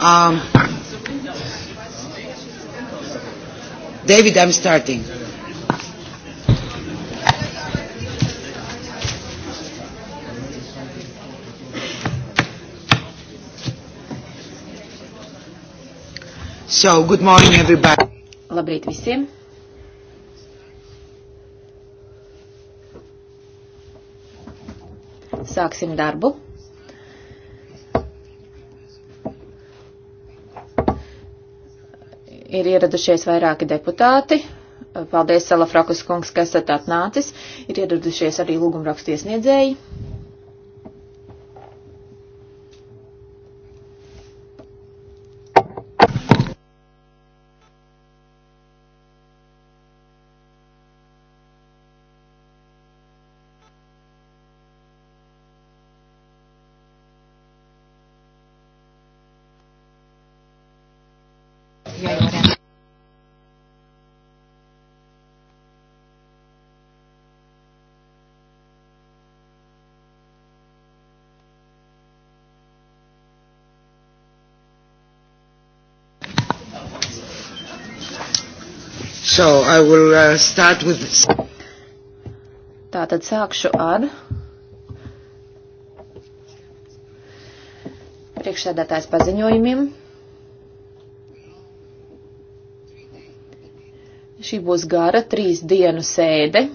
Um, David, I'm starting. So, good morning everybody. Labrīt visiem. Sāksim darbu. ir ieradušies vairāki deputāti. Paldies, Salafrakas kungs, ka esat atnācis. Ir ieradušies arī lūgumrakstu iesniedzēji. So I will uh, start with this. Tātad sākšu ar priekšsēdētājs paziņojumiem. Šī būs gara trīs dienu sēde,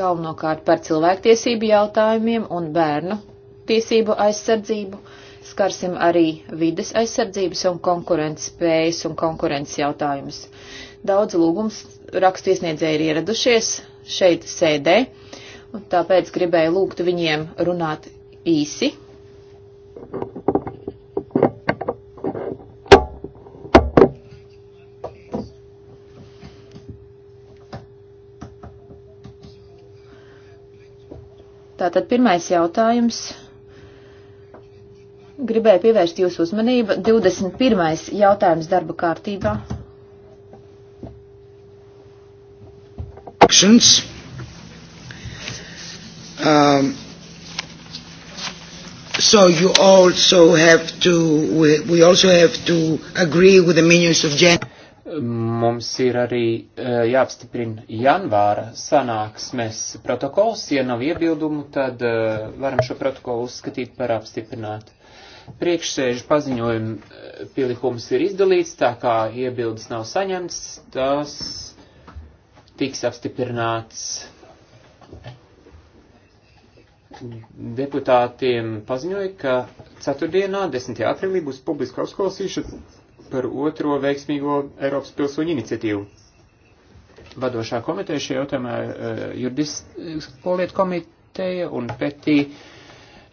galvenokārt par cilvēktiesību jautājumiem un bērnu tiesību aizsardzību skarsim arī vides aizsardzības un konkurences spējas un konkurences jautājumus. Daudz lūgums rakstu iesniedzēji ir ieradušies šeit sēdē, un tāpēc gribēju lūgt viņiem runāt īsi. Tātad pirmais jautājums gribēju pievērst jūsu uzmanību. 21. jautājums darba kārtībā. Actions. Um, so you also have to, we, we also have to agree with the minutes of January. Mums ir arī uh, jāapstiprina janvāra sanāksmes protokols. Ja nav iebildumu, tad uh, varam šo protokolu uzskatīt par apstiprinātu. Priekšsēžu paziņojumu eh, pielikums ir izdalīts, tā kā iebildes nav saņemts, tas tiks apstiprināts. Deputātiem paziņoja, ka ceturtdienā, 10. aprīlī, būs publiska uzklausīšana par otro veiksmīgo Eiropas pilsoņu iniciatīvu. Vadošā komiteja šajā jautājumā uh, eh, juridisko lietu komiteja un petī uh,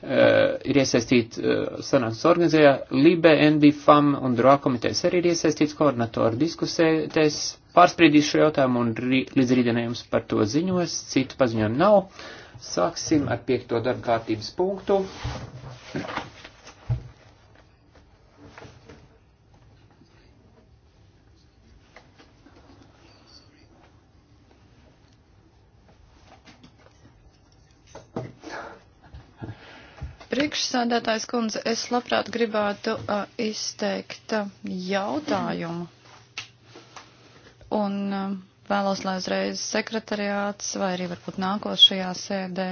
Eh, ir iesaistīti eh, sanāksmes organizējā, Libe, NB, FAM un DRO komitejas arī ir iesaistīts koordinatoru diskusēties, pārspriedīs šo jautājumu un rī, līdz rītdienai jums par to ziņos, citu paziņojumu nav. Sāksim ar piekto darba kārtības punktu. Priekšsādātājs kundze, es labprāt gribētu uh, izteikt uh, jautājumu. Un uh, vēlos, lai uzreiz sekretariāts vai arī varbūt nākošajā sēdē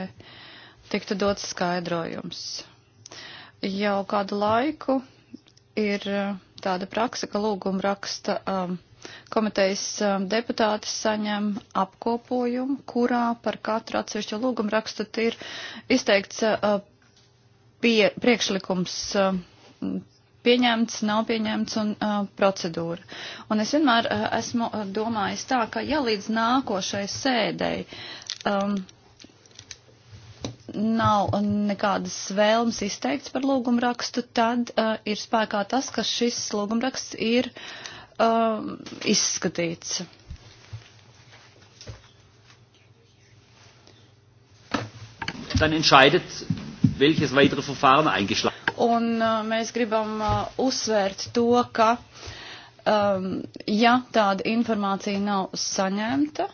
tiktu dots skaidrojums. Jau kādu laiku ir uh, tāda praksa, ka lūguma raksta um, komitejas um, deputāti saņem apkopojumu, kurā par katru atsevišķo lūguma rakstu ir izteikts uh, pie, priekšlikums eh, pieņemts, nav pieņemts un uh, procedūra. Un es vienmēr uh, esmu domājis tā, ka ja līdz nākošai sēdei um, nav nekādas vēlmes izteikts par lūgumrakstu, tad uh, ir spēkā tas, ka šis lūgumraksts ir uh, izskatīts. Dann entscheidet welches weitere Verfahren eingeschlagen. Un uh, mēs gribam uh, uzsvērt to, ka um, ja tāda informācija nav saņemta,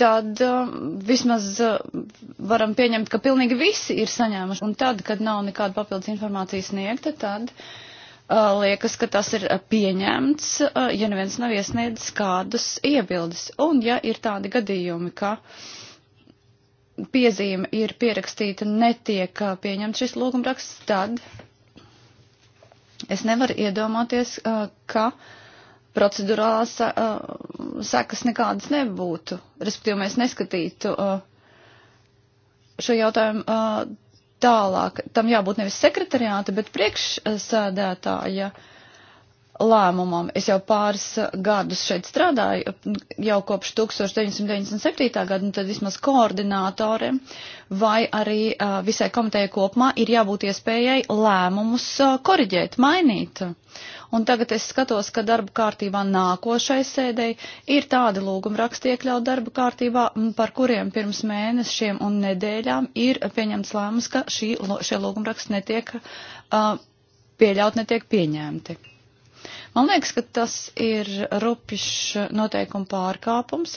tad uh, vismaz uh, varam pieņemt, ka pilnīgi visi ir saņēmuši. Un tad, kad nav nekāda papildus informācijas sniegta, tad uh, liekas, ka tas ir pieņemts, ja neviens nav iesniedzis kādus iebildes. Un ja ir tādi gadījumi, ka. Uh, piezīme ir pierakstīta, netiek pieņemts šis lūgumraksts, tad es nevaru iedomāties, ka procedurālās sekas nekādas nebūtu. Respektīvi, mēs neskatītu šo jautājumu tālāk. Tam jābūt nevis sekretariāta, bet priekšsēdētāja. Ja lēmumam. Es jau pāris gadus šeit strādāju, jau kopš 1997. gada, un nu tad vismaz koordinātoriem vai arī visai komitejai kopumā ir jābūt iespējai lēmumus koriģēt, mainīt. Un tagad es skatos, ka darba kārtībā nākošai sēdei ir tādi lūguma raksti iekļaut darba kārtībā, par kuriem pirms mēnešiem un nedēļām ir pieņemts lēmums, ka šī, šie lūguma raksti netiek uh, pieļaut, netiek pieņemti. Man liekas, ka tas ir rupišs noteikuma pārkāpums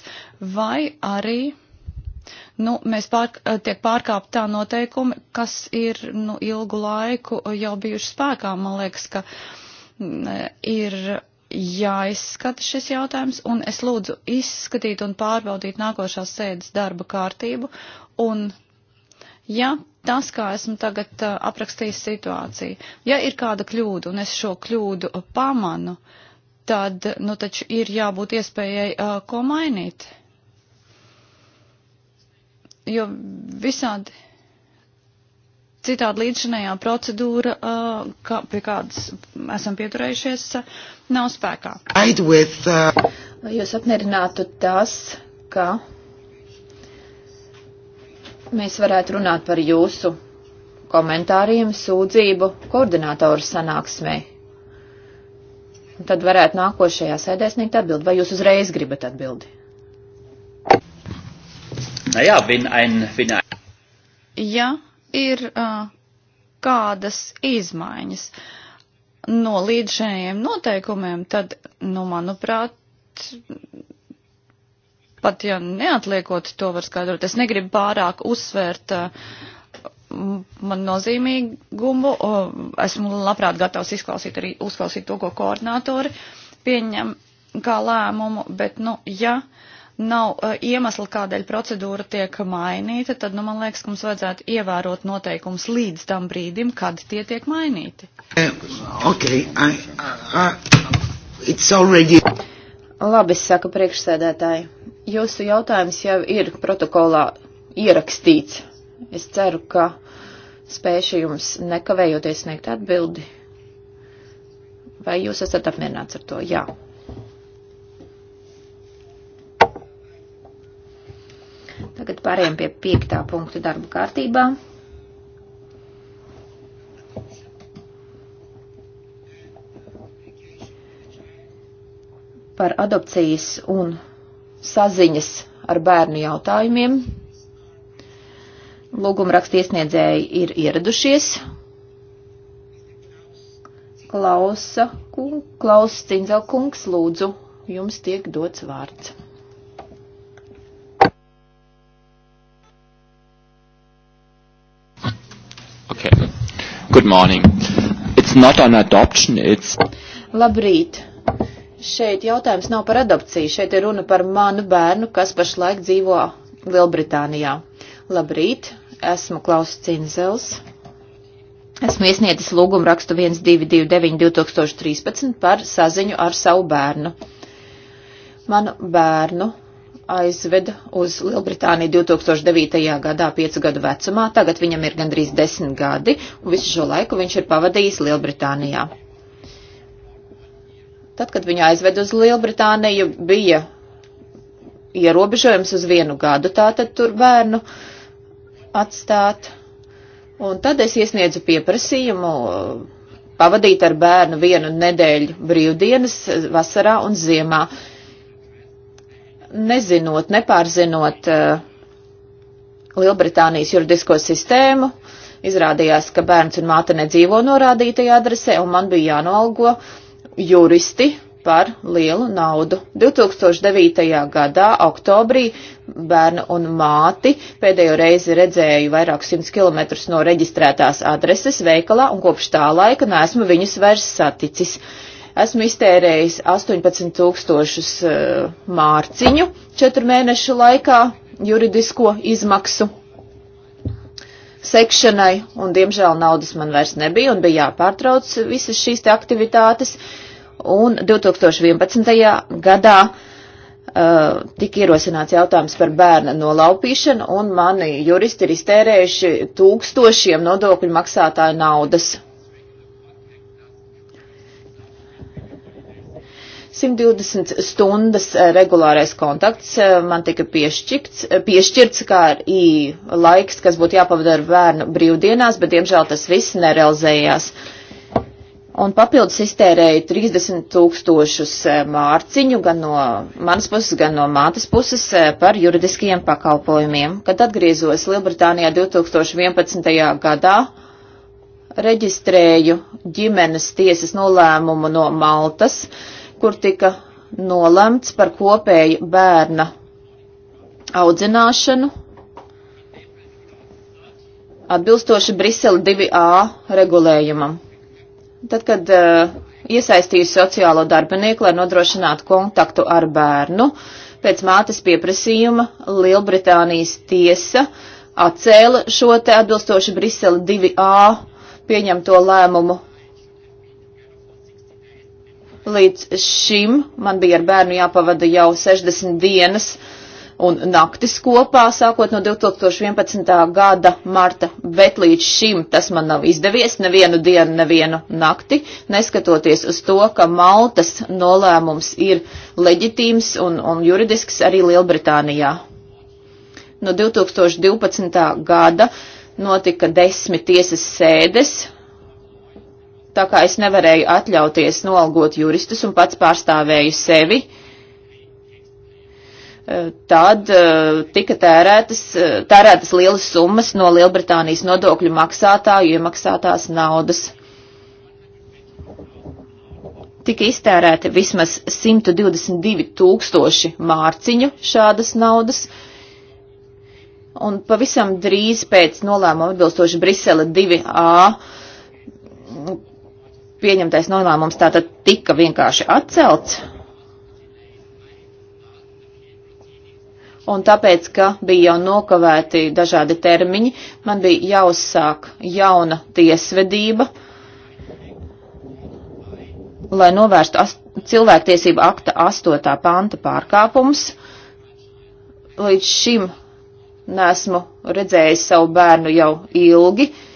vai arī. Nu, mēs pār, eh, tiek pārkāpt tā noteikumi, kas ir nu, ilgu laiku jau bijuši spēkā. Man liekas, ka mm, ir jāizskata šis jautājums, un es lūdzu izskatīt un pārbaudīt nākošās sēdes darba kārtību un Ja tas, kā esmu tagad aprakstījis situāciju, ja ir kāda kļūda un es šo kļūdu pamanu, tad, nu, taču ir jābūt iespējai uh, ko mainīt. Jo visādi citādi līdzinējā procedūra, uh, kā, pie kādas esam pieturējušies, uh, nav spēkā. With, uh... Jūs apmierinātu tas, ka mēs varētu runāt par jūsu komentāriem sūdzību koordinātoru sanāksmē. Un tad varētu nākošajā sēdē sniegt atbildi, vai jūs uzreiz gribat atbildi? Naja, wenn ein, wenn ein... Ja, ir uh, kādas izmaiņas no līdzšējiem noteikumiem, tad, nu, manuprāt, Pat ja neatliekot, to var skaidrot. Es negribu pārāk uzsvērt uh, man nozīmīgumu. Uh, esmu labprāt gatavs izklausīt arī uzklausīt to, ko koordinātori pieņem kā lēmumu, bet, nu, ja nav uh, iemesla, kādēļ procedūra tiek mainīta, tad, nu, man liekas, ka mums vajadzētu ievērot noteikums līdz tam brīdim, kad tie tiek mainīti. Eh, okay, I, I, I, already... Labi, saka priekšsēdētāji. Jūsu jautājums jau ir protokolā ierakstīts. Es ceru, ka spēšu jums nekavējoties sniegt atbildi. Vai jūs esat apmierināts ar to? Jā. Tagad pārējām pie piektā punkta darba kārtībā. Par adopcijas un saziņas ar bērnu jautājumiem. Lūguma rakstiesniedzēji ir ieradušies. Klausa, Klaus Cinzelkungs, lūdzu, jums tiek dots vārds. Okay. Good morning. It's not an adoption, it's... Labrīt. Šeit jautājums nav par adopciju, šeit ir runa par manu bērnu, kas pašlaik dzīvo Lielbritānijā. Labrīt, esmu Klaus Cinzels. Esmu iesniedzis lūgumu rakstu 1229-2013 par saziņu ar savu bērnu. Manu bērnu aizveda uz Lielbritāniju 2009. gadā, 5 gadu vecumā. Tagad viņam ir gandrīz 10 gadi, un visu šo laiku viņš ir pavadījis Lielbritānijā. Tad, kad viņu aizved uz Lielbritāniju, bija ierobežojums uz vienu gadu, tātad tur bērnu atstāt. Un tad es iesniedzu pieprasījumu uh, pavadīt ar bērnu vienu nedēļu brīvdienas uh, vasarā un ziemā. Nezinot, nepārzinot uh, Lielbritānijas juridisko sistēmu, izrādījās, ka bērns un māte nedzīvo norādītajā adresē, un man bija jānolgo uh, juristi par lielu naudu. 2009. gadā, oktobrī, bērnu un māti pēdējo reizi redzēju vairāk simts kilometrus no reģistrētās adreses veikalā un kopš tā laika neesmu viņus vairs saticis. Esmu iztērējis 18 tūkstošus uh, mārciņu četru mēnešu laikā juridisko izmaksu sekšanai, un diemžēl naudas man vairs nebija, un bija jāpārtrauc visas šīs te aktivitātes. Un 2011. gadā uh, tika ierosināts jautājums par bērna nolaupīšanu, un mani juristi ir iztērējuši tūkstošiem nodokļu maksātāju naudas 120 stundas eh, regulārais kontakts eh, man tika piešķirts, eh, piešķirts kā arī laiks, kas būtu jāpavada ar bērnu brīvdienās, bet diemžēl tas viss nerealizējās. Un papildus iztērēju 30 tūkstošus mārciņu gan no manas puses, gan no mātes puses par juridiskajiem pakalpojumiem. Kad atgriezos Lielbritānijā 2011. gadā, reģistrēju ģimenes tiesas nolēmumu no Maltas kur tika nolemts par kopēju bērna audzināšanu atbilstoši Brisele 2A regulējumam. Tad, kad uh, e, iesaistīju sociālo darbinieku, lai nodrošinātu kontaktu ar bērnu, pēc mātes pieprasījuma Lielbritānijas tiesa atcēla šo te atbilstoši Brisele 2A pieņemto lēmumu Līdz šim man bija ar bērnu jāpavada jau 60 dienas un naktis kopā, sākot no 2011. gada marta, bet līdz šim tas man nav izdevies nevienu dienu, nevienu nakti, neskatoties uz to, ka Maltas nolēmums ir leģitīms un, un juridisks arī Lielbritānijā. No 2012. gada notika desmit tiesas sēdes, tā kā es nevarēju atļauties nolgot juristus un pats pārstāvēju sevi, eh, tad eh, tika tērētas, eh, tērētas lielas summas no Lielbritānijas nodokļu maksātāju iemaksātās naudas. Tika iztērēti vismaz 122 tūkstoši mārciņu šādas naudas, un pavisam drīz pēc nolēmuma atbilstoši Brisele 2A pieņemtais nolēmums tātad tika vienkārši atcelts. Un tāpēc, ka bija jau nokavēti dažādi termiņi, man bija jāuzsāk jauna tiesvedība, lai novērstu cilvēktiesību akta 8. panta pārkāpums. Līdz šim nesmu redzējis savu bērnu jau ilgi. Uh,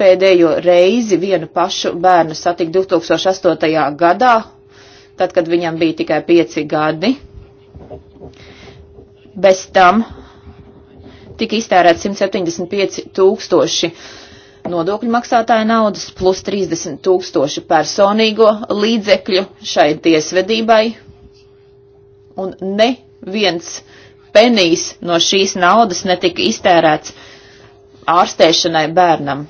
pēdējo reizi vienu pašu bērnu satika 2008. gadā, tad, kad viņam bija tikai pieci gadi. Bez tam tika iztērēts 175 tūkstoši nodokļu maksātāja naudas plus 30 tūkstoši personīgo līdzekļu šai tiesvedībai. Un neviens penijs no šīs naudas netika iztērēts ārstēšanai bērnam.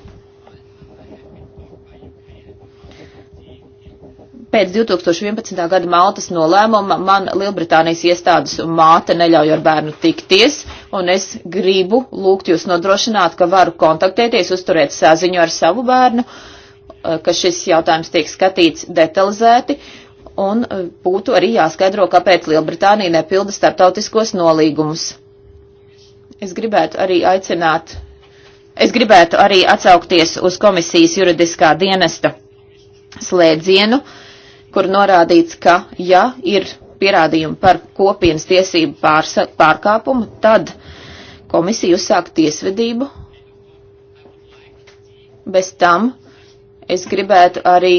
Pēc 2011. gada Maltas nolēmuma man Lielbritānijas iestādes māte neļauj ar bērnu tikties, un es gribu lūgt jūs nodrošināt, ka varu kontaktēties, uzturēt saziņu ar savu bērnu, eh, ka šis jautājums tiek skatīts detalizēti, un eh, būtu arī jāskaidro, kāpēc Lielbritānija nepilda starptautiskos nolīgumus. Es gribētu arī aicināt Es gribētu arī atsaukties uz komisijas juridiskā dienesta slēdzienu, kur norādīts, ka ja ir pierādījumi par kopienas tiesību pārsa, pārkāpumu, tad komisija uzsāk tiesvedību. Bez tam es gribētu arī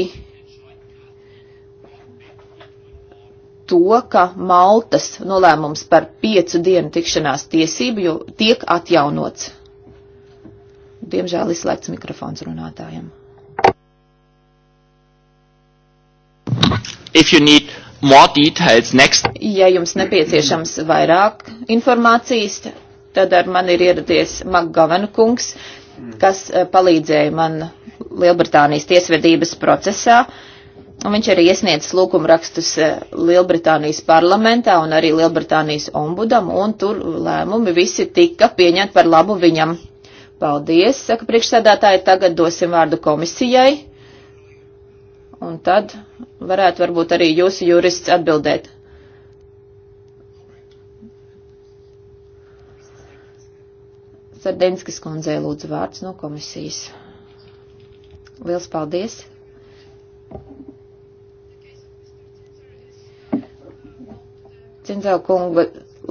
to, ka Maltas nolēmums par piecu dienu tikšanās tiesību jau tiek atjaunots. Diemžēl izslēgts mikrofons runātājiem. If you need more details next. Ja jums nepieciešams vairāk informācijas, tad ar mani ir ieradies Makgavana kungs, kas eh, palīdzēja man Lielbritānijas tiesvedības procesā. Un viņš arī iesniedz lūkumu rakstus eh, Lielbritānijas parlamentā un arī Lielbritānijas ombudam, un tur lēmumi visi tika pieņemti par labu viņam. Paldies, saka priekšsēdētāji, tagad dosim vārdu komisijai. Un tad Varētu varbūt arī jūsu jurists atbildēt. Sardenskis kundzei lūdzu vārds no komisijas. Liels paldies! Cinzel kunga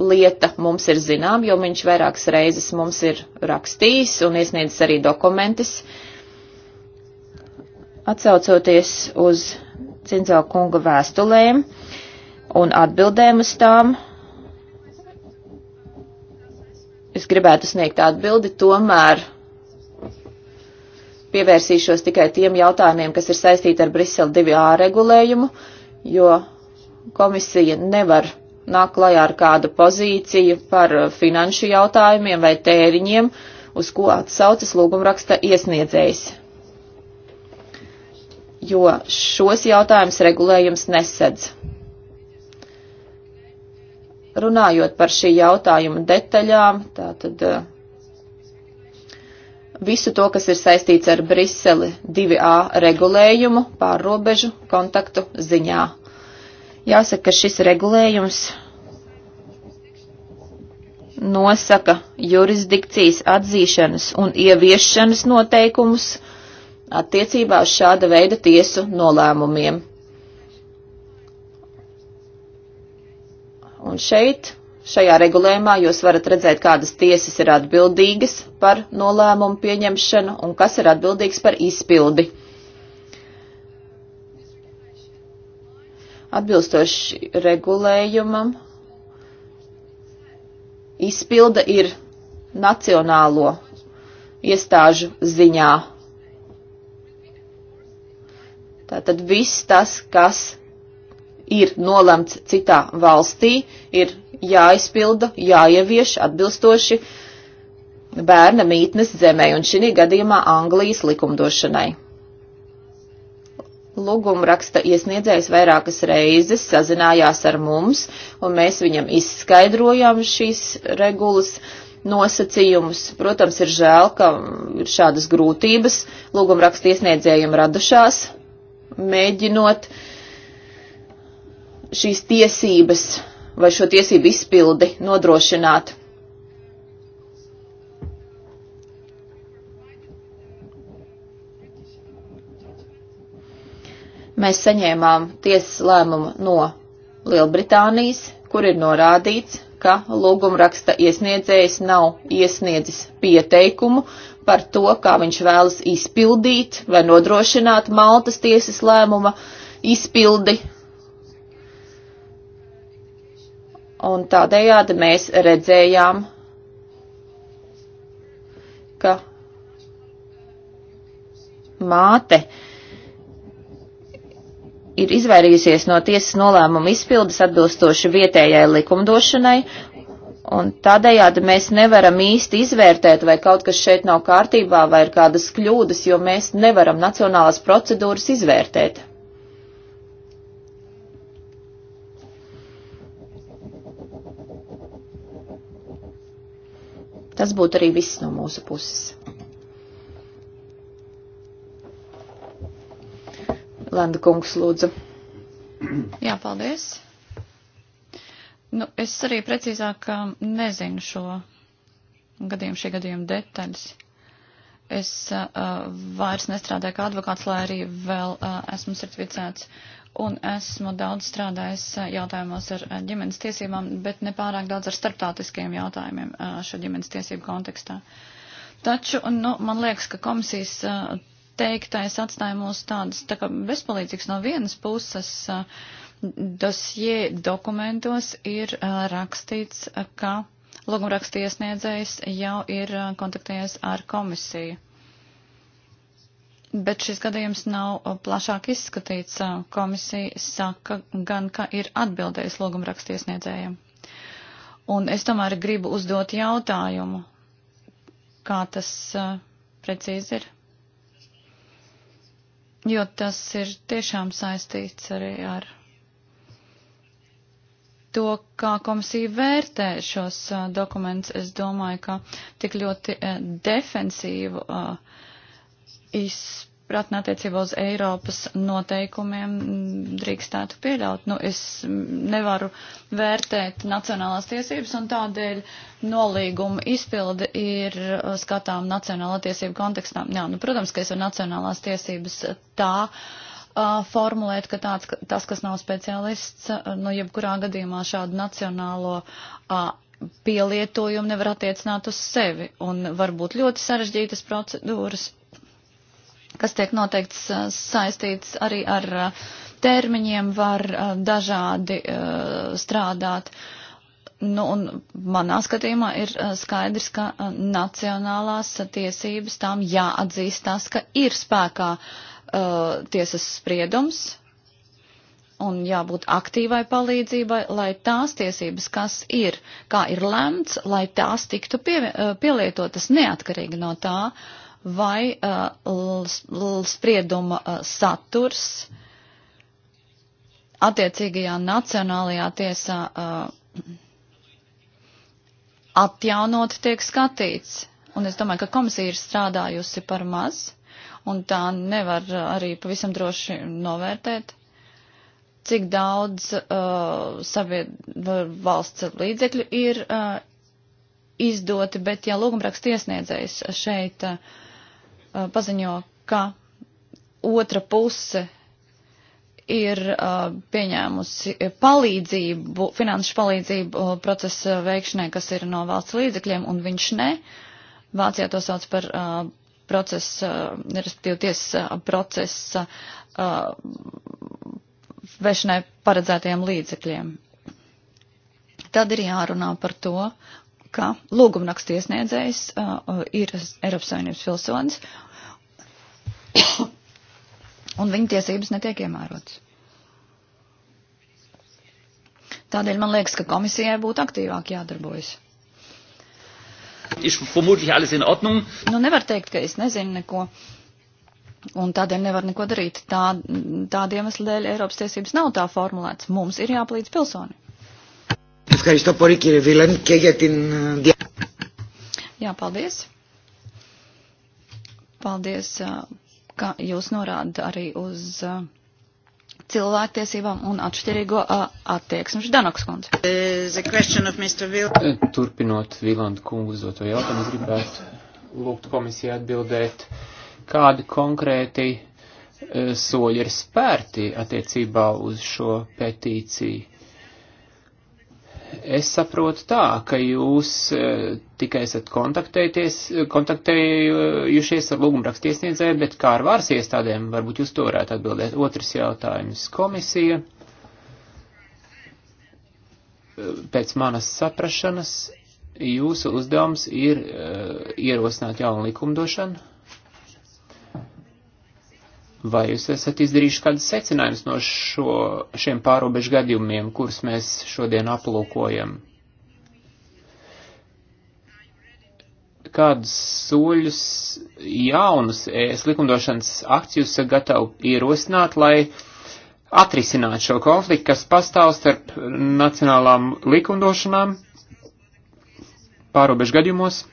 lieta mums ir zinām, jo viņš vairākas reizes mums ir rakstījis un iesniedzis arī dokumentus. Atsaucoties uz Cinzo kunga vēstulēm un atbildēm uz tām. Es gribētu sniegt atbildi, tomēr pievērsīšos tikai tiem jautājumiem, kas ir saistīti ar Brisele 2A regulējumu, jo komisija nevar nāk klajā ar kādu pozīciju par finanšu jautājumiem vai tēriņiem, uz ko atsaucas lūgumraksta iesniedzējs jo šos jautājumus regulējums nesedz. Runājot par šī jautājuma detaļām, tātad eh, visu to, kas ir saistīts ar Briseli 2A regulējumu pārrobežu kontaktu ziņā. Jāsaka, ka šis regulējums nosaka jurisdikcijas atzīšanas un ieviešanas noteikumus, attiecībā uz šāda veida tiesu nolēmumiem. Un šeit, šajā regulējumā, jūs varat redzēt, kādas tiesas ir atbildīgas par nolēmumu pieņemšanu un kas ir atbildīgs par izpildi. Atbilstoši regulējumam, izpilda ir nacionālo iestāžu ziņā Tātad viss tas, kas ir nolemts citā valstī, ir jāizpilda, jāievieš atbilstoši bērna mītnes zemē un šī gadījumā Anglijas likumdošanai. Lūguma raksta iesniedzējs vairākas reizes sazinājās ar mums, un mēs viņam izskaidrojām šīs regulas nosacījumus. Protams, ir žēl, ka ir šādas grūtības lūguma raksta iesniedzējiem radušās, mēģinot šīs tiesības vai šo tiesību izpildi nodrošināt. Mēs saņēmām tiesas lēmumu no Lielbritānijas, kur ir norādīts, ka lūgumraksta iesniedzējs nav iesniedzis pieteikumu par to, kā viņš vēlas izpildīt vai nodrošināt Maltas tiesas lēmuma izpildi. Un tādējādi mēs redzējām, ka māte ir izvairījusies no tiesas nolēmuma izpildes atbilstoši vietējai likumdošanai Un tādējādi mēs nevaram īsti izvērtēt, vai kaut kas šeit nav kārtībā, vai ir kādas kļūdas, jo mēs nevaram nacionālās procedūras izvērtēt. Tas būtu arī viss no mūsu puses. Landa kungs lūdzu. Jā, paldies. Nu, es arī precīzāk um, nezinu šo gadījumu, šī gadījuma detaļas. Es uh, uh, vairs nestrādāju kā advokāts, lai arī vēl uh, esmu certificēts un esmu daudz strādājis uh, jautājumos ar uh, ģimenes tiesībām, bet ne pārāk daudz ar starptautiskiem jautājumiem šo ģimenes tiesību kontekstā. Taču, nu, man liekas, ka komisijas teiktais atstāja mūs tādas tā kā bezpalīdzīgas no vienas puses. Dosie dokumentos ir rakstīts, ka logumraksta iesniedzējs jau ir kontaktējies ar komisiju. Bet šis gadījums nav plašāk izskatīts. Komisija saka gan, ka ir atbildējis logumraksta iesniedzējiem. Un es tomēr gribu uzdot jautājumu, kā tas precīzi ir jo tas ir tiešām saistīts arī ar to, kā komisija vērtē šos uh, dokumentus. Es domāju, ka tik ļoti uh, defensīvu uh, izpētību izpratni attiecībā uz Eiropas noteikumiem mm, drīkstētu pieļaut. Nu, es nevaru vērtēt nacionālās tiesības un tādēļ nolīguma izpilde ir uh, skatām nacionālā tiesība kontekstā. Jā, nu, protams, ka es varu nacionālās tiesības tā uh, formulēt, ka tāds, ka tas, kas nav speciālists, uh, nu, jebkurā gadījumā šādu nacionālo uh, pielietojumu nevar attiecināt uz sevi. Un var būt ļoti sarežģītas procedūras, kas tiek noteikts uh, saistīts arī ar uh, termiņiem, var uh, dažādi strādāt. Nu, un manā skatījumā ir skaidrs, ka nacionālās tiesības tām jāatzīst tas, ka ir spēkā uh, tiesas spriedums un jābūt aktīvai palīdzībai, lai tās tiesības, kas ir, kā ir lemts, lai tās tiktu pie, uh, pielietotas neatkarīgi no tā, uh, vai uh, sprieduma uh, saturs attiecīgajā nacionālajā tiesā uh, atjaunot tiek skatīts. Un es domāju, ka komisija ir strādājusi par maz, un tā nevar arī pavisam droši novērtēt cik daudz uh, savied, valsts līdzekļu ir uh, izdoti, bet ja lūgumraksts iesniedzējs šeit uh, Uh, paziņo, ka otra puse ir uh, pieņēmusi palīdzību, finanšu palīdzību uh, procesa veikšanai, kas ir no valsts līdzekļiem, un viņš ne. Vācijā to sauc par uh, procesu, uh, respektīvi tiesa uh, procesa uh, vešanai paredzētajiem līdzekļiem. Tad ir jārunā par to, ka lūgumrakstu iesniedzējs uh, ir Eiropas Savienības pilsonis un viņa tiesības netiek iemērotas. Tādēļ man liekas, ka komisijai būtu aktīvāk jādarbojas. Nu, nevar teikt, ka es nezinu neko. Un tādēļ nevar neko darīt. Tā, tādiem iemesliem dēļ Eiropas tiesības nav tā formulēts. Mums ir jāpalīdz pilsonim. Ευχαριστώ πολύ κύριε Βίλαν και για την Jā, paldies. Paldies, ka jūs norāda arī uz cilvēktiesībām un atšķirīgo attieksmi. Ždanoks kundze. Eh, turpinot Vilanda kungu uzdoto jautājumu, es gribētu lūgt komisiju atbildēt, kādi konkrēti eh, soļi ir spērti attiecībā uz šo petīciju Es saprotu tā, ka jūs e, tikai esat kontaktējušies ar lūgumrakstu iesniedzēju, bet kā ar varas iestādēm, varbūt jūs to varētu atbildēt. Otrs jautājums - komisija. E, pēc manas saprašanas jūsu uzdevums ir e, ierosināt jaunu likumdošanu Vai jūs esat izdarījuši kādas secinājumus no šo, šiem pārobežu gadījumiem, kurus mēs šodien aplūkojam? Kādus soļus jaunus es likumdošanas akcijus gatavi ierosināt, lai atrisinātu šo konfliktu, kas pastāv starp nacionālām likumdošanām pārobežu gadījumos?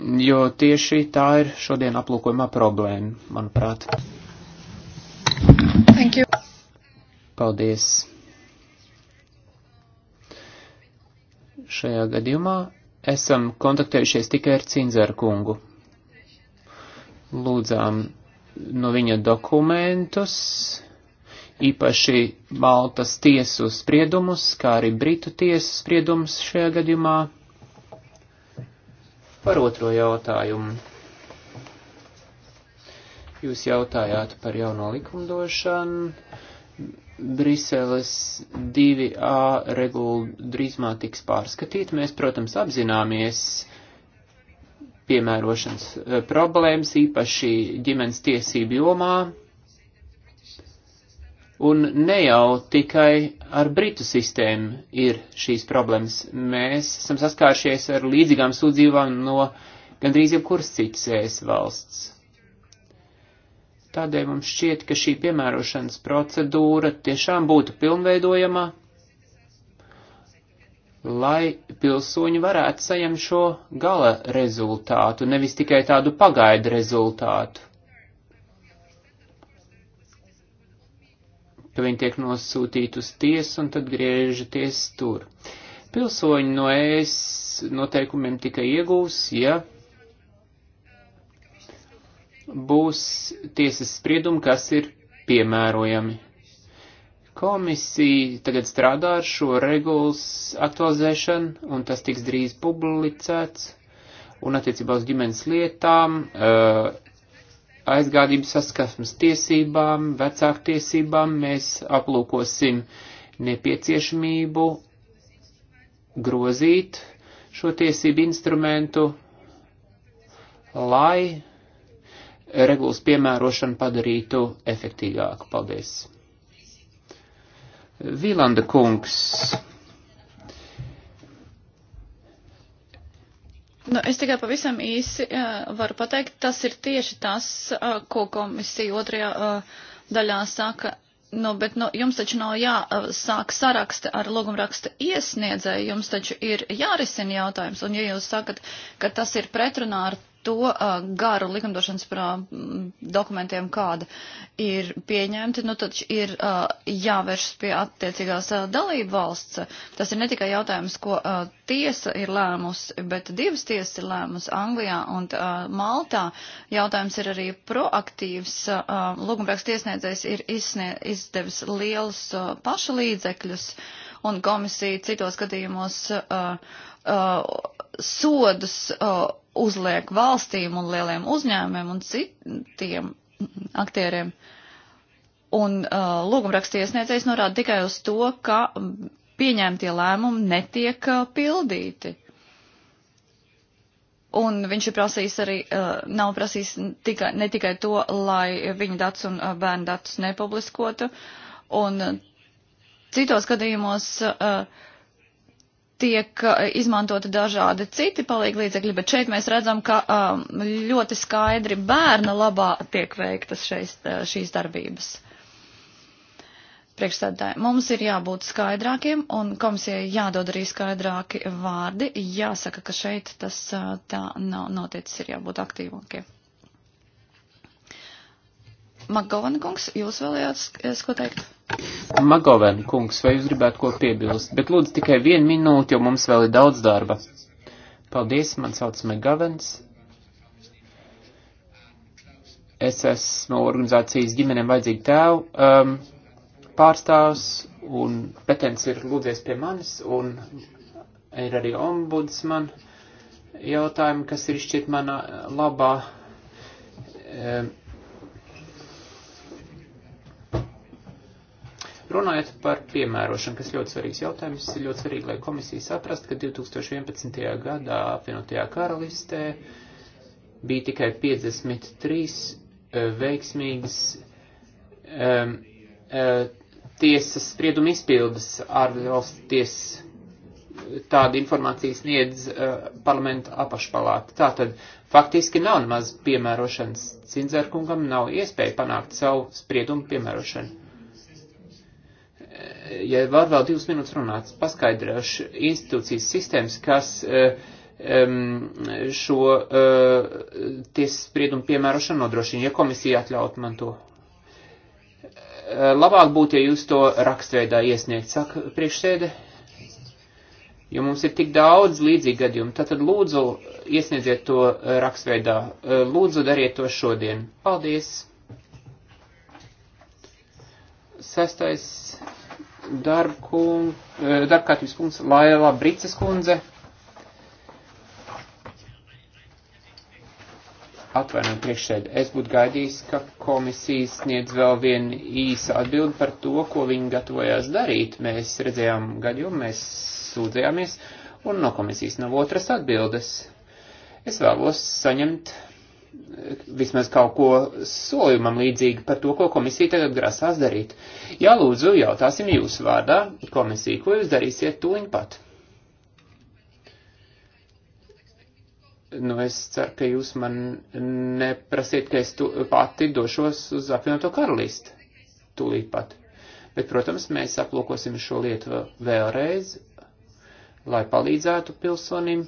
jo tieši tā ir šodien aplūkojumā problēma, manuprāt. Thank you. Paldies. Šajā gadījumā esam kontaktējušies tikai ar Cinzaru kungu. Lūdzām no viņa dokumentus, īpaši Maltas tiesu spriedumus, kā arī Britu tiesu spriedumus šajā gadījumā. Par otro jautājumu. Jūs jautājāt par jauno likumdošanu. Briseles 2A regula drīzumā tiks pārskatīta. Mēs, protams, apzināmies piemērošanas eh, problēmas, īpaši ģimenes tiesību jomā Un ne jau tikai ar Britu sistēmu ir šīs problēmas. Mēs esam saskāršies ar līdzīgām sūdzībām no gandrīz jebkuras citas ES valsts. Tādēļ mums šķiet, ka šī piemērošanas procedūra tiešām būtu pilnveidojama, lai pilsoņi varētu saņemt šo gala rezultātu, nevis tikai tādu pagaidu rezultātu. ka viņi tiek nosūtīti uz tiesu un tad griežaties tur. Pilsoņi no ES noteikumiem tikai iegūs, ja būs tiesas spriedumi, kas ir piemērojami. Komisija tagad strādā ar šo regulas aktualizēšanu, un tas tiks drīz publicēts. Un attiecībā uz ģimenes lietām uh, aizgādības saskarsmes tiesībām, vecāku tiesībām, mēs aplūkosim nepieciešamību grozīt šo tiesību instrumentu, lai regulas piemērošanu padarītu efektīvāku. Paldies! Vīlanda kungs. Nu, es tikai pavisam īsi uh, varu pateikt, tas ir tieši tas, uh, ko komisija otrajā uh, daļā saka. Nu, bet nu, jums taču nav jāsāk saraksti ar logumraksta iesniedzēju, jums taču ir jārisina jautājums. Un ja jūs sakat, ka tas ir pretrunā ar to uh, garu likumdošanas par uh, dokumentiem, kāda ir pieņemti, nu taču ir uh, jāvēršas pie attiecīgās uh, dalību valsts. Tas ir ne tikai jautājums, ko uh, tiesa ir lēmusi, bet divas tiesas ir lēmusi Anglijā un uh, Maltā. Jautājums ir arī proaktīvs. Uh, Lūgumprāks tiesniedzējs ir izsnie, izdevis lielus uh, paša līdzekļus un komisija citos gadījumos uh, uh, sodus. Uh, uzliek valstīm un lieliem uzņēmumiem un citiem aktieriem. Un uh, lūgumraksta iesniedzējs norāda tikai uz to, ka pieņemtie lēmumi netiek uh, pildīti. Un viņš ir prasījis arī, uh, nav prasījis tikai, ne tikai to, lai viņa datus un uh, bērnu datus nepubliskotu. Un uh, citos gadījumos uh, tiek uh, izmantoti dažādi citi palīgi līdzekļi, bet šeit mēs redzam, ka um, ļoti skaidri bērna labā tiek veiktas šeis, uh, šīs darbības. Priekšstādāji, mums ir jābūt skaidrākiem un komisijai jādod arī skaidrāki vārdi. Jāsaka, ka šeit tas uh, tā nav noticis, ir jābūt aktīvākiem. Okay. Magovana kungs, jūs vēlējāt ko teikt? Magoven kungs, vai jūs gribētu ko piebilst? Bet lūdzu tikai vienu minūti, jo mums vēl ir daudz darba. Paldies, man sauc Megavens. Es esmu organizācijas ģimenēm vajadzīgi tēvu um, pārstāvs, un Petens ir lūdzies pie manis, un ir arī ombudsman jautājumi, kas ir šķiet manā labā. Um, Runājot par piemērošanu, kas ļoti svarīgs jautājums, ir ļoti svarīgi, lai komisija saprast, ka 2011. gadā apvienotajā karalistē bija tikai 53 eh, veiksmīgas um, tiesas sprieduma izpildes ārvalstu tiesas eh, tādu informāciju sniedz uh, parlamenta apašpalāta. Tātad faktiski nav nemaz piemērošanas. Cindzerkungam nav iespēja panākt savu spriedumu piemērošanu ja var vēl divas minūtes runāt, paskaidrošu institūcijas sistēmas, kas um, šo uh, tiesas spriedumu piemērošanu nodrošina, ja komisija atļaut man to. Eh, labāk būtu, ja jūs to rakstveidā iesniegt, saka priekšsēde, jo mums ir tik daudz līdzīgi gadījumi. Tātad lūdzu iesniedziet to rakstveidā. Lūdzu dariet to šodien. Paldies! Sestais Eh, darbkārtības punkts Laila Brices kundze. Atvainojam priekšsēdi, es būtu gaidījis, ka komisija sniedz vēl vienu īsu atbildi par to, ko viņi gatavojās darīt. Mēs redzējām gadījumu, mēs sūdzējāmies, un no komisijas nav otras atbildes. Es vēlos saņemt vismaz kaut ko solījumam līdzīgi par to, ko komisija tagad grasās darīt. Jā, lūdzu, jautāsim jūsu vārdā, komisija, ko jūs darīsiet tūliņ pat? Nu, es ceru, ka jūs man neprasiet, ka es tu, pati došos uz apvienoto karalisti tūlīt pat. Bet, protams, mēs aplūkosim šo lietu vēlreiz, lai palīdzētu pilsonim.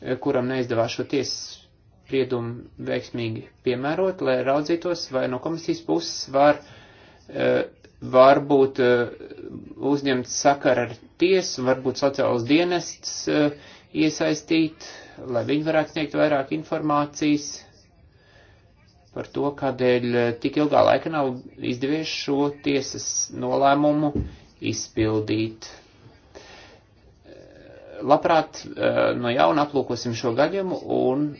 Eh, kuram neizdevās šo tiesas spriedumu veiksmīgi piemērot, lai raudzītos, vai no komisijas puses var, eh, varbūt eh, uzņemt sakar ar tiesu, varbūt sociāls dienests iesaistīt, lai viņi varētu sniegt vairāk informācijas par to, kādēļ tik ilgā laika nav izdevies šo tiesas nolēmumu izpildīt labprāt eh, no jauna aplūkosim šo gadījumu un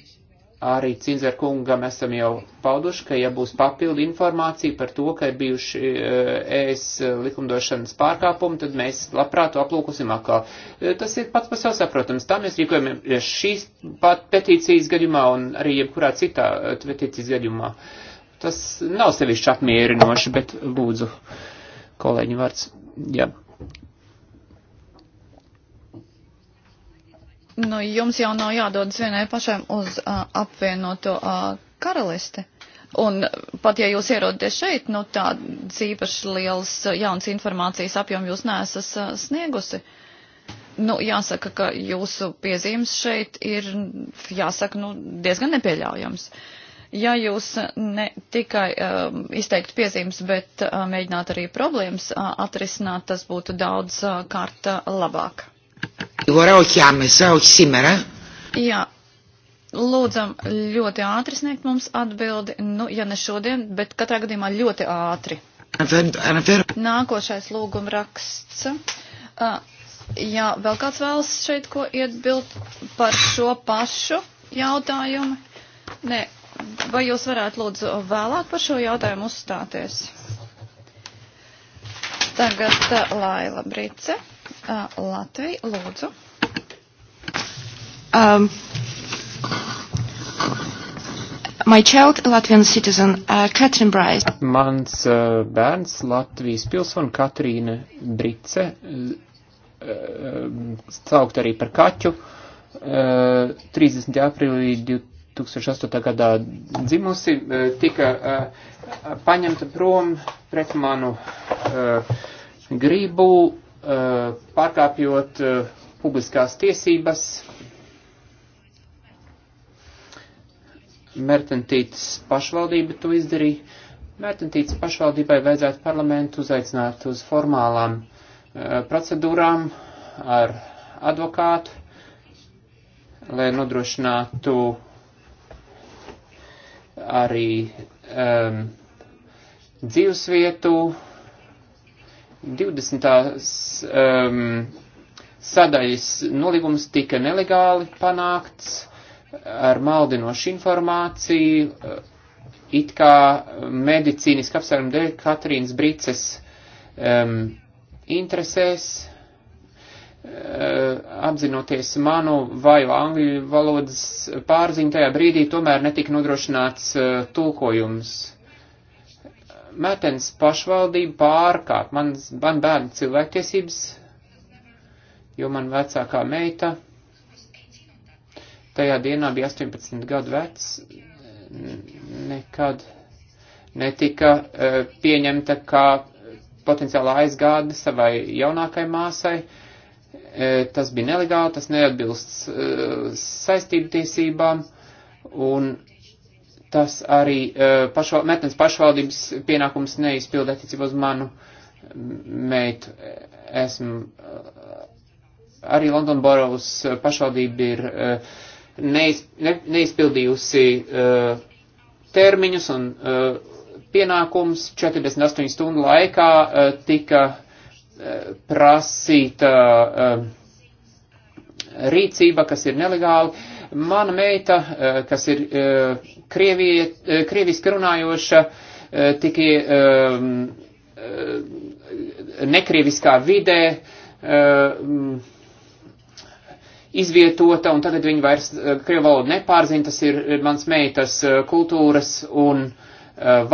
arī Cinzer kungam esam jau pauduši, ka ja būs papildu informācija par to, ka ir bijuši ES eh, e likumdošanas pārkāpumi, tad mēs labprāt to aplūkosim atkal. Eh, tas ir pats par sev saprotams. Tā mēs rīkojamies šīs pat petīcijas gadījumā un arī jebkurā citā petīcijas gadījumā. Tas nav sevišķi apmierinoši, bet lūdzu, kolēģi vārds. Jā. Ja nu, jums jau nav jādodas vienai pašai uz uh, apvienoto uh, karalisti. Un pat ja jūs ierodaties šeit, nu tāds īpaši liels jauns informācijas apjoms jūs nesas uh, sniegusi. Nu, jāsaka, ka jūsu piezīmes šeit ir, jāsaka, nu, diezgan nepieļaujams. Ja jūs ne tikai um, uh, izteikt piezīmes, bet uh, mēģināt arī problēmas uh, atrisināt, tas būtu daudz uh, kārt uh, labāk. Γορά, όχι άμεσα, όχι σήμερα. Jā, lūdzam ļoti ātri sniegt mums atbildi, nu, ja ne šodien, bet katrā gadījumā ļoti ātri. Nākošais lūguma raksts. Uh, jā, vēl kāds vēlas šeit ko ietbilt par šo pašu jautājumu? Nē, vai jūs varētu lūdzu vēlāk par šo jautājumu uzstāties? Tagad uh, Laila Brice uh, Latviju. Lūdzu. Um. My child, Latvian citizen, uh, Katrin Brais. Mans uh, bērns, Latvijas pilsona Katrīna Brice, uh, uh, saukt arī par kaķu, uh, 30. aprīlī 2008. gadā dzimusi, uh, tika uh, paņemta prom pret manu uh, gribu Uh, pārkāpjot uh, publiskās tiesības. Mertentītes pašvaldība to izdarīja. Mērķentīts pašvaldībai vajadzētu parlamentu uzaicināt uz formālām e, procedūrām ar advokātu, lai nodrošinātu arī um, e, dzīvesvietu, 20. Um, sadaļas nolīgums tika nelegāli panākts ar maldinošu informāciju, uh, it kā medicīniski apsvērumu dēļ Katrīnas Brices um, interesēs, uh, apzinoties manu vaju angļu valodas pārziņu, tajā brīdī tomēr netika nodrošināts uh, tulkojums. Uh, Metens pašvaldība pārkāp man, man bērnu cilvēktiesības, jo man vecākā meita tajā dienā bija 18 gadu vecs, nekad netika e, pieņemta kā potenciāla aizgāde savai jaunākai māsai. E, tas bija nelegāli, tas neatbilst e, saistību tiesībām, un tas arī e, pašval, metnes pašvaldības pienākums neizpilda attiecībā uz manu meitu. Esmu e, arī London Boroughs pašvaldība ir e, neiz, ne, neizpildījusi termiņus un pienākums 48 stundu laikā tika prasīta rīcība, kas ir nelegāli Mana meita, eh, kas ir eh, krievie, eh, krieviski runājoša, tikai ehm, nekrieviskā vidē ehm, izvietota, un tagad viņa vairs krievu valodu nepārzina, tas ir mans meitas kultūras un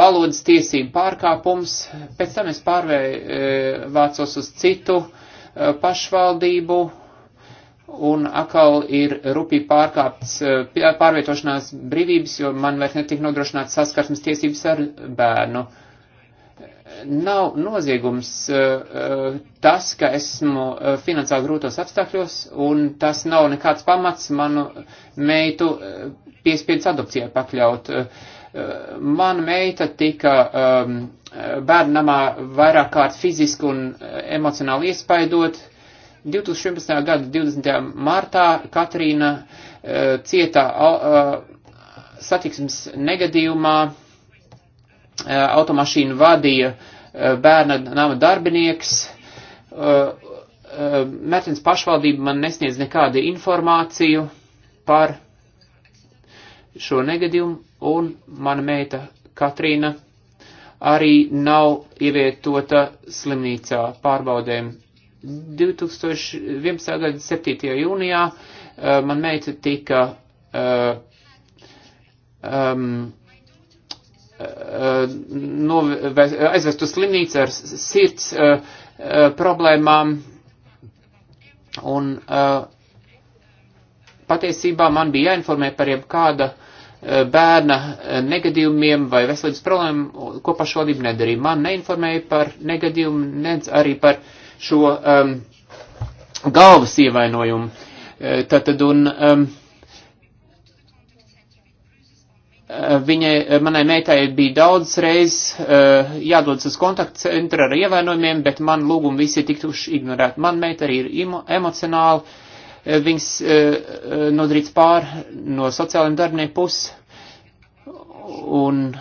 valodas tiesību pārkāpums. Pēc tam es pārvācos uz citu pašvaldību, un atkal ir rupīgi pārkāptas eh, pārvietošanās brīvības, jo man vairs netiek nodrošināts saskarsmes tiesības ar bērnu. Nav noziegums eh, eh, tas, ka esmu finansāli grūtos apstākļos, un tas nav nekāds pamats manu meitu piespiedu adopcijai pakļaut. Mana meita tika ehm, bērnamā vairāk kārt fiziski un emocionāli iespaidot, 2011. gada 20. martā Katrīna uh, e, cietā uh, e, satiksmes negadījumā uh, automašīnu vadīja uh, bērna nama darbinieks. Uh, uh, Mērķins pašvaldība man nesniedz nekādu informāciju par šo negadījumu, un mana meita Katrīna arī nav ievietota slimnīcā pārbaudēm 2011. gada 7. jūnijā eh, man meita tika um, eh, eh, no, aizvest uz slimnīcu ar sirds uh, problēmām. Un uh, patiesībā man bija jāinformē par jebkāda bērna negadījumiem vai veselības problēmām, ko pašvaldība nedarīja. Man neinformēja par negadījumu, nedz arī par uh, šo um, galvas ievainojumu. Tātad, uh, un um, uh, viņai, uh, manai meitai bija daudz reiz uh, jādodas uz kontaktcentra ar ievainojumiem, bet man lūgumi visi ir tiktuši ignorēti. Man meita arī ir emocionāli, viņas uh, nodrīts pār no sociālajiem darbinieku puses. Un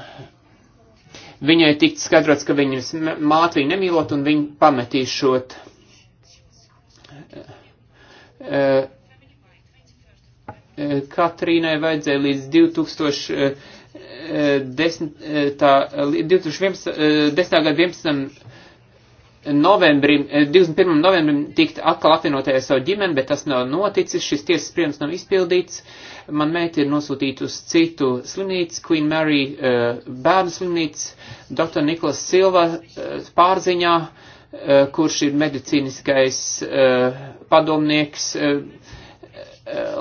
viņai tikt skaidrots, ka viņas māte viņu nemīlot un viņu pametīšot. Eh, eh, eh, Katrīnai vajadzēja līdz 2010, tā, 2011. gada 11 novembrim, 21. Eh, novembrim tikt atkal apvienotajā savu ģimeni, bet tas nav noticis, šis tiesas spriedums nav izpildīts. Man meita ir nosūtīta uz citu slimnīcu, Queen Mary uh, bērnu slimnīcu, doktor Niklas Silva uh, pārziņā, uh, kurš ir medicīniskais uh, padomnieks. Uh,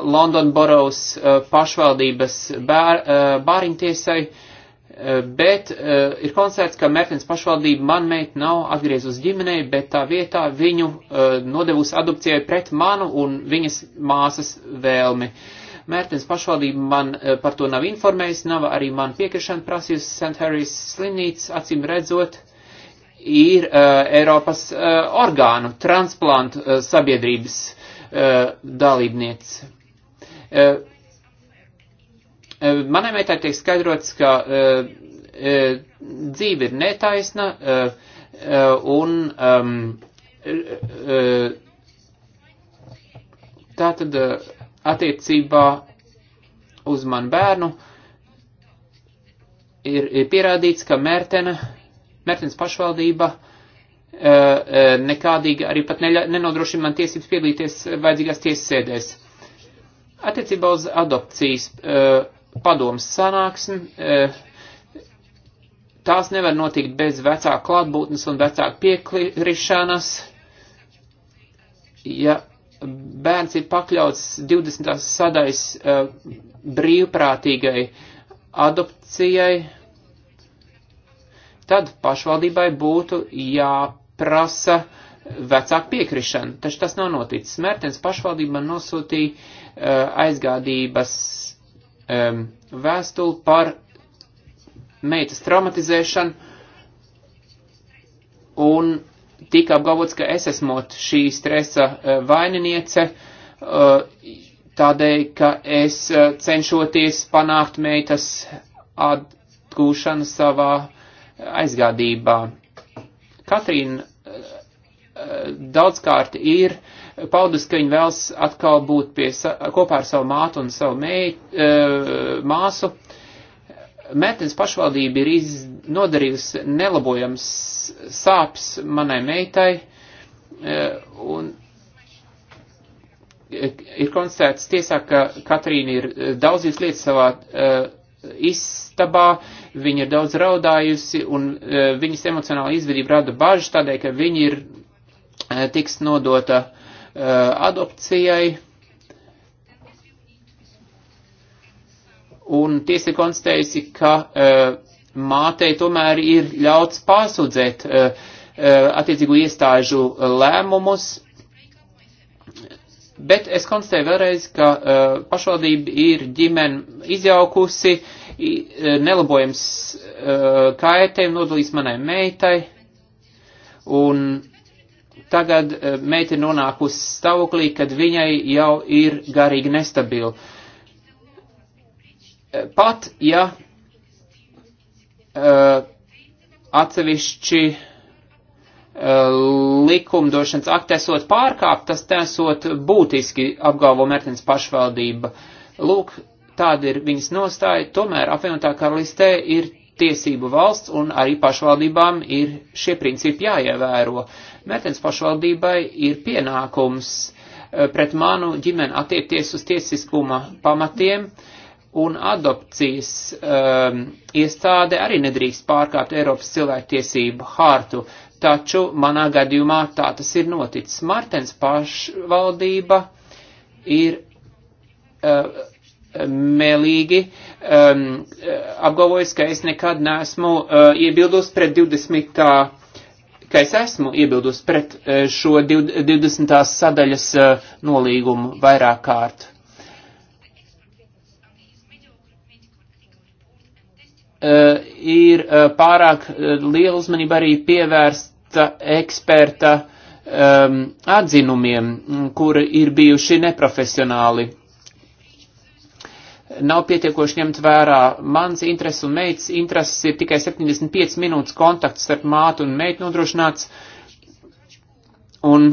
London Boroughs pašvaldības bār, bāriņtiesai, Eh, bet uh, ir koncerts, ka Mērķins pašvaldība man meitu nav atgriezus ģimenei, bet tā vietā viņu uh, eh, nodevusi adopcijai pret manu un viņas māsas vēlmi. Mērķins pašvaldība man uh, par to nav informējusi, nav arī man piekrišana prasījusi St. Harry's slimnīcas, acīm redzot, ir uh, Eiropas uh, orgānu transplantu uh, sabiedrības uh, dalībniece. Uh, E, manai meitai tiek skaidrots, ka e, e, dzīve ir netaisna un um, tā tad attiecībā uz manu bērnu ir, ir pierādīts, ka Mērtena, Mērtens pašvaldība nekādīgi arī pat neļa, nenodrošina man tiesības piedalīties vajadzīgās tiesas sēdēs. Attiecībā uz adopcijas padomas sanāksmi. E, tās nevar notikt bez vecāku klātbūtnes un vecāku piekrišanas. Ja bērns ir pakļauts 20. sadaļas e, brīvprātīgai adopcijai, tad pašvaldībai būtu jāprasa vecāku piekrišanu. Taču tas nav noticis. Mērtens pašvaldība man nosūtīja e, aizgādības um, vēstuli par meitas traumatizēšanu un tika apgalvots, ka es esmot šī stresa uh, vaininiece, uh, tādēļ, ka es uh, cenšoties panākt meitas atgūšanu savā aizgādībā. Katrīna daudzkārt ir uh, paudas, ka viņi vēlas atkal būt pie, kopā ar savu mātu un savu mei, e, māsu. Metnes pašvaldība ir iz, nodarījusi nelabojams sāps manai meitai, e, un e, ir konstatēts tiesā, ka Katrīna ir daudzas lietas savā istabā, viņa ir daudz raudājusi, un viņas emocionāla izvedība rada bažas tādēļ, ka viņa ir tiks nodota Uh, adopcijai. Un tiesa ir konstatējusi, ka uh, mātei tomēr ir ļauts pārsūdzēt uh, attiecīgu iestāžu lēmumus, bet es konstatēju vēlreiz, ka uh, pašvaldība ir ģimeni izjaukusi, i, nelabojams uh, kaitēm nodalīs manai meitai, un tagad e, meita nonākusi stāvoklī, kad viņai jau ir garīgi nestabila. E, pat, ja e, atsevišķi likumdošanas akti esot pārkāpt, tas esot būtiski apgalvo Mertens pašvaldība. Lūk, tāda ir viņas nostāja, tomēr apvienotā karalistē ir tiesību valsts un arī pašvaldībām ir šie principi jāievēro. Uh, Mērtens pašvaldībai ir pienākums eh, pret manu ģimeni attiekties uz tiesiskuma pamatiem, un adopcijas um, iestāde arī nedrīkst pārkāpt Eiropas cilvēktiesību hārtu, taču manā gadījumā tā tas ir noticis. Martens pašvaldība ir uh, eh, mēlīgi um, ehm, eh, apgalvojis, ka es nekad neesmu uh, iebildus pret 20. Uh, ka es esmu iebildus pret eh, šo 20. sadaļas eh, nolīgumu vairāk kārt. Eh, ir pārāk liela uzmanība arī pievērsta eksperta um, atzinumiem, kuri ir bijuši neprofesionāli nav pietiekoši ņemt vērā mans intereses un meitas intereses, ir tikai 75 minūtes kontakts starp mātu un meitu nodrošināts. Un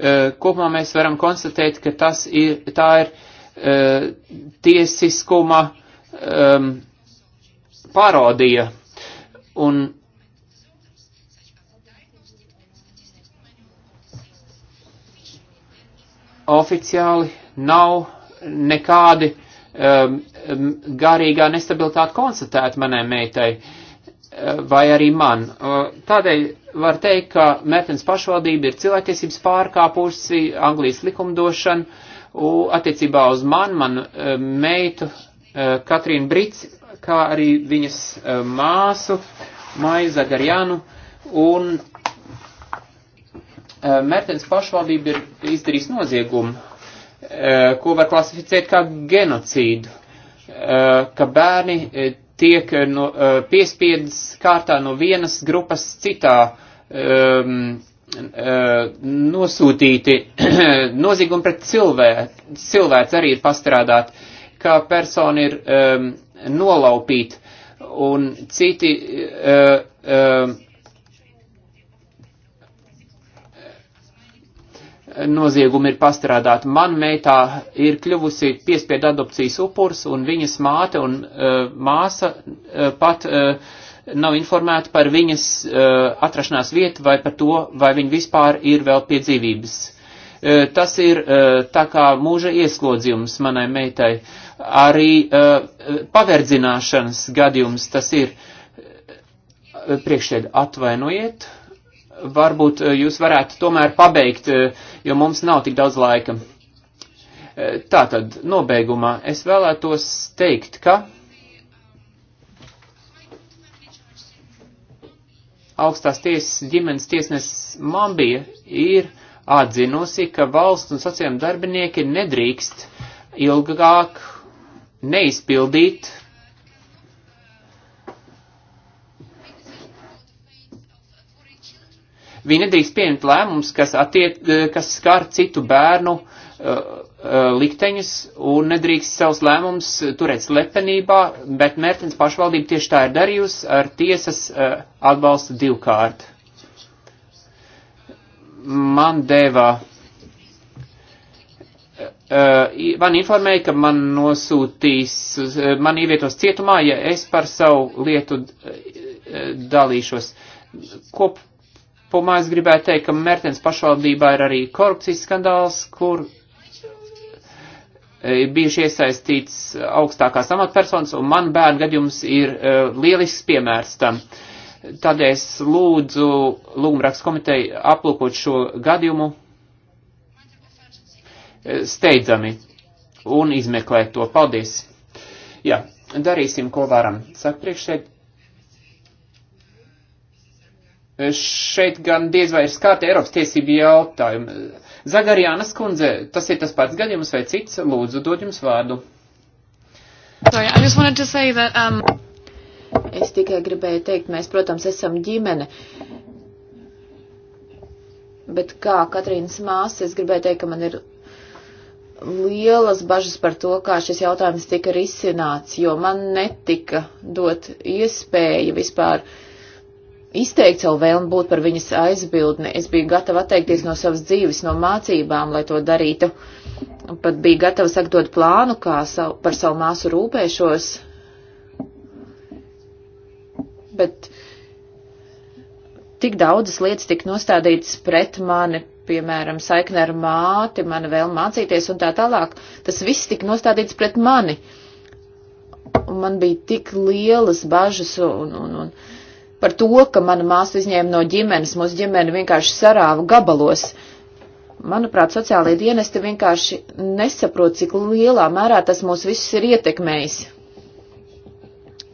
eh, Kopumā mēs varam konstatēt, ka tas ir, tā ir uh, tiesiskuma um, parodija. Un oficiāli nav nekādi um, um, garīgā nestabilitāte konstatēta manai meitai uh, vai arī man. Uh, tādēļ var teikt, ka Mertens pašvaldība ir cilvēktiesības pārkāpusi Anglijas likumdošanu attiecībā uz man, manu uh, meitu Katrīnu Brits, kā arī viņas māsu Maiju Zagarjanu un Eh, Mērtens pašvaldība ir izdarījis noziegumu, eh, ko var klasificēt kā genocīdu, eh, ka bērni tiek no, piespiedas kārtā no vienas grupas citā um, nosūtīti noziegumi pret cilvēku. Cilvēks arī ir pastrādāt, kā persona ir um, ehm, nolaupīta un citi. Uh, um, noziegumi ir pastrādāti. Man meitā ir kļuvusi piespiedu adopcijas upurs, un viņas māte un uh, māsa uh, pat uh, nav informēta par viņas uh, atrašanās vietu vai par to, vai viņa vispār ir vēl pie dzīvības. Uh, tas ir uh, tā kā mūža ieslodzījums manai meitai, arī uh, paverdzināšanas gadījums tas ir. Priekšēd atvainojiet, varbūt jūs varētu tomēr pabeigt uh, jo mums nav tik daudz laika. E, tātad, nobeigumā es vēlētos teikt, ka augstās tiesas ģimenes tiesnes Mambija ir atzinusi, ka valsts un sociālajiem darbinieki nedrīkst ilgāk neizpildīt Viņi nedrīkst pieņemt lēmumus, kas, attiet, eh, kas skar citu bērnu uh, likteņus un nedrīkst savus lēmumus turēt slepenībā, bet Mērtens pašvaldība tieši tā ir darījusi ar tiesas uh, atbalstu divkārt. Man deva Uh, man informēja, ka man nosūtīs, uh, man ievietos cietumā, ja es par savu lietu uh, dalīšos. Kop Pumā es gribētu teikt, ka Mērtens pašvaldībā ir arī korupcijas skandāls, kur e, bijuši iesaistīts augstākās amatpersonas, un man bērnu gadījums ir uh, lielisks piemērs tam. Tādēļ es lūdzu Lūgumraks komiteju aplūkot šo gadījumu e, steidzami un izmeklēt to. Paldies! Jā, darīsim, ko varam. Saka priekšēd, Eh, šeit gan diez vai ir skārta Eiropas tiesību jautājumi. Zagarjānas kundze, tas ir tas pats gadījums vai cits? Lūdzu, dod jums vārdu. Sorry, I just wanted to say that, um... Es tikai gribēju teikt, mēs, protams, esam ģimene. Bet kā Katrīnas māsa, es gribēju teikt, ka man ir lielas bažas par to, kā šis jautājums tika risināts, jo man netika dot iespēja vispār uh, izteikt savu vēlmu būt par viņas aizbildni. Es biju gatava atteikties no savas dzīves, no mācībām, lai to darītu. Pat biju gatava sagatavot plānu, kā savu, par savu māsu rūpēšos. Bet tik daudzas lietas tika nostādītas pret mani, piemēram, saikne ar māti, mana vēlme mācīties un tā tālāk. Tas viss tika nostādīts pret mani. Un man bija tik lielas bažas un, un, un par to, ka mana māsa izņēma no ģimenes, mūsu ģimene vienkārši sarāva gabalos. Manuprāt, sociālajie dienesti vienkārši nesaprot, cik lielā mērā tas mūs visus ir ietekmējis.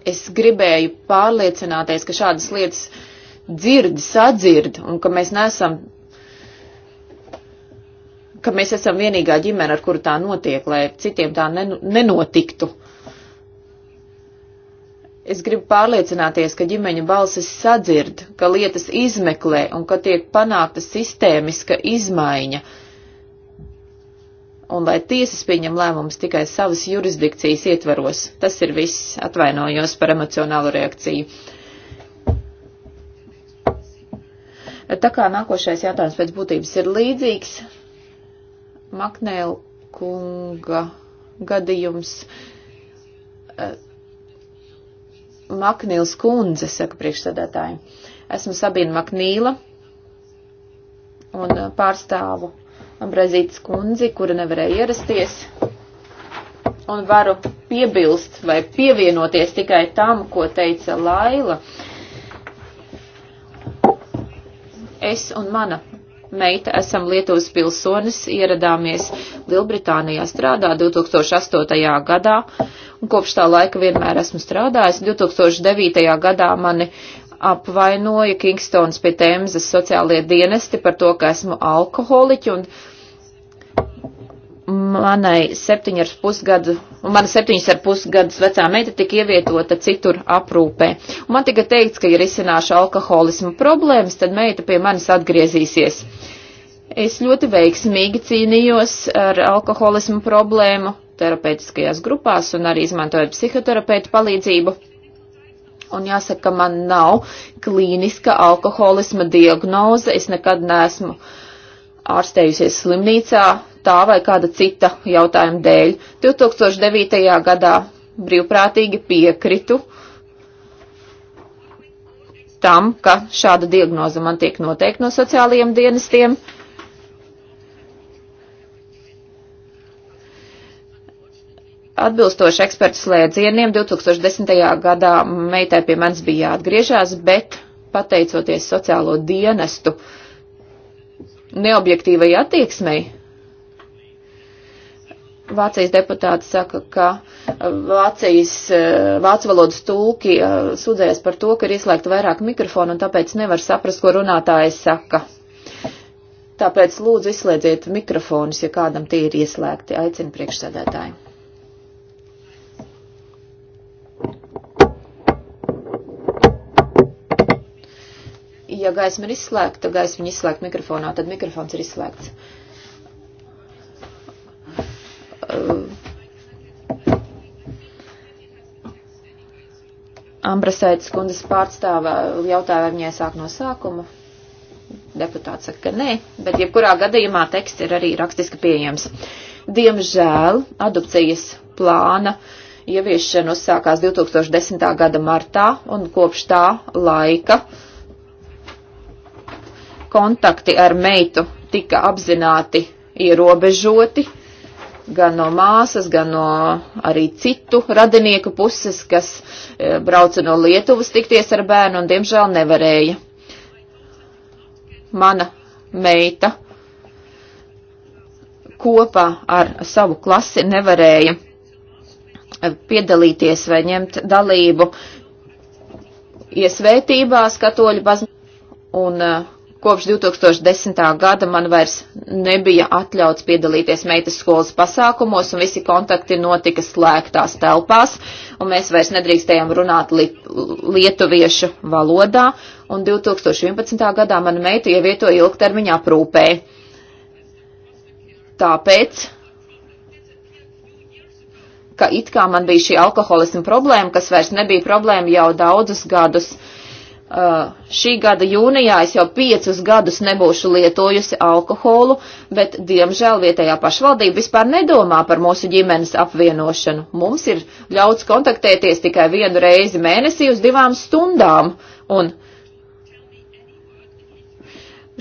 Es gribēju pārliecināties, ka šādas lietas dzird, sadzird, un ka mēs nesam, ka mēs esam vienīgā ģimene, ar kuru tā notiek, lai citiem tā nenotiktu. Es gribu pārliecināties, ka ģimeņu balsis sadzird, ka lietas izmeklē un ka tiek panākta sistēmiska izmaiņa. Un lai tiesas pieņem lēmumus tikai savas jurisdikcijas ietvaros, tas ir viss, atvainojos par emocionālu reakciju. Tā kā nākošais jautājums pēc būtības ir līdzīgs, Maknēla kunga gadījums. Uh, Maknīls kundze, saka priekšsēdētāji. Esmu Sabina Maknīla un eh, pārstāvu Ambrazītas kundzi, kura nevarēja ierasties. Un varu piebilst vai pievienoties tikai tam, ko teica Laila. Es un mana meita, esam Lietuvas pilsonis, ieradāmies Lielbritānijā strādā 2008. gadā, un kopš tā laika vienmēr esmu strādājis. 2009. gadā mani apvainoja Kingstons pie Temzas sociālie dienesti par to, ka esmu alkoholiķi, un manai septiņu ar pusgadu, mana septiņas ar pusgadus vecā meita tika ievietota citur aprūpē. Un man tika teikts, ka, ja risināšu alkoholismu problēmas, tad meita pie manis atgriezīsies. Es ļoti veiksmīgi cīnījos ar alkoholismu problēmu terapeitiskajās grupās un arī izmantoju psihoterapeitu palīdzību. Un jāsaka, ka man nav klīniska alkoholisma diagnoze. Es nekad neesmu ārstējusies slimnīcā, tā vai kāda cita jautājuma dēļ. 2009. gadā brīvprātīgi piekritu tam, ka šāda diagnoze man tiek noteikta no sociālajiem dienestiem. Atbilstoši ekspertu slēdzieniem 2010. gadā meitai pie manis bija jāatgriežās, bet pateicoties sociālo dienestu neobjektīvai attieksmei, Vācijas deputāti saka, ka uh, Vācijas, uh, vācu valodas tulki uh, sudzējas par to, ka ir izslēgta vairāk mikrofonu un tāpēc nevar saprast, ko runātājs saka. Tāpēc lūdzu izslēdziet mikrofonus, ja kādam tie ir ieslēgti. Aicinu priekšsēdētāju. Ja gaisma ir izslēgta, gaisma ir izslēgta mikrofonā, tad mikrofons ir izslēgts. Uh, Ambrasaitis kundzes pārstāvā jautāja, vai viņai sāk no sākuma. Deputāts saka, ka nē, bet jebkurā gadījumā teksts ir arī rakstiski pieejams. Diemžēl adopcijas plāna ieviešana uzsākās 2010. gada martā un kopš tā laika kontakti ar meitu tika apzināti ierobežoti gan no māsas, gan no arī citu radinieku puses, kas e, brauca no Lietuvas tikties ar bērnu un, diemžēl, nevarēja. Mana meita kopā ar savu klasi nevarēja e, piedalīties vai ņemt dalību iesvētībās katoļu baznīcā un e, Kopš 2010. gada man vairs nebija atļauts piedalīties meitas skolas pasākumos, un visi kontakti notika slēgtās telpās, un mēs vairs nedrīkstējām runāt li lietuviešu valodā, un 2011. gadā mana meita ievietoja ilgtermiņā prūpē. Tāpēc ka it kā man bija šī alkoholisma problēma, kas vairs nebija problēma jau daudzus gadus. Uh, Uh, šī gada jūnijā es jau piecus gadus nebūšu lietojusi alkoholu, bet diemžēl vietējā pašvaldība vispār nedomā par mūsu ģimenes apvienošanu. Mums ir ļauts kontaktēties tikai vienu reizi mēnesī uz divām stundām, un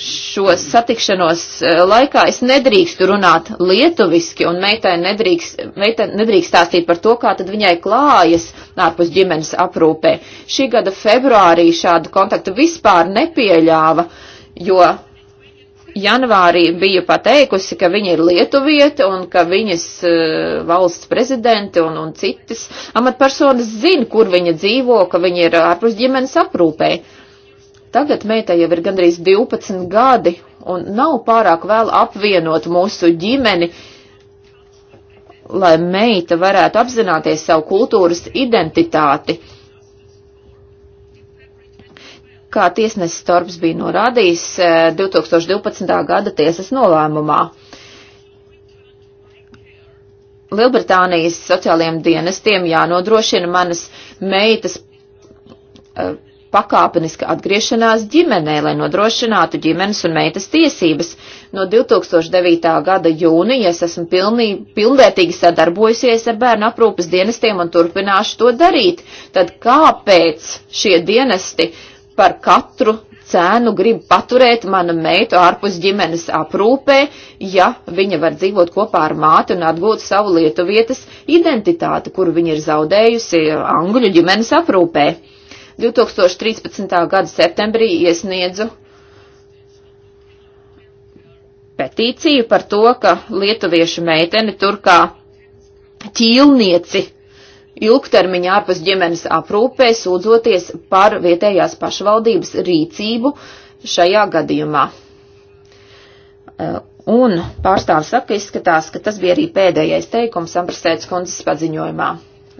šo satikšanos eh, laikā es nedrīkstu runāt lietuviski un meitai nedrīkst, meitai nedrīkst stāstīt par to, kā tad viņai klājas ārpus ģimenes aprūpē. Šī gada februārī šādu kontaktu vispār nepieļāva, jo janvārī bija pateikusi, ka viņa ir lietuvieta un ka viņas eh, valsts prezidenti un, un citas amatpersonas zina, kur viņa dzīvo, ka viņa ir ārpus ģimenes aprūpē. Tagad meitai jau ir gandrīz 12 gadi un nav pārāk vēl apvienot mūsu ģimeni, lai meita varētu apzināties savu kultūras identitāti. Kā tiesnesis Torps bija norādījis 2012. Eh, gada tiesas nolēmumā. Lielbritānijas sociālajiem dienestiem jānodrošina manas meitas uh, pakāpeniska atgriešanās ģimenē, lai nodrošinātu ģimenes un meitas tiesības. No 2009. gada jūnijas esmu pilnī, pilnvērtīgi sadarbojusies ar bērnu aprūpas dienestiem un turpināšu to darīt. Tad kāpēc šie dienesti par katru cēnu grib paturēt manu meitu ārpus ģimenes aprūpē, ja viņa var dzīvot kopā ar māti un atgūt savu lietu vietas identitāti, kuru viņa ir zaudējusi eh, angļu ģimenes aprūpē. 2013. gada septembrī iesniedzu petīciju par to, ka lietuviešu meiteni tur kā ķīlnieci ilgtermiņā ārpus ģimenes aprūpē sūdzoties par vietējās pašvaldības rīcību šajā gadījumā. Eh, un pārstāvis saka, izskatās, ka tas bija arī pēdējais teikums Ambrasētas kundzes paziņojumā.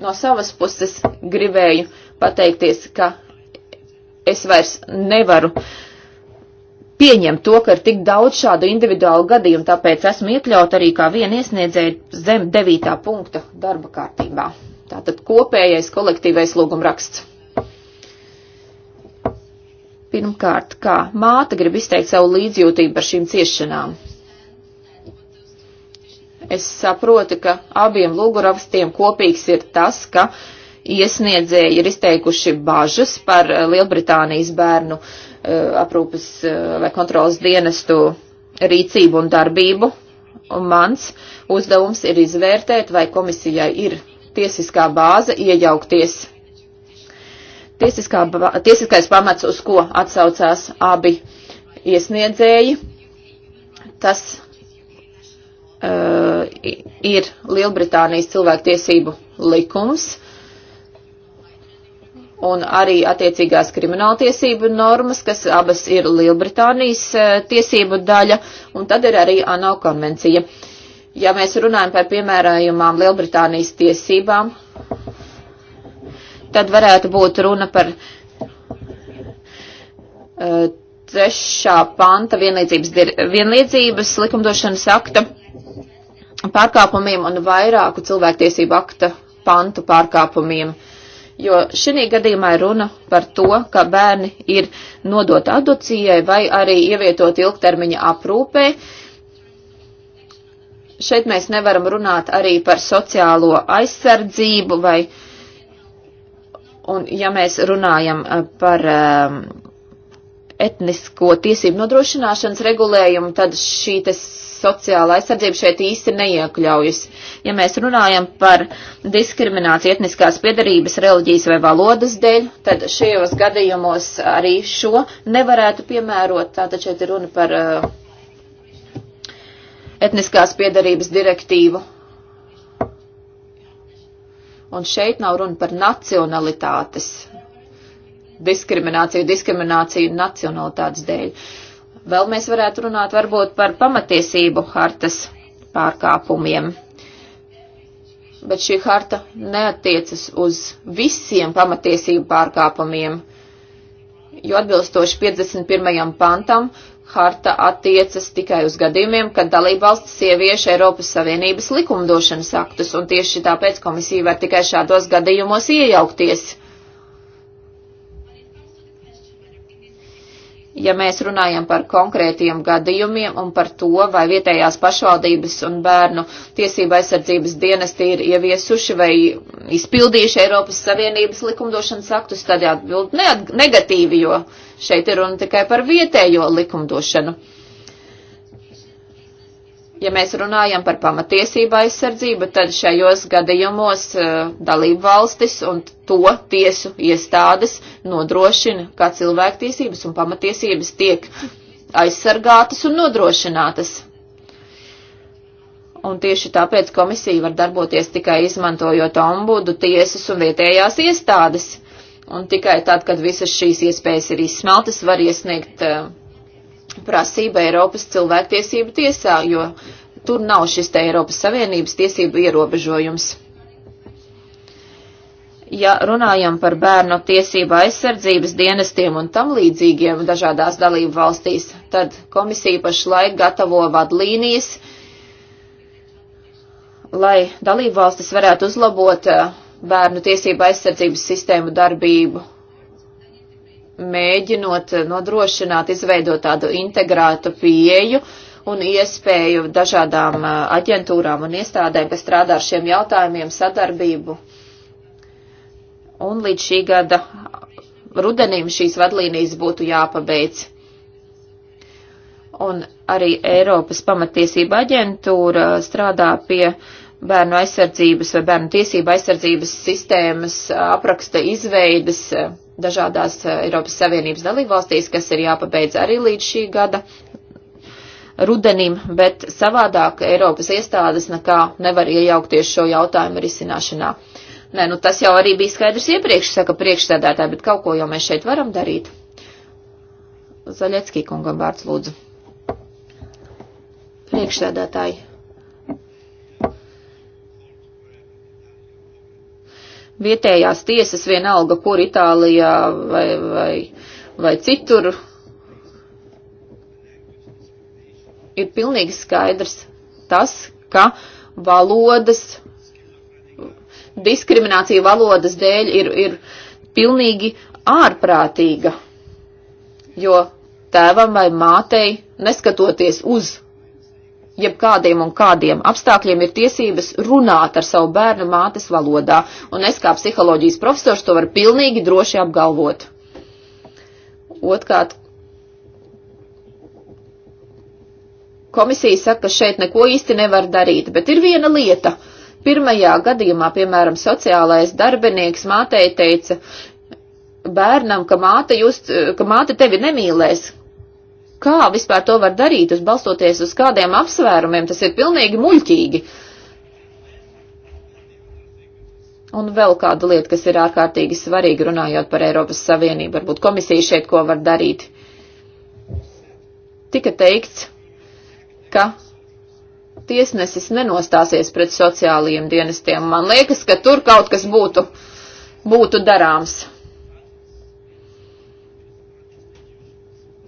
No savas puses gribēju pateikties, ka es vairs nevaru pieņemt to, ka ir tik daudz šādu individuālu gadījumu, tāpēc esmu iekļaut arī kā vien iesniedzēju zem devītā punkta darba kārtībā. Tātad kopējais kolektīvais lūgumraksts. Pirmkārt, kā māte grib izteikt savu līdzjūtību par šīm ciešanām. Es saprotu, ka abiem lūgurakstiem kopīgs ir tas, ka uh, iesniedzēji ir izteikuši bažas par eh, Lielbritānijas bērnu eh, aprūpes eh, vai kontrolas dienestu rīcību un darbību. Un mans uzdevums ir izvērtēt, vai komisijai ir tiesiskā bāze iejaukties. Tiesiskā, tiesiskais pamats, uz ko atsaucās abi iesniedzēji, tas uh, ir Lielbritānijas cilvēktiesību likums. Uh, un arī attiecīgās krimināltiesību normas, kas abas ir Lielbritānijas e, tiesību daļa, un tad ir arī ANO konvencija. Ja mēs runājam par piemērojumām Lielbritānijas tiesībām, tad varētu būt runa par uh, trešā panta vienlīdzības, vienlīdzības likumdošanas akta pārkāpumiem un vairāku cilvēktiesību akta pantu pārkāpumiem. Uh, jo šī gadījumā ir runa par to, ka bērni ir nodot adopcijai vai arī ievietot ilgtermiņa aprūpē. Šeit mēs nevaram runāt arī par sociālo aizsardzību vai, un ja mēs runājam eh, par um, etnisko tiesību nodrošināšanas regulējumu, tad šī tas sociāla aizsardzība šeit īsti neiekļaujas. Ja mēs runājam par diskrimināciju etniskās piedarības, reliģijas vai valodas dēļ, tad šajos gadījumos arī šo nevarētu piemērot. Tātad šeit ir runa par uh, etniskās piedarības direktīvu. Un šeit nav runa par nacionalitātes diskrimināciju, diskrimināciju nacionalitātes dēļ. Uh, Vēl mēs varētu runāt varbūt par pamatiesību hartas pārkāpumiem. Bet šī harta neatiecas uz visiem pamatiesību pārkāpumiem, jo atbilstoši 51. pantam harta attiecas tikai uz gadījumiem, kad dalībvalstis ievieš Eiropas Savienības likumdošanas aktus, un tieši tāpēc komisija var tikai šādos gadījumos iejaukties. ja mēs runājam par konkrētiem gadījumiem un par to, vai vietējās pašvaldības un bērnu tiesība aizsardzības dienesti ir ieviesuši vai izpildījuši Eiropas Savienības likumdošanas aktus, tad jāatbild negatīvi, jo šeit ir runa tikai par vietējo likumdošanu. Ja mēs runājam par pamatiesību aizsardzību, tad šajos gadījumos eh, dalību valstis un to tiesu iestādes nodrošina, kā cilvēktiesības un pamatiesības tiek aizsargātas un nodrošinātas. Un tieši tāpēc komisija var darboties tikai izmantojot ombudu, tiesas un vietējās iestādes. Un tikai tad, kad visas šīs iespējas ir izsmeltas, var iesniegt uh, prasība Eiropas cilvēktiesību tiesā, jo tur nav šis te Eiropas Savienības tiesību ierobežojums. Ja runājam par bērnu tiesību aizsardzības dienestiem un tam līdzīgiem dažādās dalību valstīs, tad komisija pašlaik gatavo vadlīnijas, lai dalību valstis varētu uzlabot eh, bērnu tiesību aizsardzības sistēmu darbību mēģinot nodrošināt, izveidot tādu integrētu pieeju un iespēju dažādām aģentūrām un iestādēm, kas strādā ar šiem jautājumiem, sadarbību. Un līdz šī gada rudenim šīs vadlīnijas būtu jāpabeidz. Un arī Eiropas pamatiesība aģentūra strādā pie bērnu aizsardzības vai bērnu tiesību aizsardzības sistēmas apraksta izveidas dažādās eh, Eiropas Savienības dalībvalstīs, kas ir jāpabeidz arī līdz šī gada rudenim, bet savādāk Eiropas iestādes nekā nevar iejaukties šo jautājumu risināšanā. Nē, nu tas jau arī bija skaidrs iepriekš, saka priekšsēdētāji, bet kaut ko jau mēs šeit varam darīt. Zaļeckī kungam vārds lūdzu. Priekšsēdētāji. vietējās tiesas vienalga, kur Itālijā vai, vai, vai citur, ir pilnīgi skaidrs tas, ka valodas, diskriminācija valodas dēļ ir, ir pilnīgi ārprātīga, jo tēvam vai mātei, neskatoties uz jebkādiem un kādiem apstākļiem ir tiesības runāt ar savu bērnu mātes valodā, un es kā psiholoģijas profesors to varu pilnīgi droši apgalvot. Otkārt, komisija saka, ka šeit neko īsti nevar darīt, bet ir viena lieta. Pirmajā gadījumā, piemēram, sociālais darbinieks mātei teica bērnam, ka māte, just, ka māte tevi nemīlēs, kā vispār to var darīt, uz balstoties uz kādiem apsvērumiem, tas ir pilnīgi muļķīgi. Un vēl kāda lieta, kas ir ārkārtīgi svarīga runājot par Eiropas Savienību, varbūt komisija šeit ko var darīt. Tika teikts, ka tiesnesis nenostāsies pret sociālajiem dienestiem. Man liekas, ka tur kaut kas būtu, būtu darāms.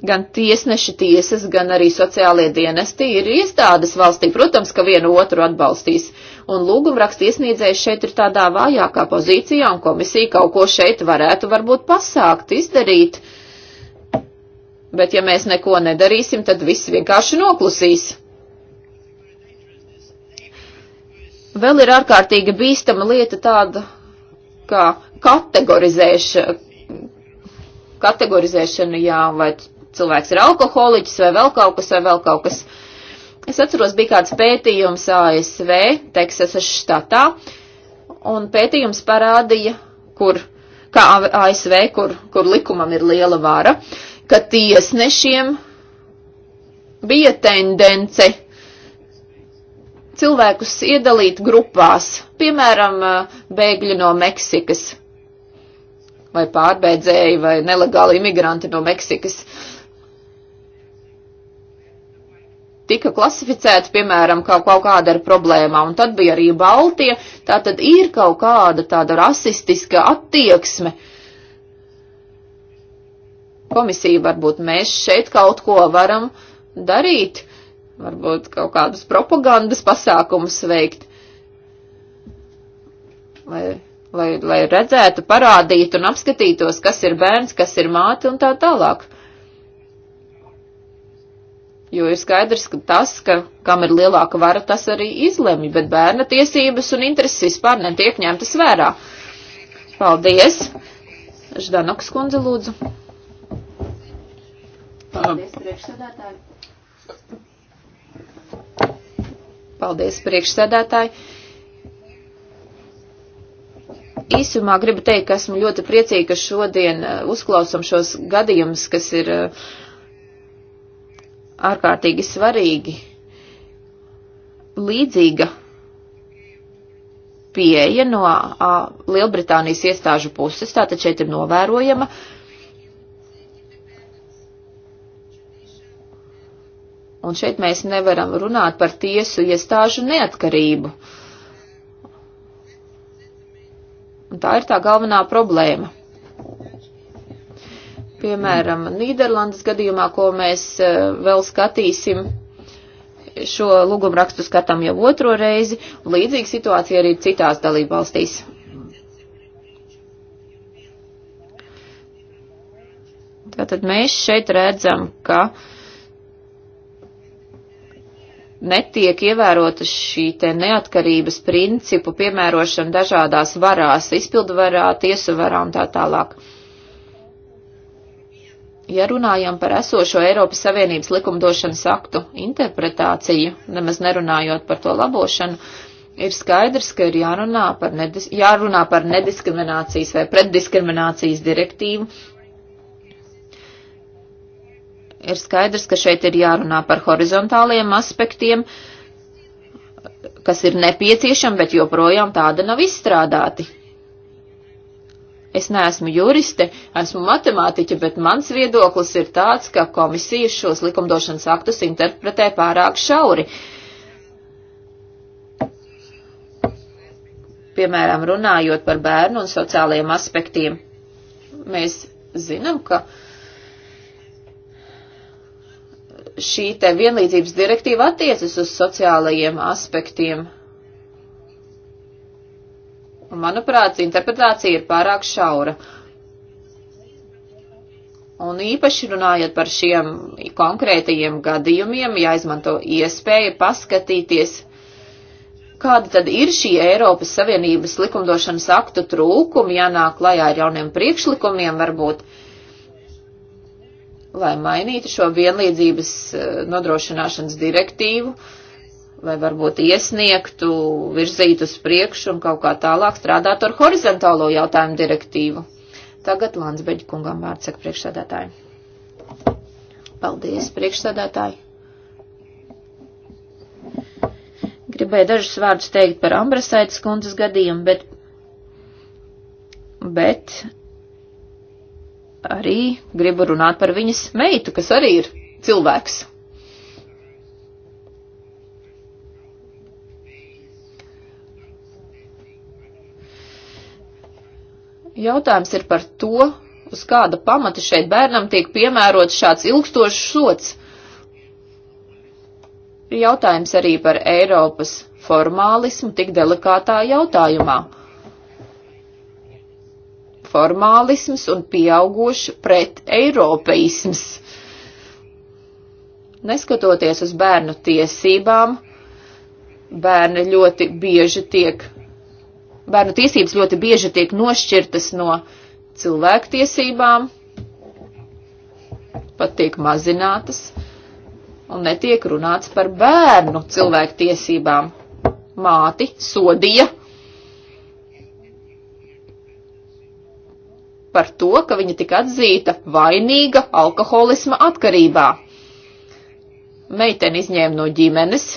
gan tiesneši tiesas, gan arī sociālie dienesti ir iestādes valstī, protams, ka vienu otru atbalstīs. Un lūgumraksta iesniedzējs šeit ir tādā vājākā pozīcijā, un komisija kaut ko šeit varētu varbūt pasākt, izdarīt. Bet ja mēs neko nedarīsim, tad viss vienkārši noklusīs. Vēl ir ārkārtīgi bīstama lieta tāda, kā kategorizēšana, kategorizēšana jā, vai cilvēks ir alkoholiķis vai vēl kaut kas vai vēl kaut kas. Es atceros, bija kāds pētījums ASV, Teksasas štatā, un pētījums parādīja, kur, kā ASV, kur, kur likumam ir liela vara, ka tiesnešiem bija tendence cilvēkus iedalīt grupās, piemēram, bēgļi no Meksikas vai pārbēdzēji vai nelegāli imigranti no Meksikas. tika klasificēti, piemēram, kaut, kaut kāda ar problēmām, un tad bija arī Baltija, tā tad ir kaut kāda tāda rasistiska attieksme. Komisija varbūt mēs šeit kaut ko varam darīt, varbūt kaut kādus propagandas pasākumus veikt, lai, lai, lai redzētu, parādītu un apskatītos, kas ir bērns, kas ir māte un tā tālāk. Jo ir skaidrs, ka tas, ka kam ir lielāka vara, tas arī izlemj, bet bērna tiesības un intereses vispār netiek ņemtas vērā. Paldies! Ždanoks kundze lūdzu. Paldies, priekšsēdētāji. Paldies, priekšsēdētāji. Īsumā gribu teikt, ka esmu ļoti priecīga, ka šodien uh, uzklausam šos gadījumus, kas ir uh, ārkārtīgi svarīgi līdzīga pieeja no a, Lielbritānijas iestāžu puses, tātad šeit ir novērojama. Un šeit mēs nevaram runāt par tiesu iestāžu neatkarību. Un tā ir tā galvenā problēma. Piemēram, Nīderlandes gadījumā, ko mēs e, vēl skatīsim, šo lūgumrakstu skatām jau otro reizi, un līdzīga situācija arī citās dalībvalstīs. Tātad mēs šeit redzam, ka netiek ievērota šī te neatkarības principu piemērošana dažādās varās, izpildu varā, tiesu varā un tā tālāk. Ja runājam par esošo Eiropas Savienības likumdošanas aktu interpretāciju, nemaz nerunājot par to labošanu, ir skaidrs, ka ir jārunā par, nedis, jārunā par nediskriminācijas vai pretdiskriminācijas direktīvu. Ir skaidrs, ka šeit ir jārunā par horizontāliem aspektiem, kas ir nepieciešami, bet joprojām tāda nav izstrādāti. Es neesmu juriste, esmu matemātiķa, bet mans viedoklis ir tāds, ka komisija šos likumdošanas aktus interpretē pārāk šauri. Piemēram, runājot par bērnu un sociālajiem aspektiem. Mēs zinām, ka šī te vienlīdzības direktīva attiecas uz sociālajiem aspektiem Un, manuprāt, interpretācija ir pārāk šaura. Un īpaši runājot par šiem konkrētajiem gadījumiem, jāizmanto iespēja paskatīties, kāda tad ir šī Eiropas Savienības likumdošanas aktu trūkumi, jānāk klajā ar jauniem priekšlikumiem, varbūt, lai mainītu šo vienlīdzības eh, nodrošināšanas direktīvu. Uh, lai varbūt iesniegtu, virzītu uz priekšu un kaut kā tālāk strādātu ar horizontālo jautājumu direktīvu. Tagad Landsbeģi kungam vārds saka priekšsēdētāji. Paldies, priekšsēdētāji. Gribēju dažus vārdus teikt par Ambrasaitas kundzes gadījumu, bet, bet arī gribu runāt par viņas meitu, kas arī ir cilvēks. Jautājums ir par to, uz kāda pamata šeit bērnam tiek piemērots šāds ilgstošs sots. Jautājums arī par Eiropas formālismu tik delikātā jautājumā. Formālisms un pieauguši pret eiropeisms. Neskatoties uz bērnu tiesībām, bērni ļoti bieži tiek bērnu tiesības ļoti bieži tiek nošķirtas no cilvēku tiesībām, pat tiek mazinātas, un netiek runāts par bērnu cilvēku tiesībām. Māti sodīja par to, ka viņa tika atzīta vainīga alkoholisma atkarībā. Meiteni izņēma no ģimenes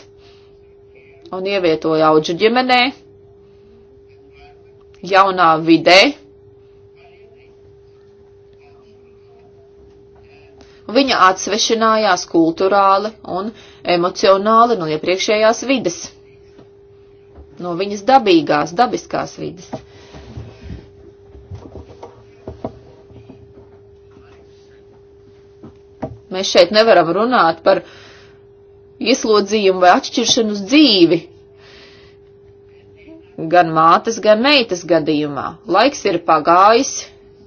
un ievietoja auģu ģimenei jaunā vidē. Viņa atsvešinājās kulturāli un emocionāli no iepriekšējās vides, no viņas dabīgās, dabiskās vides. Mēs šeit nevaram runāt par ieslodzījumu vai atšķiršanu uz dzīvi, gan mātes, gan meitas gadījumā. Laiks ir pagājis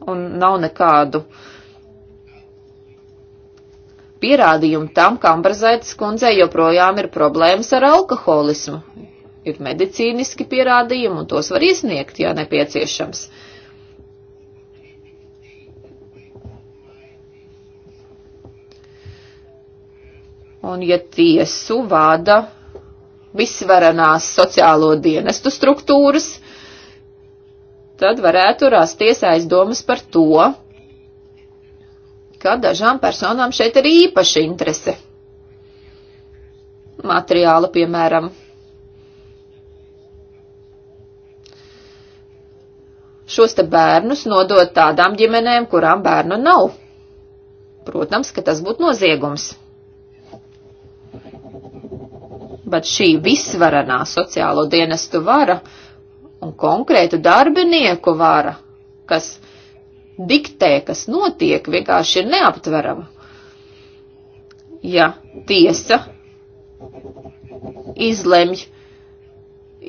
un nav nekādu pierādījumu tam, ka Ambrazaitas kundzei joprojām ir problēmas ar alkoholismu. Ir medicīniski pierādījumi un tos var iesniegt, ja nepieciešams. Un ja tiesu vada visvaranās sociālo dienestu struktūras, tad varētu rasties aizdomas par to, ka dažām personām šeit ir īpaša interese. Materiāla, piemēram. Šos te bērnus nodot tādām ģimenēm, kurām bērnu nav. Protams, ka tas būtu noziegums bet šī visvaranā sociālo dienestu vara un konkrētu darbinieku vara, kas diktē, kas notiek, vienkārši ir neaptverama. Ja tiesa izlemj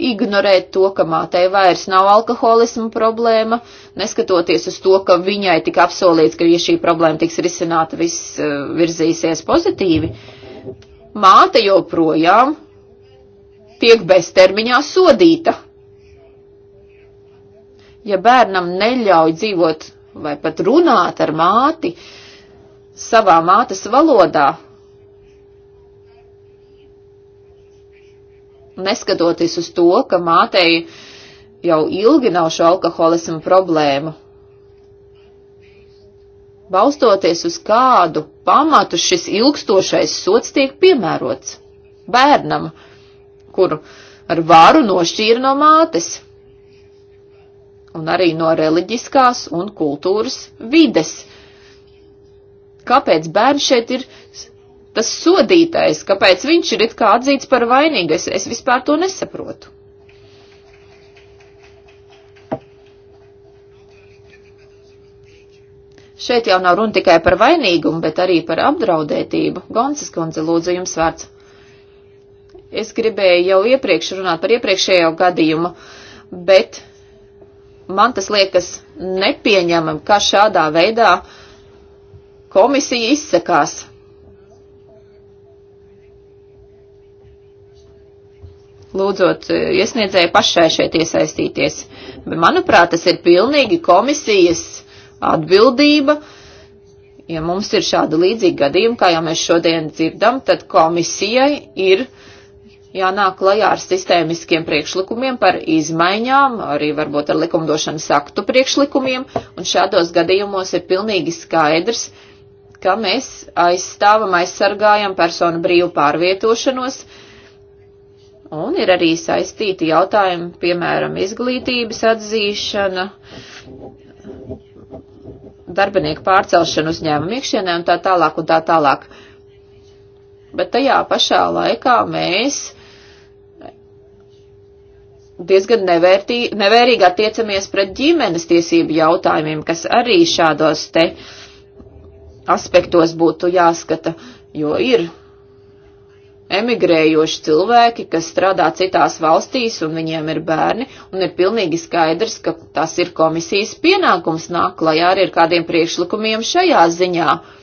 ignorēt to, ka mātei vairs nav alkoholisma problēma, neskatoties uz to, ka viņai tika apsolīts, ka, ja šī problēma tiks risināta, viss eh, virzīsies pozitīvi, māte joprojām tiek beztermiņā sodīta. Ja bērnam neļauj dzīvot vai pat runāt ar māti savā mātes valodā, neskatoties uz to, ka mātei jau ilgi nav šo alkoholismu problēmu, balstoties uz kādu pamatu šis ilgstošais sots tiek piemērots bērnam kuru ar vāru nošķīra no mātes un arī no reliģiskās un kultūras vides. Kāpēc bērns šeit ir tas sodītais, kāpēc viņš ir it kā atzīts par vainīgu? Es, es vispār to nesaprotu. Šeit jau nav runa tikai par vainīgumu, bet arī par apdraudētību. Gonsas kundze, lūdzu, jums vārds. Es gribēju jau iepriekš runāt par iepriekšējo gadījumu, bet man tas liekas nepieņemam, kā šādā veidā komisija izsakās. lūdzot iesniedzēju pašai šeit iesaistīties. Bet, manuprāt, tas ir pilnīgi komisijas atbildība. Ja mums ir šāda līdzīga gadījuma, kā jau mēs šodien dzirdam, tad komisijai ir uh, jānāk klajā ar sistēmiskiem priekšlikumiem par izmaiņām, arī varbūt ar likumdošanas aktu priekšlikumiem, un šādos gadījumos ir pilnīgi skaidrs, ka mēs aizstāvam, aizsargājam personu brīvu pārvietošanos, un ir arī saistīti jautājumi, piemēram, izglītības atzīšana, darbinieku pārcelšana uzņēmumu iekšienē un tā tālāk un tā tālāk. Bet tajā pašā laikā mēs diezgan nevērtī, nevērīgi attiecamies pret ģimenes tiesību jautājumiem, kas arī šādos te aspektos būtu jāskata, jo ir emigrējoši cilvēki, kas strādā citās valstīs un viņiem ir bērni, un ir pilnīgi skaidrs, ka tas ir komisijas pienākums nāk klajā arī ar kādiem priekšlikumiem šajā ziņā. Uh,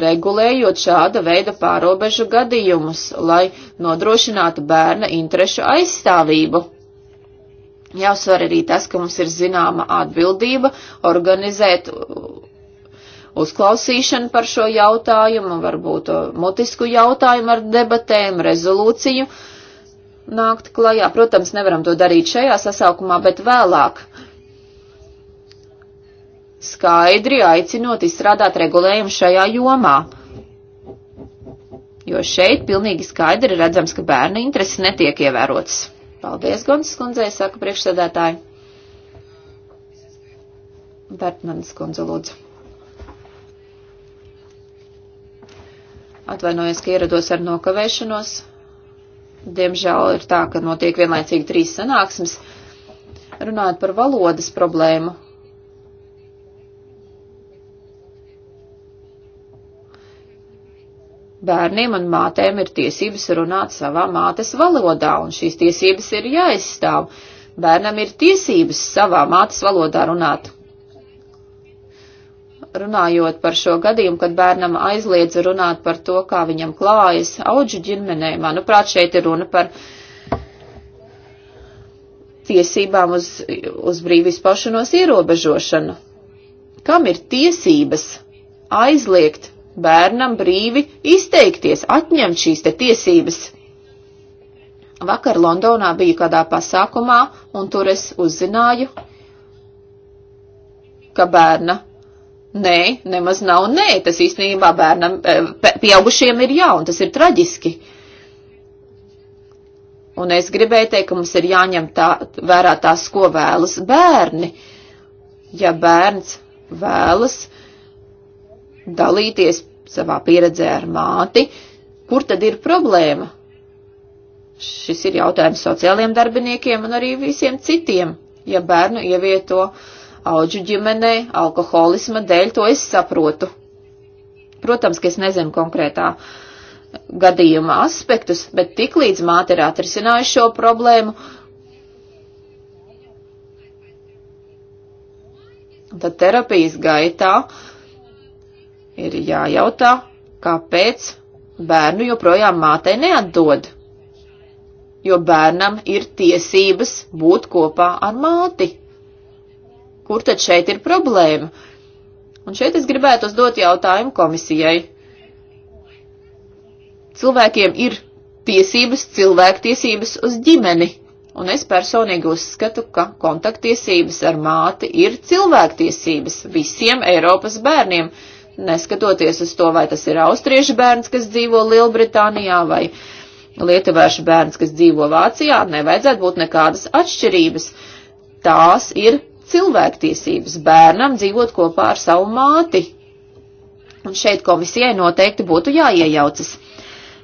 regulējot šāda veida pārobežu gadījumus, lai nodrošinātu bērna interešu aizstāvību. Jāuzsver arī tas, ka mums ir zināma atbildība organizēt uzklausīšanu par šo jautājumu, varbūt mutisku jautājumu ar debatēm, rezolūciju nākt klajā. Protams, nevaram to darīt šajā sasaukumā, bet vēlāk. Uh, skaidri aicinot izstrādāt regulējumu šajā jomā. Jo šeit pilnīgi skaidri redzams, ka bērnu intereses netiek ievērotas. Paldies, Gonzes kundzei, saka priekšsēdētāji. Vērtmanis kundze, lūdzu. Atvainojos, ka ierados ar nokavēšanos. Diemžēl ir tā, ka notiek vienlaicīgi trīs sanāksmes. Runājot par valodas problēmu, bērniem un mātēm ir tiesības runāt savā mātes valodā, un šīs tiesības ir jāizstāv. Bērnam ir tiesības savā mātes valodā runāt. Runājot par šo gadījumu, kad bērnam aizliedz runāt par to, kā viņam klājas auģu ģimenē, manuprāt, šeit ir runa par tiesībām uz, uz brīvīspašanos ierobežošanu. Kam ir tiesības aizliegt bērnam brīvi izteikties, atņemt šīs te tiesības. Vakar Londonā biju kādā pasākumā, un tur es uzzināju, ka bērna nē, nemaz nav nē, tas īstenībā bērnam, eh, pieaugušiem ir jā, un tas ir traģiski. Un es gribēju teikt, ka mums ir jāņem tā, vērā tās, ko vēlas bērni. Ja bērns vēlas dalīties savā pieredzē ar māti, kur tad ir problēma? Šis ir jautājums sociāliem darbiniekiem un arī visiem citiem. Ja bērnu ievieto auģu ģimenē alkoholisma dēļ, to es saprotu. Protams, ka es nezinu konkrētā gadījuma aspektus, bet tiklīdz māte ir atrisinājusi šo problēmu, tad terapijas gaitā uh, ir jājautā, kāpēc bērnu joprojām mātei neatdod, jo bērnam ir tiesības būt kopā ar māti. Kur tad šeit ir problēma? Un šeit es gribētu uzdot jautājumu komisijai. Cilvēkiem ir tiesības, cilvēktiesības uz ģimeni, un es personīgi uzskatu, ka kontaktiesības ar māti ir cilvēktiesības visiem Eiropas bērniem neskatoties uz to, vai tas ir austriešu bērns, kas dzīvo Lielbritānijā, vai lietuviešu bērns, kas dzīvo Vācijā, nevajadzētu būt nekādas atšķirības. Tās ir cilvēktiesības bērnam dzīvot kopā ar savu māti. Un šeit komisijai noteikti būtu jāiejaucas.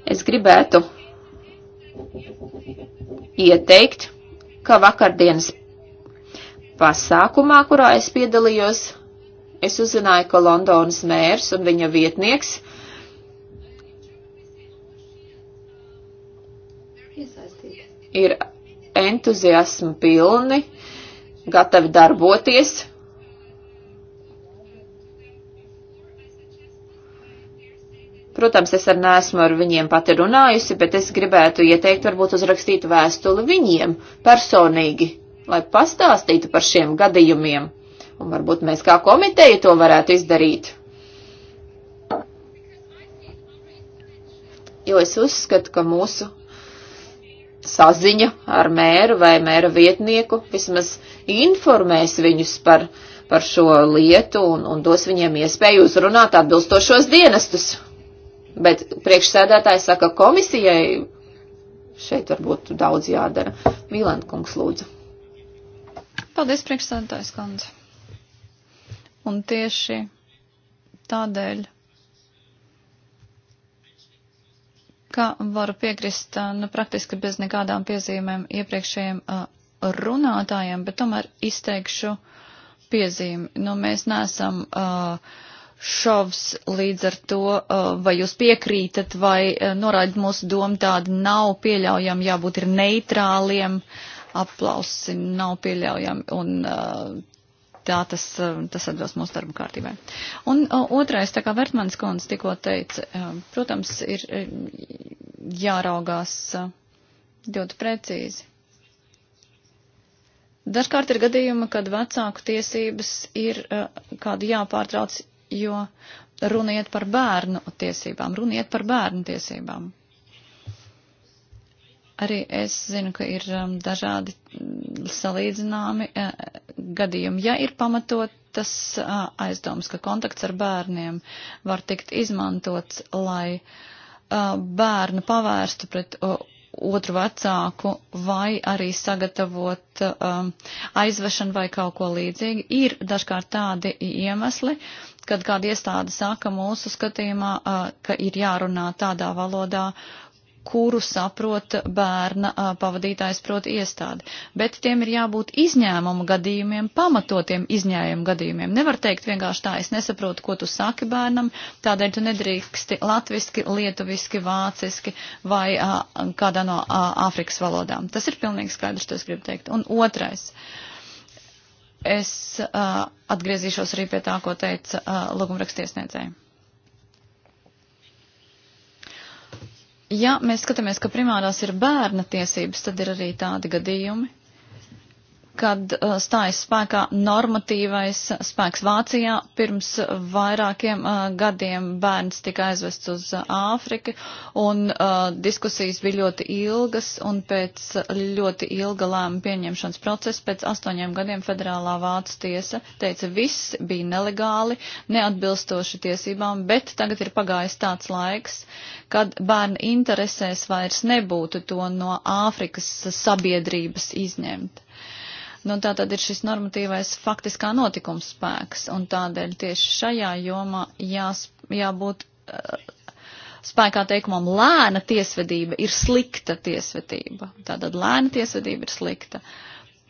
Es gribētu ieteikt, ka vakardienas pasākumā, kurā es piedalījos, es uzzināju, ka Londonas mērs un viņa vietnieks ir entuziasmu pilni, gatavi darboties. Protams, es ar neesmu ar viņiem pati runājusi, bet es gribētu ieteikt varbūt uzrakstīt vēstuli viņiem personīgi, lai pastāstītu par šiem gadījumiem. Un varbūt mēs kā komiteja to varētu izdarīt. Jo es uzskatu, ka mūsu saziņa ar mēru vai mēra vietnieku vismaz informēs viņus par, par šo lietu un, un dos viņiem iespēju uzrunāt atbilstošos dienestus. Bet priekšsēdētāji saka komisijai, šeit varbūt daudz jādara. Mīlēn kungs lūdzu. Paldies, priekšsēdētājs kundze. Un tieši tādēļ, ka varu piekrist nu, praktiski bez nekādām piezīmēm iepriekšējiem runātājiem, bet tomēr izteikšu piezīmi. Nu, mēs neesam uh, šovs līdz ar to, vai jūs piekrītat vai norādat mūsu domu tādu nav pieļaujam, jābūt ir neitrāliem, aplausi nav pieļaujam un tā tas, tas atbilst mūsu darba kārtībai. Un otrais, tā kā Vertmanis kundze tikko teica, protams, ir jāraugās ļoti precīzi. Dažkārt ir gadījumi, kad vecāku tiesības ir kādu jāpārtrauc, jo runiet par bērnu tiesībām, runiet par bērnu tiesībām. Arī es zinu, ka ir um, dažādi mm, salīdzināmi e, gadījumi. Ja ir pamatotas e, aizdomas, ka kontakts ar bērniem var tikt izmantots, lai e, bērnu pavērstu pret otru vecāku vai arī sagatavot um, aizvešanu vai kaut ko līdzīgu. Ir dažkārt tādi iemesli, kad kāda iestāde saka mūsu skatījumā, uh, ka ir jārunā tādā valodā, kuru saprot bērna pavadītājs proti iestādi. Bet tiem ir jābūt izņēmumu gadījumiem, pamatotiem izņēmumu gadījumiem. Nevar teikt vienkārši tā, es nesaprotu, ko tu saki bērnam, tādēļ tu nedrīksti latviski, lietuviski, vāciski vai a, kādā no Āfrikas valodām. Tas ir pilnīgi skaidrs, to es gribu teikt. Un otrais. Es uh, atgriezīšos arī pie tā, ko teica uh, lūgumrakstiesniedzēji. Ja mēs skatāmies, ka primārās ir bērna tiesības, tad ir arī tādi gadījumi, kad uh, stājas spēkā normatīvais spēks Vācijā. Pirms vairākiem uh, gadiem bērns tika aizvests uz uh, Āfriku, un diskusijas bija ļoti ilgas, un pēc ļoti ilga lēma pieņemšanas procesa pēc astoņiem gadiem federālā Vācu tiesa teica, viss bija nelegāli, neatbilstoši tiesībām, bet tagad ir pagājis tāds laiks, kad bērna interesēs vairs nebūtu to no Āfrikas sabiedrības izņemt. Nu, tā tad ir šis normatīvais faktiskā notikums spēks, un tādēļ tieši šajā jomā jās, jābūt uh, spēkā teikumam lēna tiesvedība ir slikta tiesvedība. Tātad lēna tiesvedība ir slikta.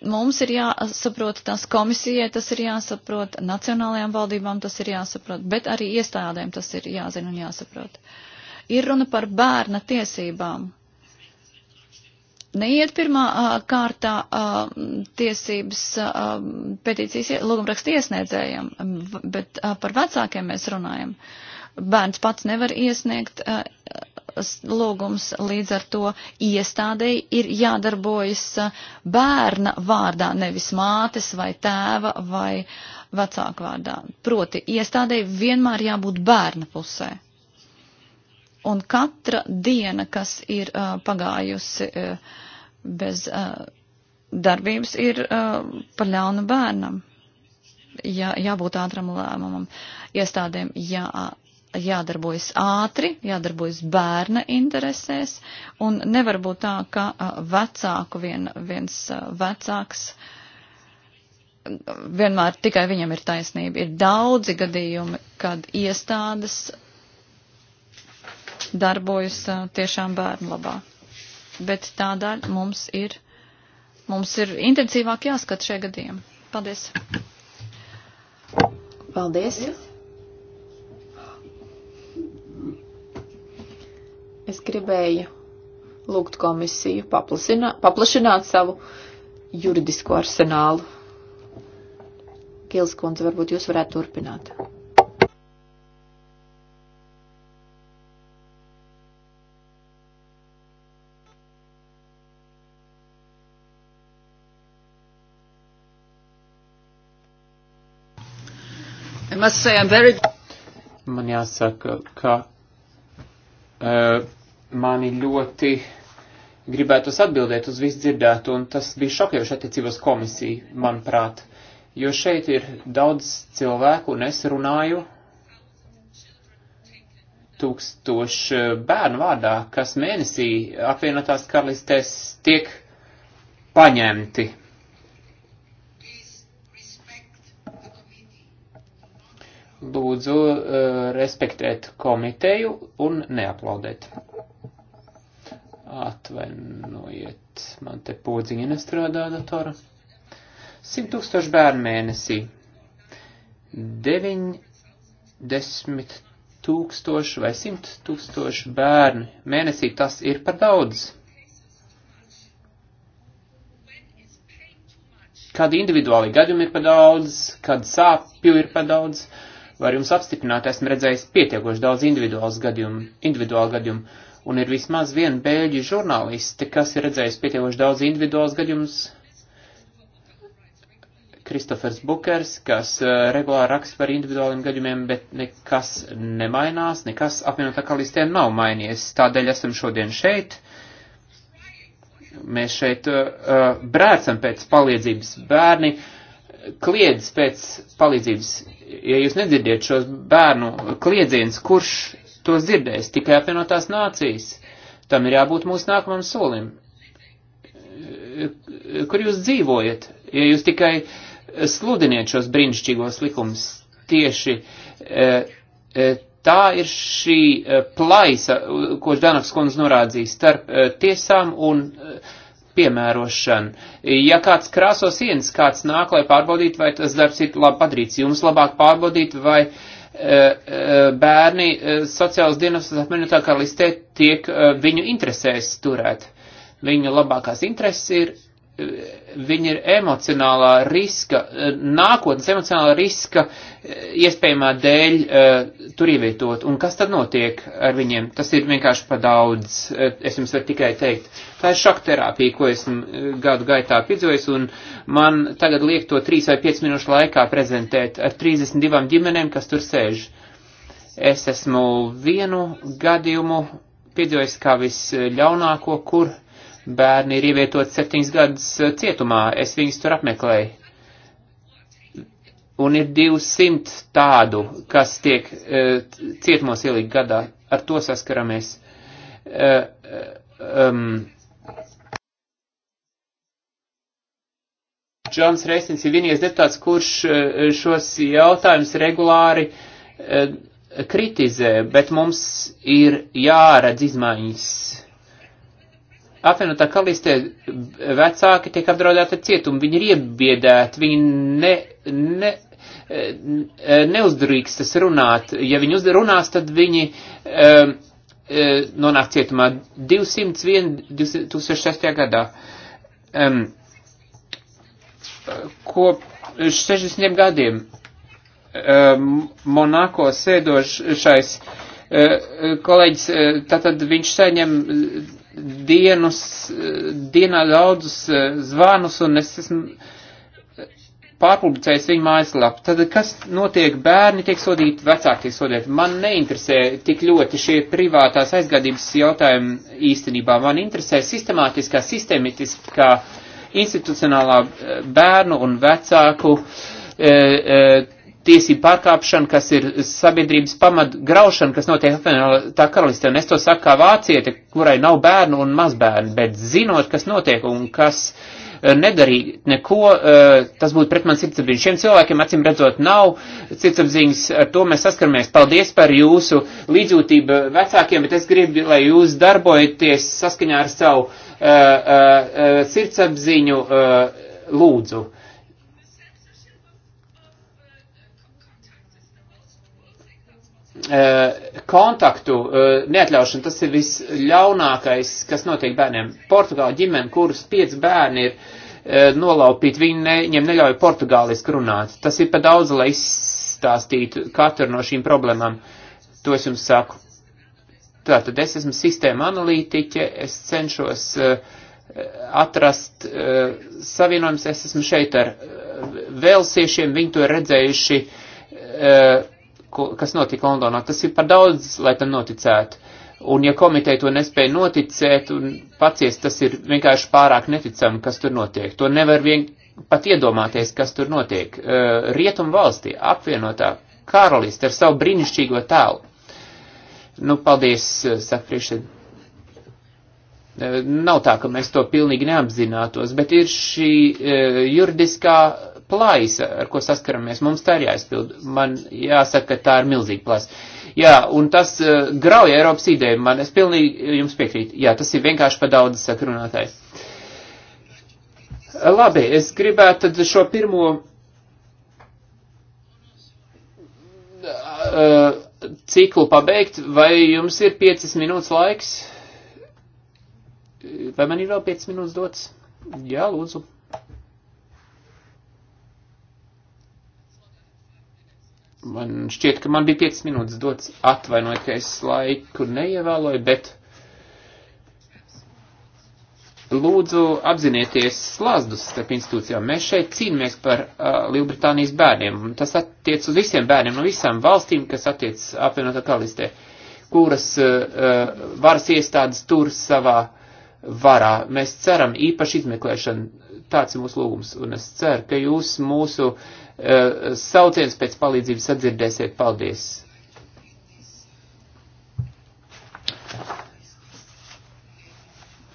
Mums ir jāsaprot tas komisijai, tas ir jāsaprot nacionālajām valdībām, tas ir jāsaprot, bet arī iestādēm tas ir jāzina un jāsaprot. Ir runa par bērna tiesībām neiet pirmā kārtā tiesības petīcijas lūgumraksta iesniedzējiem, bet par vecākiem mēs runājam. Bērns pats nevar iesniegt lūgums, līdz ar to iestādēji ir jādarbojas bērna vārdā, nevis mātes vai tēva vai vecāku vārdā. Proti, iestādēji vienmēr jābūt bērna pusē un katra diena, kas ir uh, pagājusi uh, bez uh, darbības ir uh, par ļaunu bērnam. Jā, jābūt ātram lēmumam. Iestādēm jā, jādarbojas ātri, jādarbojas bērna interesēs, un nevar būt tā, ka uh, vecāku vien, viens uh, vecāks vienmēr tikai viņam ir taisnība. Ir daudzi gadījumi, kad iestādes darbojas uh, tiešām bērnu labā bet tādēļ mums ir, mums ir intensīvāk jāskat šie gadījumi. Paldies! Paldies! Es gribēju lūgt komisiju paplašināt savu juridisko arsenālu. Gils kundze, varbūt jūs varētu turpināt. Very... Man jāsaka, ka uh, mani ļoti gribētos atbildēt uz visu dzirdētu, un tas bija šokējoši attiecībos komisiju, manuprāt, jo šeit ir daudz cilvēku, un es runāju tūkstošu bērnu vārdā, kas mēnesī apvienotās karalistēs tiek paņemti lūdzu uh, respektēt komiteju un neaplaudēt. Atvainojiet, man te podziņa nestrādā datora. 100 tūkstoši bērnu mēnesī. 90 tūkstoši vai 100 tūkstoši bērnu mēnesī tas ir par daudz. Kādi individuāli gadījumi ir par daudz, kāda sāpju ir par daudz. Uh, Var jums apstiprināt, esmu redzējis pietiekoši daudz individuālu gadījumu, individuālu gadījumu, un ir vismaz viena bēļu žurnāliste, kas ir redzējis pietiekoši daudz individuālu gadījumus. Kristofers Bukers, kas uh, regulāri raksta par individuāliem gadījumiem, bet nekas nemainās, nekas apvienotā kalistē nav mainījies. Tādēļ esam šodien šeit mēs šeit uh, uh brēcam pēc palīdzības, bērni kliedz pēc palīdzības, ja jūs nedzirdiet šos bērnu kliedzienus, kurš tos dzirdēs? Tikai apvienotās nācijas. Tam ir jābūt mūsu nākamam solim. Kur jūs dzīvojat, ja jūs tikai sludiniet šos brīnišķīgos likumus? Tieši e, e, tā ir šī e, plaisa, ko Ždanoks kundze norādīja starp tiesām un uh, piemērošanu. Ja kāds krāso sienas, kāds nāk, lai pārbaudītu, vai tas darbs ir labi padarīts, jums labāk pārbaudīt, vai e, e, bērni e, sociālas dienas apvienotā karalistē tiek e, viņu interesēs turēt. Viņu labākās intereses ir viņi ir emocionālā riska, nākotnes emocionālā riska eh, iespējamā dēļ eh, tur ievietot. Un kas tad notiek ar viņiem? Tas ir vienkārši pa daudz, eh, es jums varu tikai teikt. Tā ir šoka terapija, ko esmu gadu gaitā piedzīvojis, un man tagad liek to 3 vai 5 minūšu laikā prezentēt ar 32 ģimenēm, kas tur sēž. Es esmu vienu gadījumu piedzīvojis kā visļaunāko, kur bērni ir ievietot septiņas gadus eh, cietumā, es viņus tur apmeklēju. Un ir 200 tādu, kas tiek uh, cietumos ielikt gadā. Ar to saskaramies. Uh, um, Džons Reisins ir vienīgais deputāts, kurš šos jautājumus regulāri kritizē, bet mums ir jāredz izmaiņas apvienotā kalistē vecāki tiek apdraudēti ar cietumu, viņi ir iebiedēti, viņi ne, ne, e, neuzdrīkstas runāt. Ja viņi uzrunās, tad viņi um, nonāk cietumā 201. 2006. gadā. Um, kop 60 gadiem um, Monako sēdošais uh, kolēģis, tātad viņš saņem dienas, dienā daudzus eh, zvanus un es esmu eh, pārpublicējis viņu mājaslapu. Tad, kas notiek, bērni tiek sodīti, vecāki tiek sodīti. Man neinteresē tik ļoti šie privātās aizgādības jautājumi īstenībā. Man interesē sistemātiskā, sistemitiskā, institucionālā eh, bērnu un vecāku. E, e, tiesību pārkāpšana, kas ir sabiedrības pamat graušana, kas notiek apvienotā karalistē. Un es to saku kā vācieti, kurai nav bērnu un mazbērnu, bet zinot, kas notiek un kas eh, nedarīt neko, eh, tas būtu pret man sirdsapziņu. Šiem cilvēkiem, acīm redzot, nav sirdsapziņas, ar to mēs saskaramies. Paldies par jūsu līdzjūtību vecākiem, bet es gribu, lai jūs darbojaties saskaņā ar savu uh, uh, sirdsapziņu uh, lūdzu. Uh, Eh, kontaktu eh, neatļaušana, tas ir visļaunākais, kas notiek bērniem. Portugāla ģimene, kuras pieci bērni ir eh, nolaupīti, viņi ne, viņiem neļauj portugāliski runāt. Tas ir pa daudz, lai izstāstītu katru no šīm problēmām. To es jums saku. Tātad es esmu sistēma analītiķe, es cenšos atrast savienojums, es esmu šeit ar vēlsiešiem, viņi to ir redzējuši ko, kas notika Londonā. Tas ir par daudz, lai tam noticētu. Un ja komiteja to nespēja noticēt un paciest, tas ir vienkārši pārāk neticami, kas tur notiek. To nevar vien pat iedomāties, kas tur notiek. Uh, Rietum valstī apvienotā karaliste ar savu brīnišķīgo tēlu. Nu, paldies, uh, saka priekšsēd. Uh, nav tā, ka mēs to pilnīgi neapzinātos, bet ir šī juridiskā plaisa, ar ko saskaramies, mums tā ir jāizpild. Man jāsaka, ka tā ir milzīga plaisa. Jā, un tas uh, grauja Eiropas ideju man, es pilnīgi eh, jums piekrītu. Jā, tas ir vienkārši pa daudz sakrunātājs. Eh, labi, es gribētu tad šo pirmo uh, ciklu pabeigt, vai jums ir piecas minūtes laiks? Vai man ir vēl piecas minūtes dots? Jā, lūdzu. Man šķiet, ka man bija 5 minūtes dots atvainojot, ka es laiku neievēloju, bet lūdzu apzinieties slazdus starp institūcijām. Mēs šeit cīnāmies par uh, Lielbritānijas bērniem. Tas attiec uz visiem bērniem no visām valstīm, kas attiec apvienotā kalistē, kuras uh, uh, varas iestādes tur savā varā. Mēs ceram īpaši izmeklēšanu. Tāds ir mūsu lūgums, un es ceru, ka jūs mūsu uh, Eh, sauciens pēc palīdzības sadzirdēsiet. Paldies!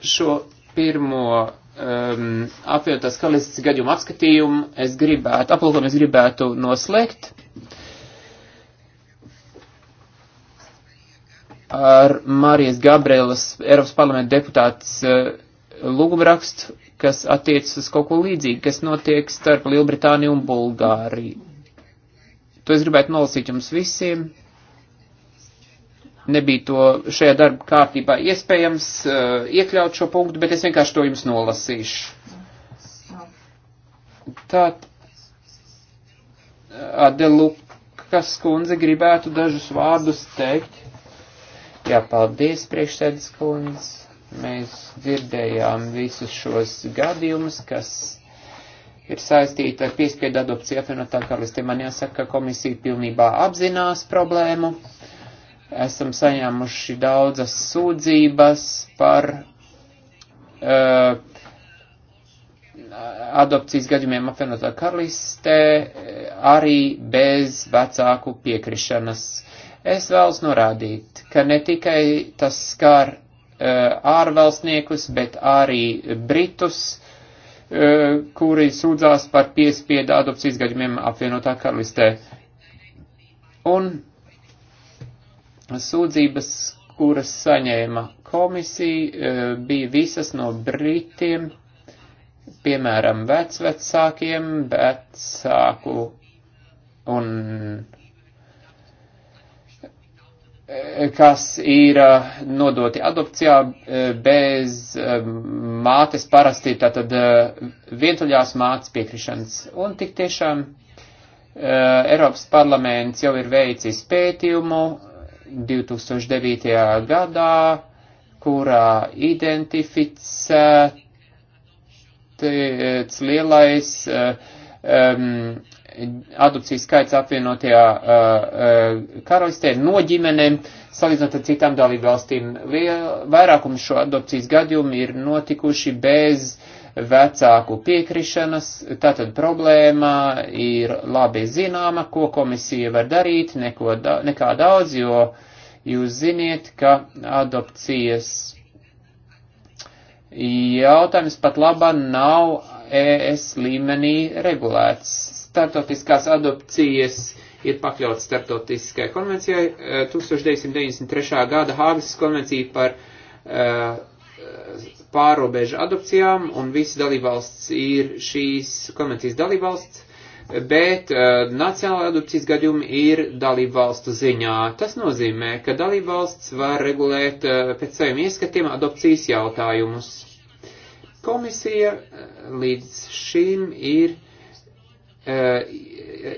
Šo pirmo um, apvienotās karalistas gadījumu apskatījumu es gribētu, aplūkumu es gribētu noslēgt ar Marijas Gabrielas Eiropas parlamenta deputātas uh, eh, lūgumrakstu kas attiecas uz kaut ko līdzīgu, kas notiek starp Lielbritāniju un Bulgāriju. To es gribētu nolasīt jums visiem. Nebija to šajā darba kārtībā iespējams uh, iekļaut šo punktu, bet es vienkārši to jums nolasīšu. Tātad uh, Adelukas kundze gribētu dažus vārdus teikt. Jā, paldies, priekšsēdus kundze Mēs dzirdējām visus šos gadījumus, kas ir saistīti ar piespiedu adopciju apvienotā karalistē. Man jāsaka, ka komisija pilnībā apzinās problēmu. Esam saņēmuši daudzas sūdzības par uh, adopcijas gadījumiem apvienotā karalistē arī bez vecāku piekrišanas. Es vēlos norādīt, ka ne tikai tas skar Eh, ārvalstniekus, bet arī britus, eh, kuri sūdzās par piespiedu adopcijas gadījumiem apvienotā karalistē. Un sūdzības, kuras saņēma komisija, eh, bija visas no britiem, piemēram, vecvecākiem, vecāku un kas ir eh, nodoti adopcijā eh, bez eh, mātes parasti, tātad vientuļās mātes piekrišanas. Un tik tiešām Eiropas parlaments jau ir veicis pētījumu 2009. gadā, kurā identificēts lielais um, adopciju skaits apvienotajā uh, uh, karalistē no ģimenēm, salīdzinot ar citām dalību valstīm. Vairākums šo adopcijas gadījumu ir notikuši bez vecāku piekrišanas, tātad problēma ir labi zināma, ko komisija var darīt, neko, da, nekā daudz, jo jūs ziniet, ka adopcijas jautājums pat laba nav ES līmenī regulēts startautiskās adopcijas ir pakļauts startautiskai konvencijai. 1993. Eh, gada Hāgas konvencija par eh, pārobežu adopcijām, un visas dalībvalsts ir šīs konvencijas dalībvalsts, bet eh, nacionāla adopcijas gadījumi ir dalībvalstu ziņā. Tas nozīmē, ka dalībvalsts var regulēt pēc saviem ieskatiem adopcijas jautājumus. Komisija līdz šim ir Eh,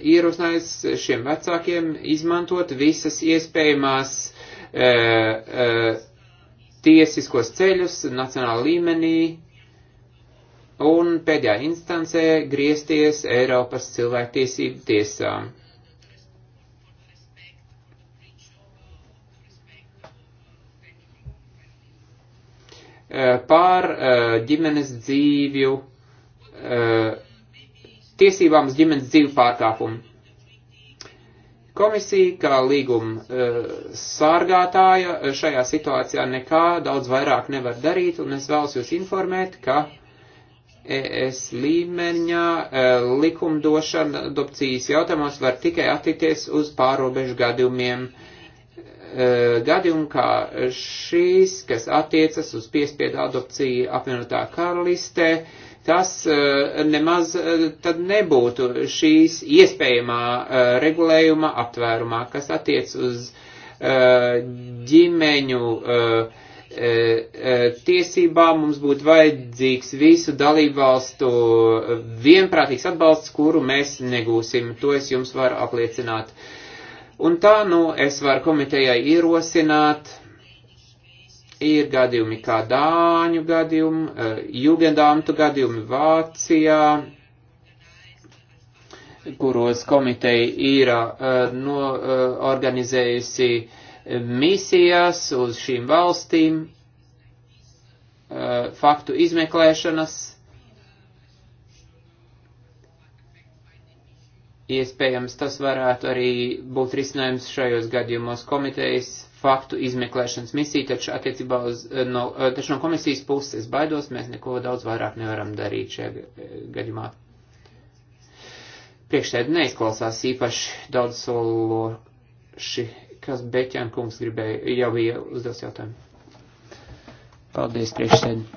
ierosinājis šiem vecākiem izmantot visas iespējamās eh, eh, tiesiskos ceļus nacionāla līmenī un pēdējā instancē griezties Eiropas cilvēktiesību tiesām. pār ģimenes dzīvju tiesībām uz ģimenes dzīvu pārkāpumu. Komisija, kā līguma eh, sārgātāja, eh, šajā situācijā nekā daudz vairāk nevar darīt, un es vēlos jūs informēt, ka ES līmeņā eh, likumdošana adopcijas jautājumos var tikai attiekties uz pārobežu gadījumiem. Gadījumi kā šīs, kas attiecas uz piespiedu adopciju apvienotā karalistē, uh, tas eh, nemaz eh, tad nebūtu šīs iespējamā eh, regulējuma aptvērumā, kas attiec uz ģimeņu tiesībām mums būtu vajadzīgs visu dalībvalstu vienprātīgs atbalsts, kuru mēs negūsim. To es jums varu apliecināt. Un tā, nu, es varu komitejai ierosināt Ir gadījumi kā Dāņu gadījumi, uh, Jugendamtu gadījumi Vācijā, kuros komiteja ir uh, no, uh, organizējusi misijas uz šīm valstīm, uh, faktu izmeklēšanas, iespējams tas varētu arī būt risinājums šajos gadījumos komitejas faktu izmeklēšanas misiju, taču attiecībā uz, eh, no, eh, taču no komisijas puses es baidos, mēs neko daudz vairāk nevaram darīt šajā eh, gadījumā. Priekšsēdi neizklausās īpaši daudz sološi, kas Beķēn kungs gribēja, jau bija uzdos jautājumu. Paldies, priekšsēdi.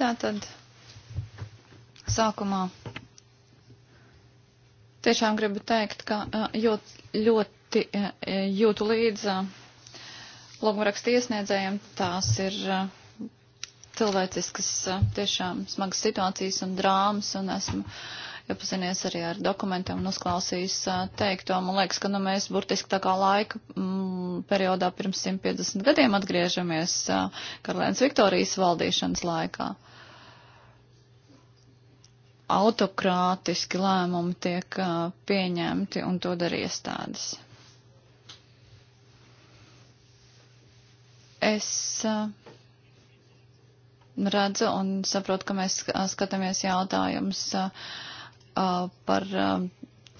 Tātad, sākumā Tiešām gribu teikt, ka jūt, ļoti jūtu līdz logumrakstu iesniedzējiem. Tās ir cilvēciskas tiešām smagas situācijas un drāmas, un esmu iepazinies arī ar dokumentiem un uzklausījis teikto. Man liekas, ka nu, mēs burtiski tā kā laika m, mm, periodā pirms 150 gadiem atgriežamies Karalēnas Viktorijas valdīšanas laikā. Uh, autokrātiski lēmumi tiek pieņemti un to dara iestādes. Es redzu un saprotu, ka mēs skatāmies jautājumus par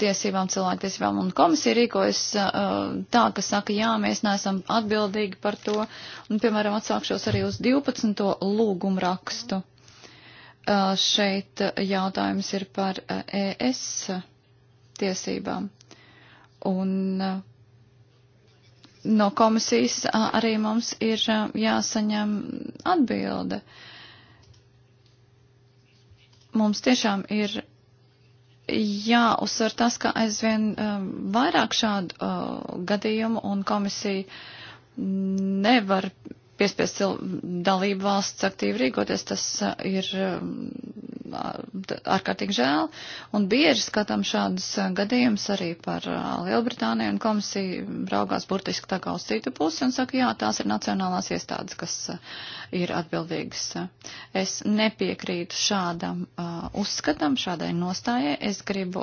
tiesībām, cilvēktiesībām, un komisija rīkojas tā, ka saka, jā, mēs neesam atbildīgi par to, un, piemēram, atsākšos arī uz 12. lūgumu rakstu. Mm šeit jautājums ir par ES tiesībām. Un no komisijas arī mums ir jāsaņem atbilde. Mums tiešām ir jāuzsver tas, ka aizvien vairāk šādu gadījumu un komisija nevar piespiest dalību valsts aktīvi rīkoties, tas uh, ir um, ārkārtīgi žēl. Un bieži skatām šādus uh, gadījumus arī par uh, Lielbritāniju, un komisija raugās burtiski tā kā uz citu pusi un saka, jā, tās ir nacionālās iestādes, kas ir atbildīgas. Es nepiekrītu šādam uzskatam, šādai nostājai. Es gribu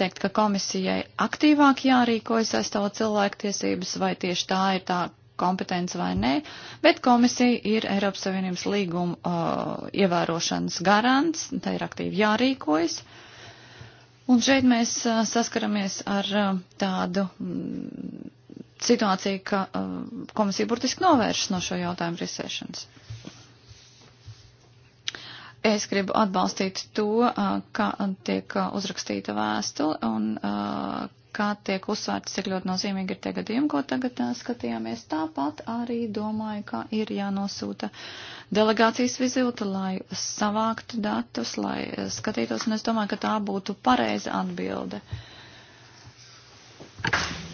teikt, ka komisijai aktīvāk jārīkojas aizstāvot cilvēku tiesības, vai tieši tā ir tā kompetence vai nē, bet komisija ir Eiropas Savienības līguma uh, ievērošanas garants, tai ir aktīvi jārīkojas. Un šeit mēs uh, saskaramies ar uh, tādu mm, situāciju, ka uh, komisija burtiski novēršas no šo jautājumu risēšanas. Es gribu atbalstīt to, uh, ka tiek uh, uzrakstīta vēstule un uh, kā tiek uzsvērts, cik ļoti nozīmīgi ir tie gadījumi, ko tagad tā, skatījāmies. Tāpat arī domāju, ka ir jānosūta delegācijas vizīte, lai savāktu datus, lai skatītos, un es domāju, ka tā būtu pareiza atbilde.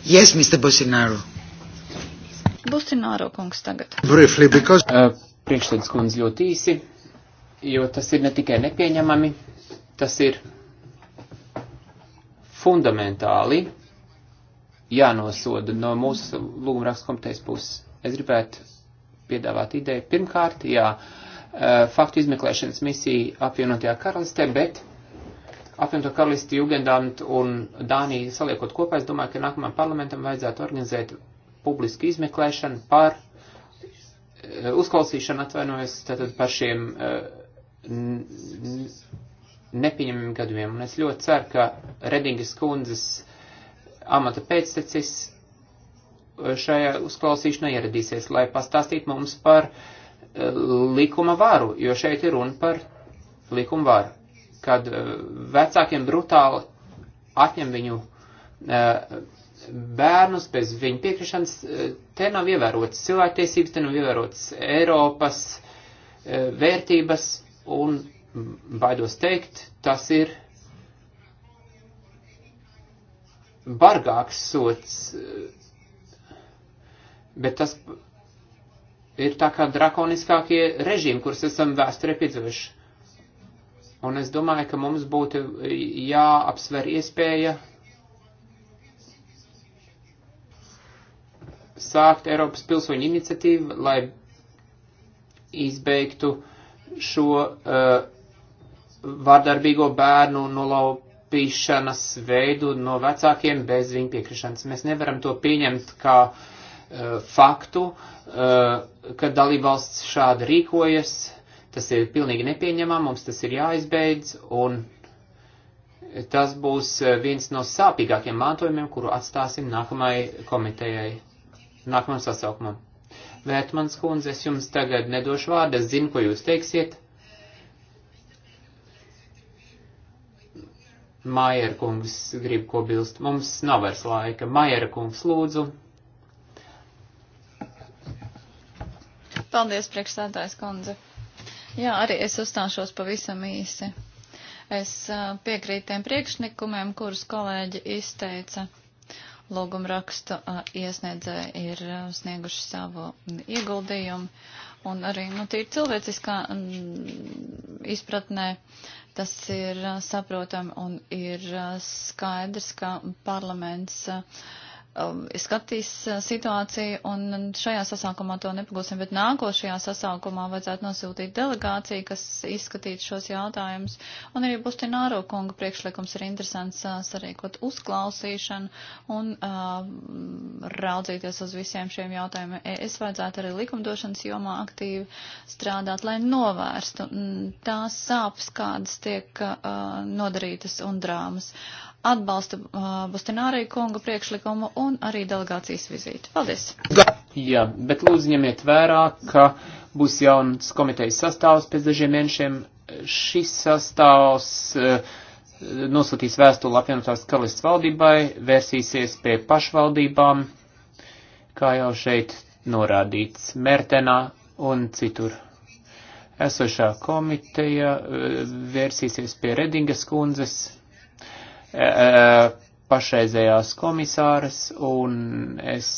Yes, Mr. Bosināru. Bosināru kungs tagad. Briefly, because... Uh, Priekšsēdus kundze ļoti īsi, jo tas ir ne tikai nepieņemami, tas ir fundamentāli jānosoda no mūsu lūgumrakstu komitejas puses. Es gribētu piedāvāt ideju. Pirmkārt, jā, e, faktu izmeklēšanas misija apvienotajā karalistē, bet apvienoto karalisti Jugendamt un Dāniju saliekot kopā, es domāju, ka nākamajam parlamentam vajadzētu organizēt publisku izmeklēšanu par e, uzklausīšanu atvainojas tātad par šiem e, nepieņemiem gadījumiem. Un es ļoti ceru, ka Redingas kundzes amata pēctecis uh, šajā uzklausīšanā ieradīsies, lai pastāstītu mums par uh, likuma varu, jo šeit ir runa par likuma varu, kad uh, vecākiem brutāli atņem viņu bērnus bez viņa piekrišanas, te nav ievērotas cilvēktiesības, te nav ievērotas Eiropas vērtības, un baidos teikt, tas ir bargāks sots, bet tas ir tā kā drakoniskākie režīmi, kurus esam vēsturē piedzīvojuši. Un es domāju, ka mums būtu jāapsver iespēja sākt Eiropas pilsoņu iniciatīvu, lai izbeigtu šo uh, vārdarbīgo bērnu nolaupīšanas veidu no vecākiem bez viņa piekrišanas. Mēs nevaram to pieņemt kā uh, faktu, uh, ka dalībvalsts šādi rīkojas. Tas ir pilnīgi nepieņemam, mums tas ir jāizbeidz, un tas būs e, viens no sāpīgākiem mantojumiem, kuru atstāsim nākamajai komitejai, nākamajam sasaukumam. Vērtmans kundze, es jums tagad nedošu vārdu, es zinu, ko jūs teiksiet Maier kungs grib ko bilst. Mums nav vairs laika. Maier kungs, lūdzu. Paldies, priekšstādājs kundze. Jā, arī es uzstāšos pavisam īsi. Es piekrītu tiem priekšnikumiem, kurus kolēģi izteica. Lūguma rakstu iesniedzēji ir snieguši savu ieguldījumu un arī, nu, tīri cilvēciskā izpratnē Tas ir saprotami un ir skaidrs, ka parlaments uh, Um, skatīs uh, situāciju, un šajā sasākumā to nepagūsim, bet nākošajā sasākumā vajadzētu nosūtīt delegāciju, kas izskatītu šos jautājumus, un arī Bustināro kunga priekšlikums ir interesants uh, sarīkot uzklausīšanu un uh, raudzīties uz visiem šiem jautājumiem. E, es vajadzētu arī likumdošanas jomā aktīvi strādāt, lai novērstu mm, tās sāpes, kādas tiek uh, nodarītas un drāmas atbalsta uh, Bustinārī kunga priekšlikumu un arī delegācijas vizīti. Paldies! Jā, bet lūdzu ņemiet vērā, ka būs jauns komitejas sastāvs pēc dažiem mēnešiem. Šis sastāvs uh, nosūtīs vēstuli apvienotās karalists valdībai, vērsīsies pie pašvaldībām, kā jau šeit norādīts, Mērtenā un citur esošā komiteja uh, vērsīsies pie Redingas kundzes Uh, pašreizējās komisāras, un es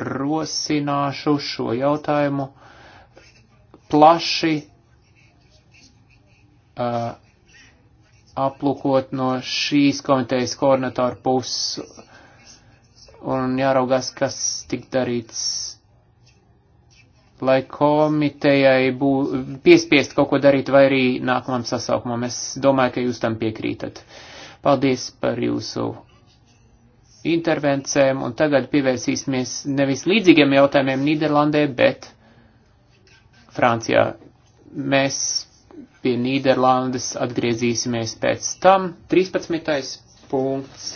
rosināšu šo jautājumu plaši uh, aplūkot no šīs komitejas koordinatora puses un jāraugās, kas tik darīts, lai komitejai bū, piespiest kaut ko darīt vai arī nākamam sasaukumam. Es domāju, ka jūs tam piekrītat. Uh, Paldies par jūsu intervencēm, un tagad pievērsīsimies nevis līdzīgiem jautājumiem Nīderlandē, bet Francijā. Mēs pie Nīderlandes atgriezīsimies pēc tam. 13. punkts.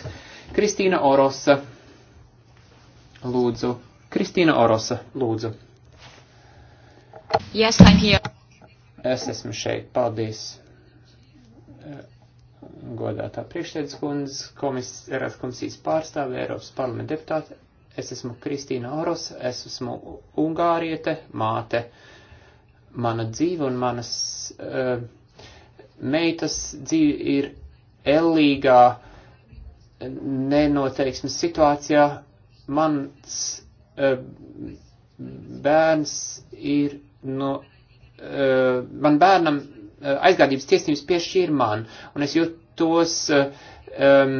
Kristīna Orosa. Lūdzu. Kristīna Orosa, lūdzu. Yes, I'm here. Es esmu šeit, paldies godātā priekšsēdus kundze, komis, Eiropas komisijas pārstāve, Eiropas parlamenta deputāte. Es esmu Kristīna Oros, es esmu Ungāriete, māte. Mana dzīve un manas uh, meitas dzīve ir ellīgā nenoteiksmes situācijā. Mans uh, bērns ir no. Uh, man bērnam aizgādības tiesības piešķīra man, un es jūtu tos um,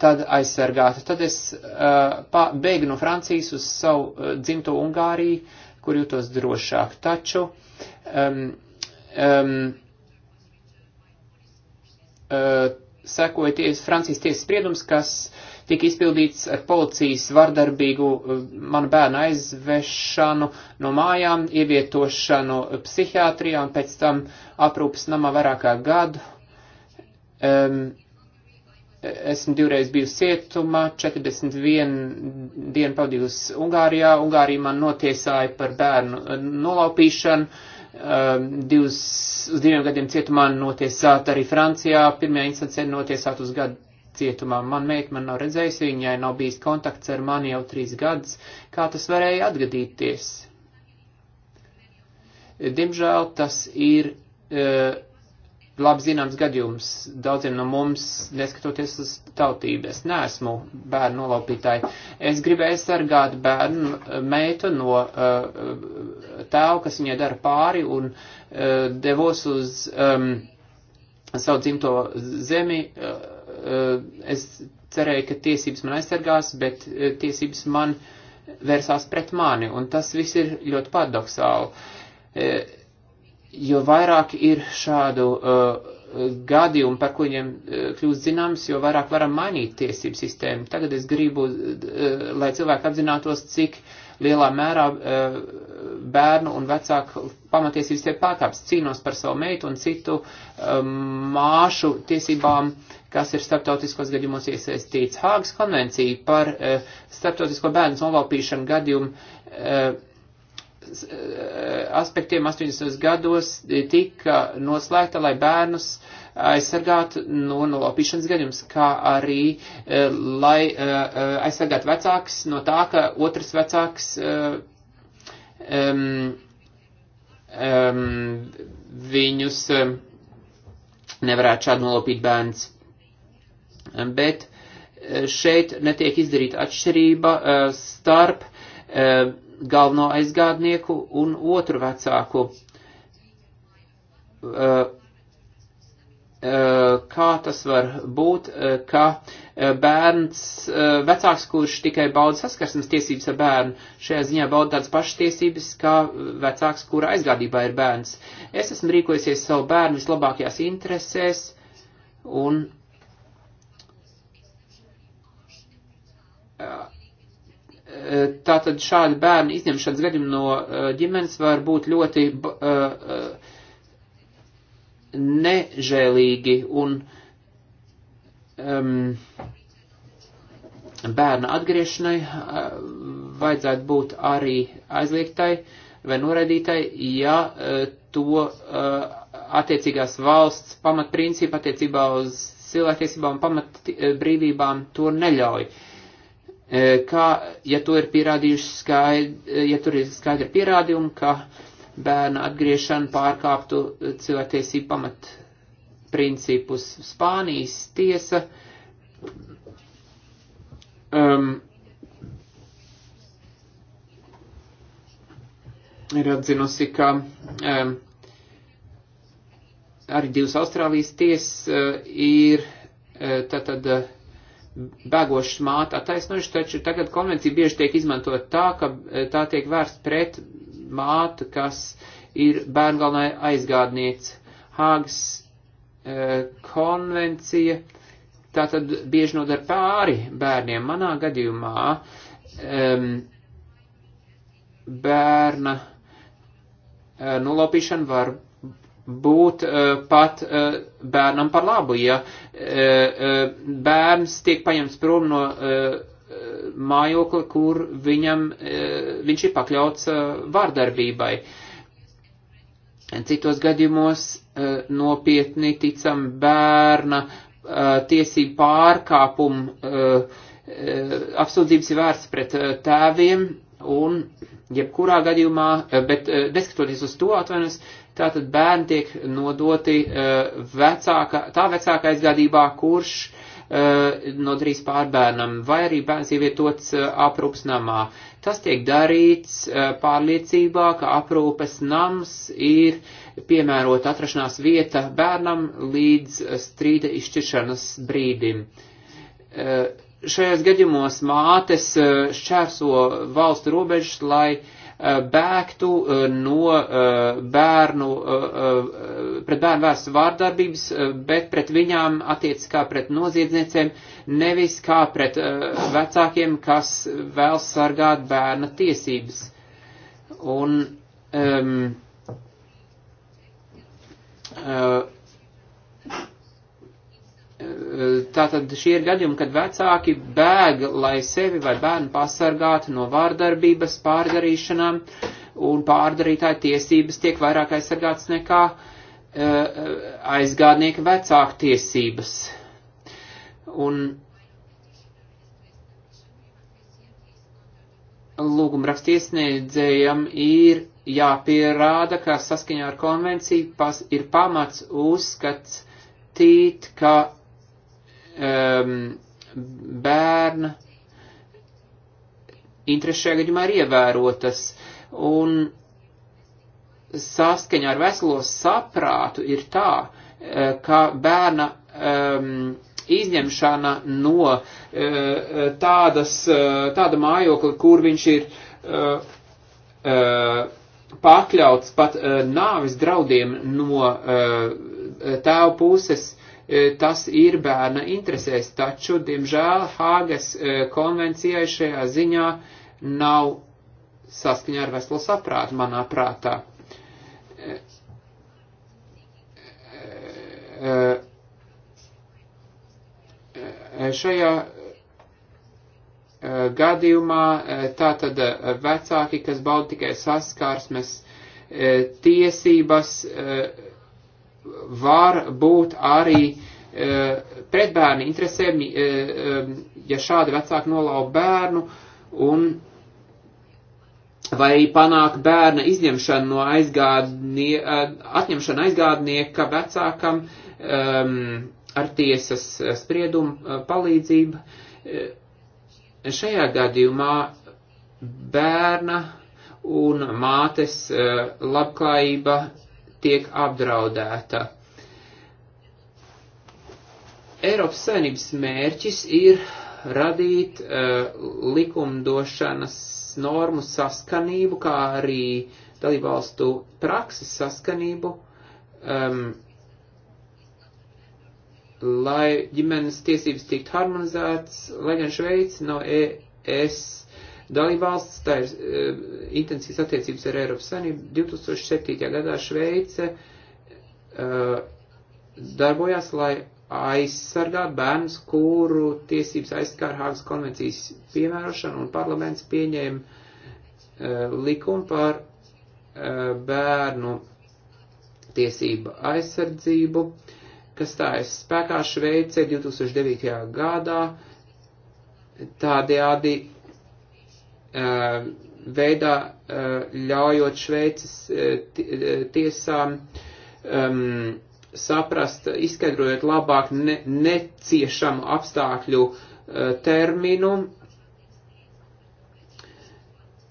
tad aizsargātu. Tad es uh, pa, beigu no Francijas uz savu uh, dzimto Ungāriju, kur jūtos drošāk. Taču um, um, uh, sekoja ties, Francijas tiesas spriedums, kas tika izpildīts ar policijas vardarbīgu uh, manu bērnu aizvešanu no mājām, ievietošanu psihiātrijā un pēc tam aprūpas namā vairāk kā gadu Um, esmu divreiz bijusi cietumā, 41 dienu pavadījusi Ungārijā. Ungārija man notiesāja par bērnu eh, nolaupīšanu, um, divus, uz diviem gadiem cietumā notiesāt arī Francijā, pirmajā instancē notiesāt uz gadu cietumā. Man meita man nav redzējusi, viņai nav bijis kontakts ar mani jau trīs gadus. Kā tas varēja atgadīties? Diemžēl tas ir. Uh, labi zināms gadījums daudziem no mums, neskatoties uz tautību. Es neesmu bērnu nolaupītāji. Es gribēju sargāt bērnu eh, meitu no uh, tēva, kas viņai dara pāri, un uh, devos uz um, savu dzimto zemi. Uh, uh, es cerēju, ka tiesības man aizsargās, bet uh, tiesības man vērsās pret mani, un tas viss ir ļoti paradoxāli. Uh, jo vairāk ir šādu uh, gadījumu, par kuriem uh, kļūst zināms, jo vairāk varam mainīt tiesību sistēmu. Tagad es gribu, uh, lai cilvēki apzinātos, cik lielā mērā uh, bērnu un vecāku pamatiesības tiek pārkāpts. Cīnos par savu meitu un citu um, māšu tiesībām, kas ir starptautiskos gadījumos iesaistīts. Hāgas konvencija par uh, starptautisko bērnu novalpīšanu gadījumu. Uh, aspektiem 80. gados tika noslēgta, lai bērnus aizsargātu no nolaupīšanas gadījums, kā arī eh, lai eh, aizsargātu vecāks no tā, ka otrs vecāks um, um, viņus nevarētu šādi nolaupīt bērns. Bet šeit netiek izdarīta atšķirība starp galveno aizgādnieku un otru vecāku. Uh, uh, kā tas var būt, uh, ka bērns, vecāks, kurš tikai bauda saskarsmes tiesības ar bērnu, šajā ziņā bauda tādas pašas tiesības, kā vecāks, kura aizgādībā ir bērns. Es esmu rīkojusies savu bērnu vislabākajās interesēs un Eh, tātad šādi bērnu izņemšanas gadījumi no eh, ģimenes var būt ļoti eh, nežēlīgi un um, bērna atgriešanai vajadzētu būt arī aizliegtai vai noraidītai, ja to attiecīgās valsts pamatprincipa attiecībā uz cilvēktiesībām pamatbrīvībām to neļauj. Uh, E, kā, ja to ir pierādījuši skaidri, e, ja tur ir skaidri pierādījumi, ka bērna atgriešana pārkāptu cilvēktiesību pamat principus. Spānijas tiesa um, ir atzinusi, ka um, arī divas Austrālijas tiesas uh, ir uh, tātad uh, bēgošas māte attaisnojuši, taču tagad konvencija bieži tiek izmantot tā, ka e, tā tiek vērsta pret mātu, kas ir bērnu galvenai aizgādniece. Hāgas e, konvencija tā tad bieži nodara pāri bērniem. Manā gadījumā um, e, bērna e, nolopīšana var būt uh, pat uh, bērnam par labu, ja uh, uh, bērns tiek paņemts prom no uh, mājokli, kur viņam, uh, viņš ir pakļauts uh, vārdarbībai. Citos gadījumos uh, nopietni ticam bērna uh, tiesību pārkāpumu uh, uh, apsūdzības ir vērsts pret uh, tēviem un jebkurā gadījumā, uh, bet uh, neskatoties uz to atvainojas, uh, Tātad bērni tiek nodoti uh, vecāka, tā vecāka aizgādībā, kurš uh, nodarīs pārbērnam, vai arī bērns ievietots uh, aprūpas namā. Tas tiek darīts uh, pārliecībā, ka aprūpas nams ir piemērota atrašanās vieta bērnam līdz strīda izšķiršanas brīdim. Uh, šajos gadījumos mātes šķērso valstu robežas, lai uh, Eh, bēgtu eh, no eh, bērnu, pret bērnu vērstas vārdarbības, bet pret viņām attiec kā pret noziedzniecēm, nevis kā pret vecākiem, kas vēl sargāt bērna tiesības. Un, um, uh, Tātad šie ir gadījumi, kad vecāki bēg, lai sevi vai bērnu pasargātu no vārdarbības, pārdarīšanām, un pārdarītāja tiesības tiek vairāk aizsargāts nekā e, aizgādnieka vecāku tiesības. Un lūgumrakstiesniedzējam ir jāpierāda, ka saskaņā ar konvenciju pas, ir pamats uzskatīt, ka um, ehm, bērna interesi šajā gadījumā ir ievērotas. Un saskaņā ar veselo saprātu ir tā, eh, ka bērna um, izņemšana no uh, tādas, uh, tāda mājokļa, kur viņš ir uh, uh, pakļauts pat uh, nāvis draudiem no uh, tēva puses, E, tas ir bērna interesēs, taču, diemžēl, Hāgas e, konvencijai šajā ziņā nav saskaņā ar veselu saprātu manā prātā. E, šajā gadījumā tātad vecāki, kas bauda tikai saskarsmes tiesības, var būt arī e, pret bērnu interesēm, e, e, ja šādi vecāki nolauba bērnu un vai panāk bērna izņemšanu no aizgādnieka, atņemšanu aizgādnieka vecākam um, ar tiesas spriedumu palīdzību. Šajā gadījumā bērna un mātes labklājība tiek apdraudēta. Eiropas Savienības mērķis ir radīt uh, likumdošanas normu saskanību, kā arī dalībvalstu prakses saskanību, um, lai ģimenes tiesības tiktu harmonizētas, lai gan Šveica no ES dalībvalsts, tā ir e, intensīvas attiecības ar Eiropas Savienību. 2007. gadā Šveice e, darbojās, lai aizsargāt bērnus, kuru tiesības aizskār Hāgas konvencijas piemērošanu, un parlaments pieņēma e, likumu par e, bērnu tiesību aizsardzību, kas stājas spēkā Šveicē 2009. gadā. Tādējādi veidā ļaujot Šveices tiesām um, saprast, izskaidrojot labāk ne, neciešamu apstākļu uh, terminu.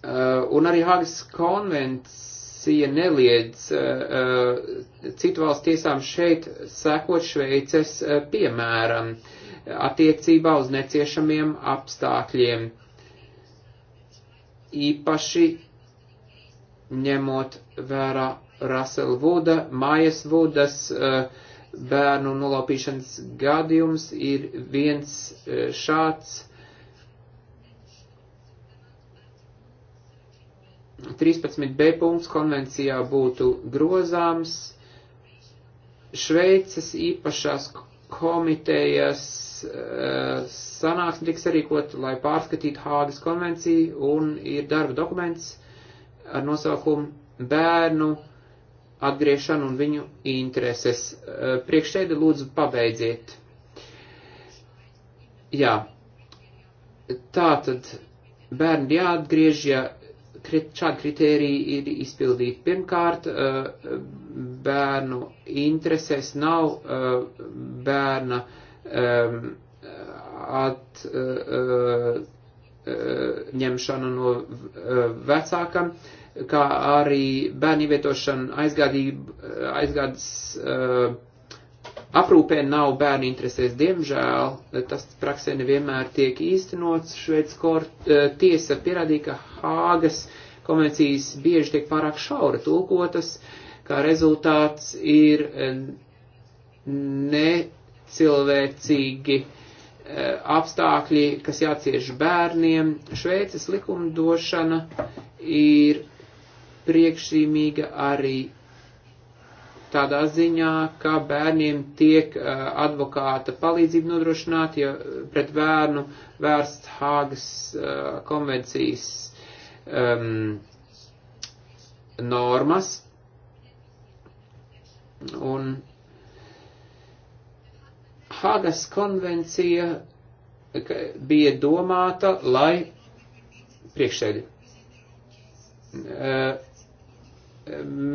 Uh, un arī Hāgas konvencija neliedz uh, citu valstu tiesām šeit sekot Šveices uh, piemēram attiecībā uz neciešamiem apstākļiem. Uh, īpaši ņemot vērā Rasela Vuda, Mājas Vudas eh, bērnu nolaupīšanas gadījums ir viens eh, šāds. 13b punkts konvencijā būtu grozāms Šveices īpašās komitejas eh, sanāksme tiks sarīkot, lai pārskatītu Hāgas konvenciju, un ir darba dokuments ar nosaukumu bērnu atgriešanu un viņu intereses. Priekšēdi lūdzu pabeidziet. Jā, tā tad bērni jāatgriež, ja šādi kriteriji ir izpildīti. Pirmkārt, bērnu interesēs nav bērna um, atņemšanu eh, eh, eh, no vecākam, kā arī bērnu ievietošanu aizgādas aprūpē nav bērnu interesēs. Diemžēl tas praksē nevienmēr tiek īstenots. Šveic tiesa pierādīja, ka Hāgas konvencijas bieži tiek pārāk šaura tulkotas, kā rezultāts ir necilvēcīgi uh, Eh, apstākļi, kas jācieš bērniem. Šveices likumdošana ir priekšrīmīga arī tādā ziņā, ka bērniem tiek eh, advokāta palīdzība nodrošināta, ja pret bērnu vērsts Hāgas eh, konvencijas um, normas. Un Hagas konvencija bija domāta, lai priekšēļ. E,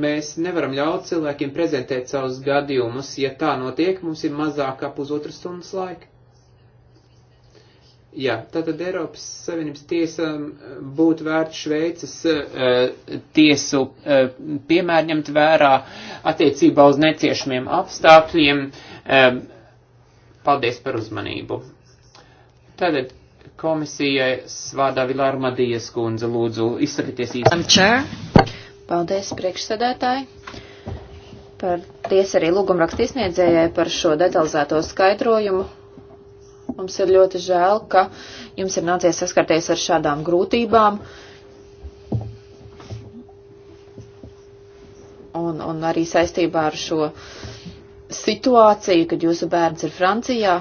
mēs nevaram ļaut cilvēkiem prezentēt savus gadījumus. Ja tā notiek, mums ir mazāk kā pusotras stundas laika. Jā, tātad Eiropas Savienības tiesām būtu vērts Šveices e, tiesu e, piemēr ņemt vērā attiecībā uz neciešamiem apstākļiem. Uh, Paldies par uzmanību. Tagad komisijai svārdā Vilāra Madijas kundze lūdzu izsakieties īsti. Paldies priekšsēdētāji. Paldies arī lūgumrakstu izniedzējai par šo detalizēto skaidrojumu. Mums ir ļoti žēl, ka jums ir nācies saskarties ar šādām grūtībām. Un, un arī saistībā ar šo uh, situāciju, kad jūsu bērns ir Francijā?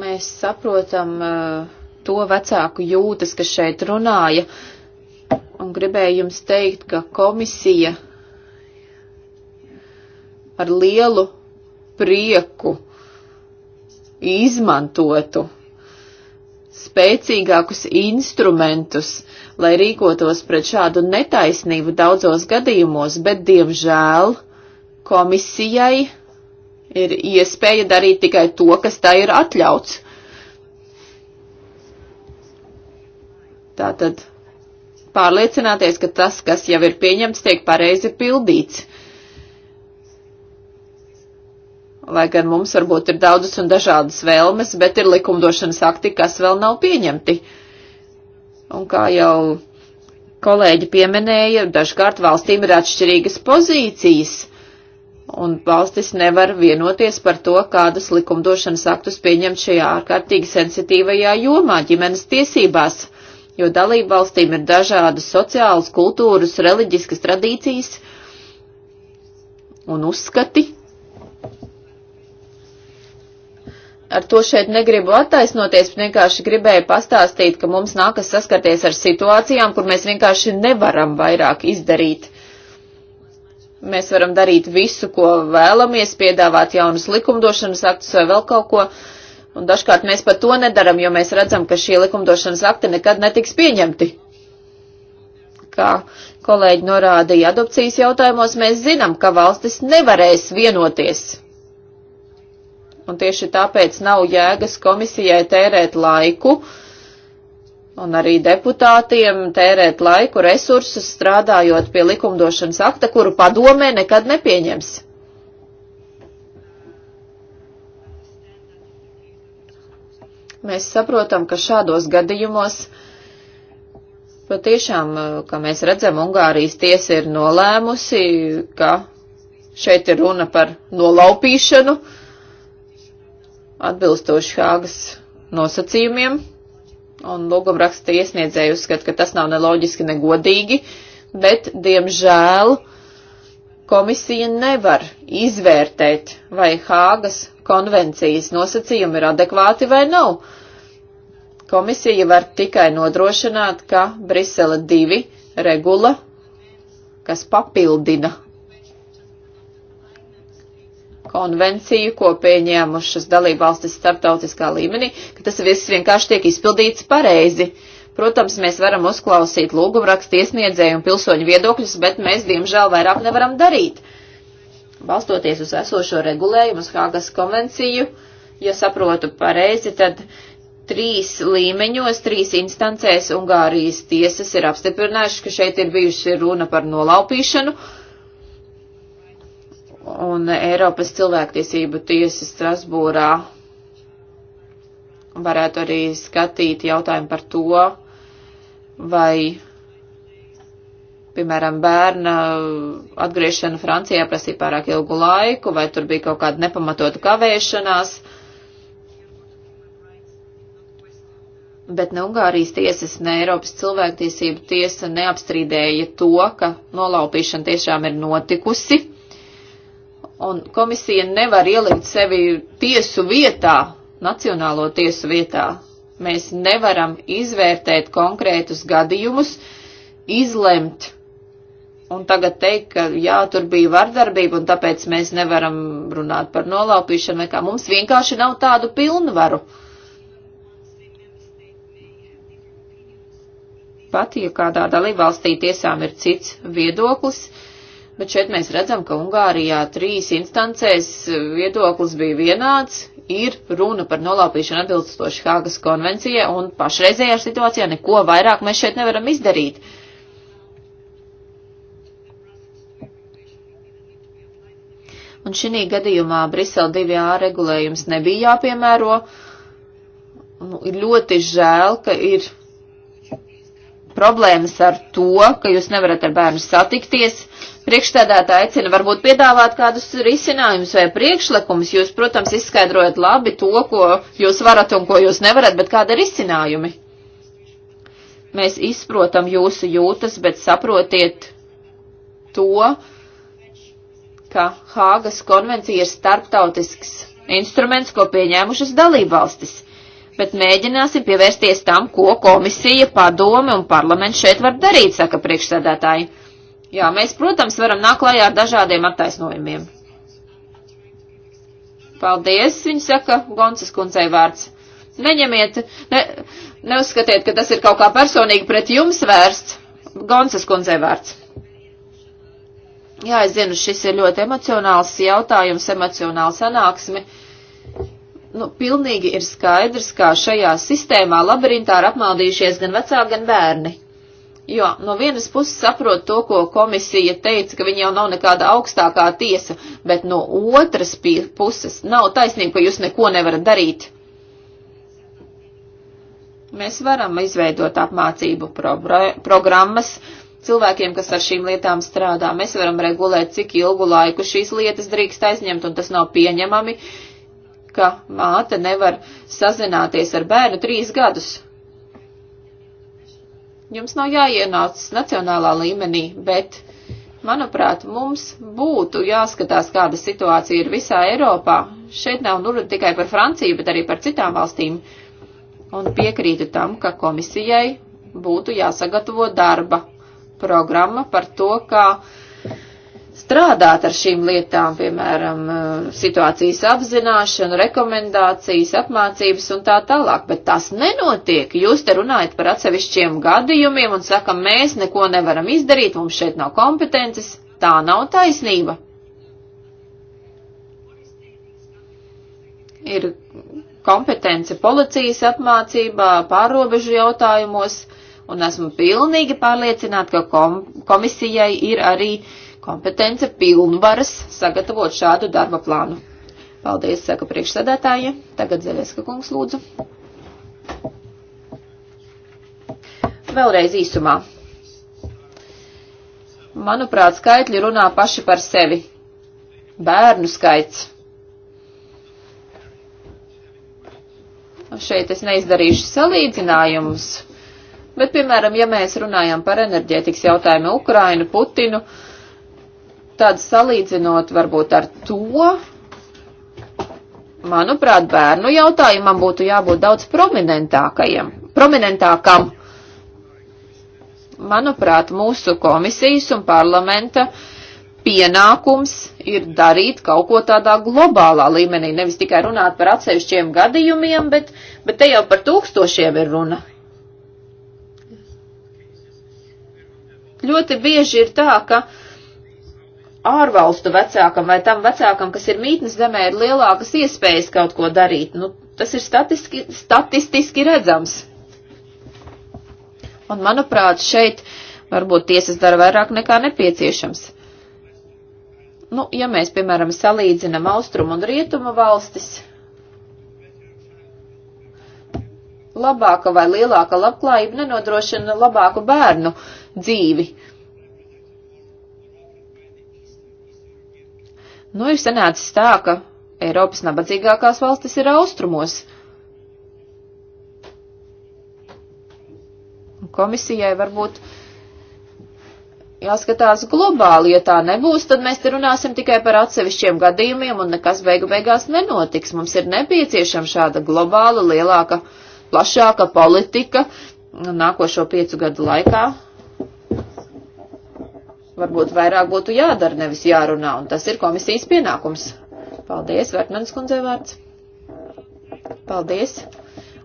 Mēs saprotam uh, to vecāku jūtas, kas šeit runāja, un gribēju jums teikt, ka komisija ar lielu prieku izmantotu spēcīgākus instrumentus, lai rīkotos pret šādu netaisnību daudzos gadījumos, bet, diemžēl, komisijai ir iespēja darīt tikai to, kas tā ir atļauts. Tātad pārliecināties, ka tas, kas jau ir pieņemts, tiek pareizi pildīts. lai gan mums varbūt ir daudzas un dažādas vēlmes, bet ir likumdošanas akti, kas vēl nav pieņemti. Un kā jau kolēģi pieminēja, dažkārt valstīm ir atšķirīgas pozīcijas, un valstis nevar vienoties par to, kādas likumdošanas aktus pieņemt šajā ārkārtīgi sensitīvajā jomā ģimenes tiesībās, jo dalību valstīm ir dažādas sociālas, kultūras, reliģiskas tradīcijas un uzskati, ar to šeit negribu attaisnoties, bet vienkārši gribēju pastāstīt, ka mums nākas saskarties ar situācijām, kur mēs vienkārši nevaram vairāk izdarīt. Mēs varam darīt visu, ko vēlamies, piedāvāt jaunus likumdošanas aktus vai vēl kaut ko, un dažkārt mēs pat to nedaram, jo mēs redzam, ka šie likumdošanas akti nekad netiks pieņemti. Kā kolēģi norādīja adopcijas jautājumos, mēs zinām, ka valstis nevarēs vienoties un tieši tāpēc nav jēgas komisijai tērēt laiku un arī deputātiem tērēt laiku, resursus strādājot pie likumdošanas akta, kuru padomē nekad nepieņems. Mēs saprotam, ka šādos gadījumos patiešām, eh, kā mēs redzam, Ungārijas tiesa ir nolēmusi, ka šeit ir runa par nolaupīšanu, uh, atbilstoši Hāgas nosacījumiem, un lūguma raksta iesniedzēju uzskat, ka tas nav neloģiski, negodīgi, bet, diemžēl, komisija nevar izvērtēt, vai Hāgas konvencijas nosacījumi ir adekvāti vai nav. Komisija var tikai nodrošināt, ka Brisele 2 regula, kas papildina konvenciju, ko pieņēmušas dalībvalstis starptautiskā līmenī, ka tas viss vienkārši tiek izpildīts pareizi. Protams, mēs varam uzklausīt lūgumrakstu iesniedzēju un pilsoņu viedokļus, bet mēs, diemžēl, vairāk nevaram darīt. Balstoties uz esošo regulējumu, uz Hāgas konvenciju, ja saprotu pareizi, tad trīs līmeņos, trīs instancēs Ungārijas tiesas ir apstiprinājušas, ka šeit ir bijuši runa par nolaupīšanu, uh, un Eiropas cilvēktiesību tiesa Strasbūrā varētu arī skatīt jautājumu par to, vai, piemēram, bērna atgriešana Francijā prasīja pārāk ilgu laiku, vai tur bija kaut kāda nepamatota kavēšanās. Bet ne Ungārijas tiesas, ne Eiropas cilvēktiesību tiesa neapstrīdēja to, ka nolaupīšana tiešām ir notikusi Un komisija nevar ielikt sevi tiesu vietā, nacionālo tiesu vietā. Mēs nevaram izvērtēt konkrētus gadījumus, izlemt un tagad teikt, ka jā, tur bija vardarbība un tāpēc mēs nevaram runāt par nolaupīšanu vai kā. Mums vienkārši nav tādu pilnvaru. Pat, ja kādā dalībvalstī tiesām ir cits viedoklis, uh, bet šeit mēs redzam, ka Ungārijā trīs instancēs viedoklis bija vienāds, ir runa par nolaupīšanu atbilstoši Hāgas konvencijai, un pašreizējā situācijā neko vairāk mēs šeit nevaram izdarīt. Un šī gadījumā Brisele 2A regulējums nebija jāpiemēro. Nu, ir ļoti žēl, ka ir problēmas ar to, ka jūs nevarat ar bērnu satikties. Priekšstādātā aicina varbūt piedāvāt kādus risinājumus vai priekšlikumus. Jūs, protams, izskaidrojat labi to, ko jūs varat un ko jūs nevarat, bet kāda ir risinājumi? Mēs izprotam jūsu jūtas, bet saprotiet to, ka Hāgas konvencija ir starptautisks instruments, ko pieņēmušas dalībvalstis bet mēģināsim pievērsties tam, ko komisija, padome un parlaments šeit var darīt, saka priekšsēdētāji. Jā, mēs, protams, varam nākt klajā ar dažādiem attaisnojumiem. Paldies, viņa saka, Gonces kundzei vārds. Neņemiet, ne, neuzskatiet, ka tas ir kaut kā personīgi pret jums vērsts. Gonces kundzei vārds. Jā, es zinu, šis ir ļoti emocionāls jautājums, emocionāla sanāksme nu, pilnīgi ir skaidrs, kā šajā sistēmā labirintā ir apmaldījušies gan vecāki, gan bērni. Jo no vienas puses saprot to, ko komisija teica, ka viņa jau nav nekāda augstākā tiesa, bet no otras puses nav taisnība, ka jūs neko nevarat darīt. Mēs varam izveidot apmācību pro programmas cilvēkiem, kas ar šīm lietām strādā. Mēs varam regulēt, cik ilgu laiku šīs lietas drīkst aizņemt, un tas nav pieņemami. Uh, ka māte nevar sazināties ar bērnu trīs gadus. Jums nav jāienāc nacionālā līmenī, bet, manuprāt, mums būtu jāskatās, kāda situācija ir visā Eiropā. Šeit nav nu runa tikai par Franciju, bet arī par citām valstīm. Un piekrītu tam, ka komisijai būtu jāsagatavo darba programma par to, kā uh, strādāt ar šīm lietām, piemēram, eh, situācijas apzināšanu, rekomendācijas, apmācības un tā tālāk, bet tas nenotiek. Jūs te runājat par atsevišķiem gadījumiem un sakam, mēs neko nevaram izdarīt, mums šeit nav kompetences. Tā nav taisnība. Ir kompetence policijas apmācībā, pārobežu jautājumos, un esmu pilnīgi pārliecināta, ka kom komisijai ir arī uh, kompetence pilnvaras sagatavot šādu darba plānu. Paldies, saka priekšsēdētāji. Tagad Zaļeska kungs lūdzu. Vēlreiz īsumā. Manuprāt, skaitļi runā paši par sevi. Bērnu skaits. Šeit es neizdarīšu salīdzinājumus, bet, piemēram, ja mēs runājam par enerģētikas jautājumu Ukrainu, Putinu, uh, tad salīdzinot varbūt ar to, manuprāt, bērnu jautājumam būtu jābūt daudz prominentākajam, prominentākam. Manuprāt, mūsu komisijas un parlamenta pienākums ir darīt kaut ko tādā globālā līmenī, nevis tikai runāt par atsevišķiem gadījumiem, bet, bet te jau par tūkstošiem ir runa. Ļoti bieži ir tā, ka uh, ārvalstu vecākam vai tam vecākam, kas ir mītnes zemē, ir lielākas iespējas kaut ko darīt. Nu, tas ir statiski, statistiski redzams. Un, manuprāt, šeit varbūt tiesas dara vairāk nekā nepieciešams. Nu, ja mēs, piemēram, salīdzinam austrumu un rietumu valstis, labāka vai lielāka labklājība nenodrošina labāku bērnu dzīvi. Uh, Nu, ir sanācis tā, ka Eiropas nabadzīgākās valstis ir austrumos. Komisijai varbūt jāskatās globāli, ja tā nebūs, tad mēs te runāsim tikai par atsevišķiem gadījumiem un nekas beigu beigās nenotiks. Mums ir nepieciešama šāda globāla, lielāka, plašāka politika nākošo piecu gadu laikā, varbūt vairāk būtu jādara, nevis jārunā, un tas ir komisijas pienākums. Paldies, Vērtmanis kundze vārds. Paldies.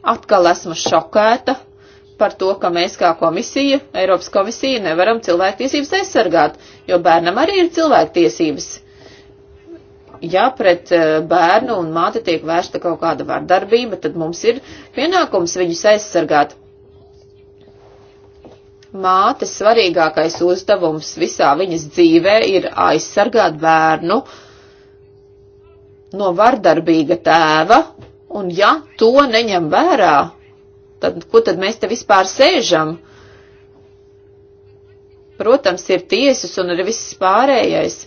Atkal esmu šokēta par to, ka mēs kā komisija, Eiropas komisija, nevaram cilvēktiesības aizsargāt, jo bērnam arī ir cilvēktiesības. Ja pret eh, bērnu un māti tiek vērsta kaut kāda vardarbība, tad mums ir pienākums viņus aizsargāt mātes svarīgākais uzdevums visā viņas dzīvē ir aizsargāt bērnu no vardarbīga tēva, un ja to neņem vērā, tad ko tad mēs te vispār sēžam? Protams, ir tiesas un arī viss pārējais,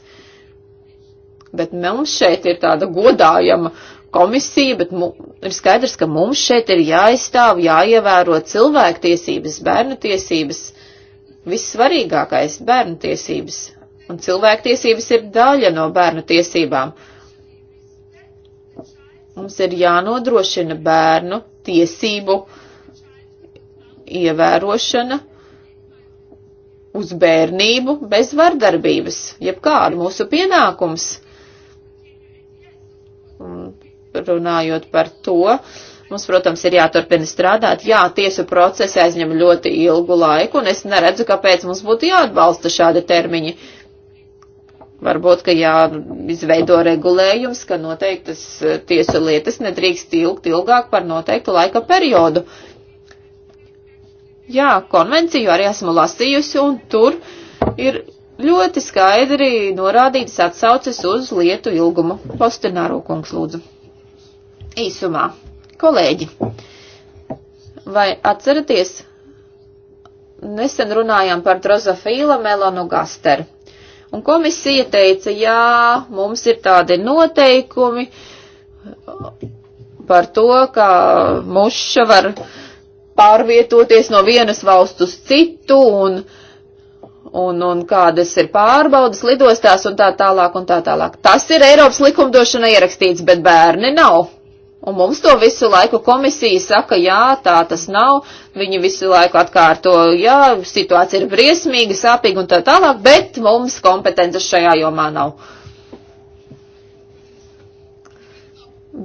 bet mums šeit ir tāda godājama komisija, bet mu, ir skaidrs, ka mums šeit ir jāizstāv, jāievēro cilvēktiesības, bērnu tiesības. Vissvarīgākais bērnu tiesības un cilvēktiesības ir daļa no bērnu tiesībām. Mums ir jānodrošina bērnu tiesību ievērošana uz bērnību bez vardarbības, jebkāda mūsu pienākums. Un runājot par to, Mums, protams, ir jāturpina strādāt. Jā, tiesu procesi aizņem ļoti ilgu laiku, un es neredzu, kāpēc mums būtu jāatbalsta šādi termiņi. Varbūt, ka jāizveido regulējums, ka noteiktas eh, tiesu lietas nedrīkst ilgt ilgāk par noteiktu laika periodu. Jā, konvenciju arī esmu lasījusi, un tur ir ļoti skaidri norādītas atsauces uz lietu ilgumu. Postināro kungs, lūdzu. Īsumā Kolēģi, vai atceraties, nesen runājām par drozofīla melonu gasteru. Un komisija teica, jā, mums ir tādi noteikumi par to, ka muša var pārvietoties no vienas valsts uz citu un, un, un kādas ir pārbaudas lidostās un tā tālāk un tā tālāk. Tas ir Eiropas likumdošana ierakstīts, bet bērni nav. Un mums to visu laiku komisija saka, jā, tā tas nav, viņi visu laiku atkārto, jā, situācija ir briesmīga, sāpīga un tā tālāk, bet mums kompetences šajā jomā nav.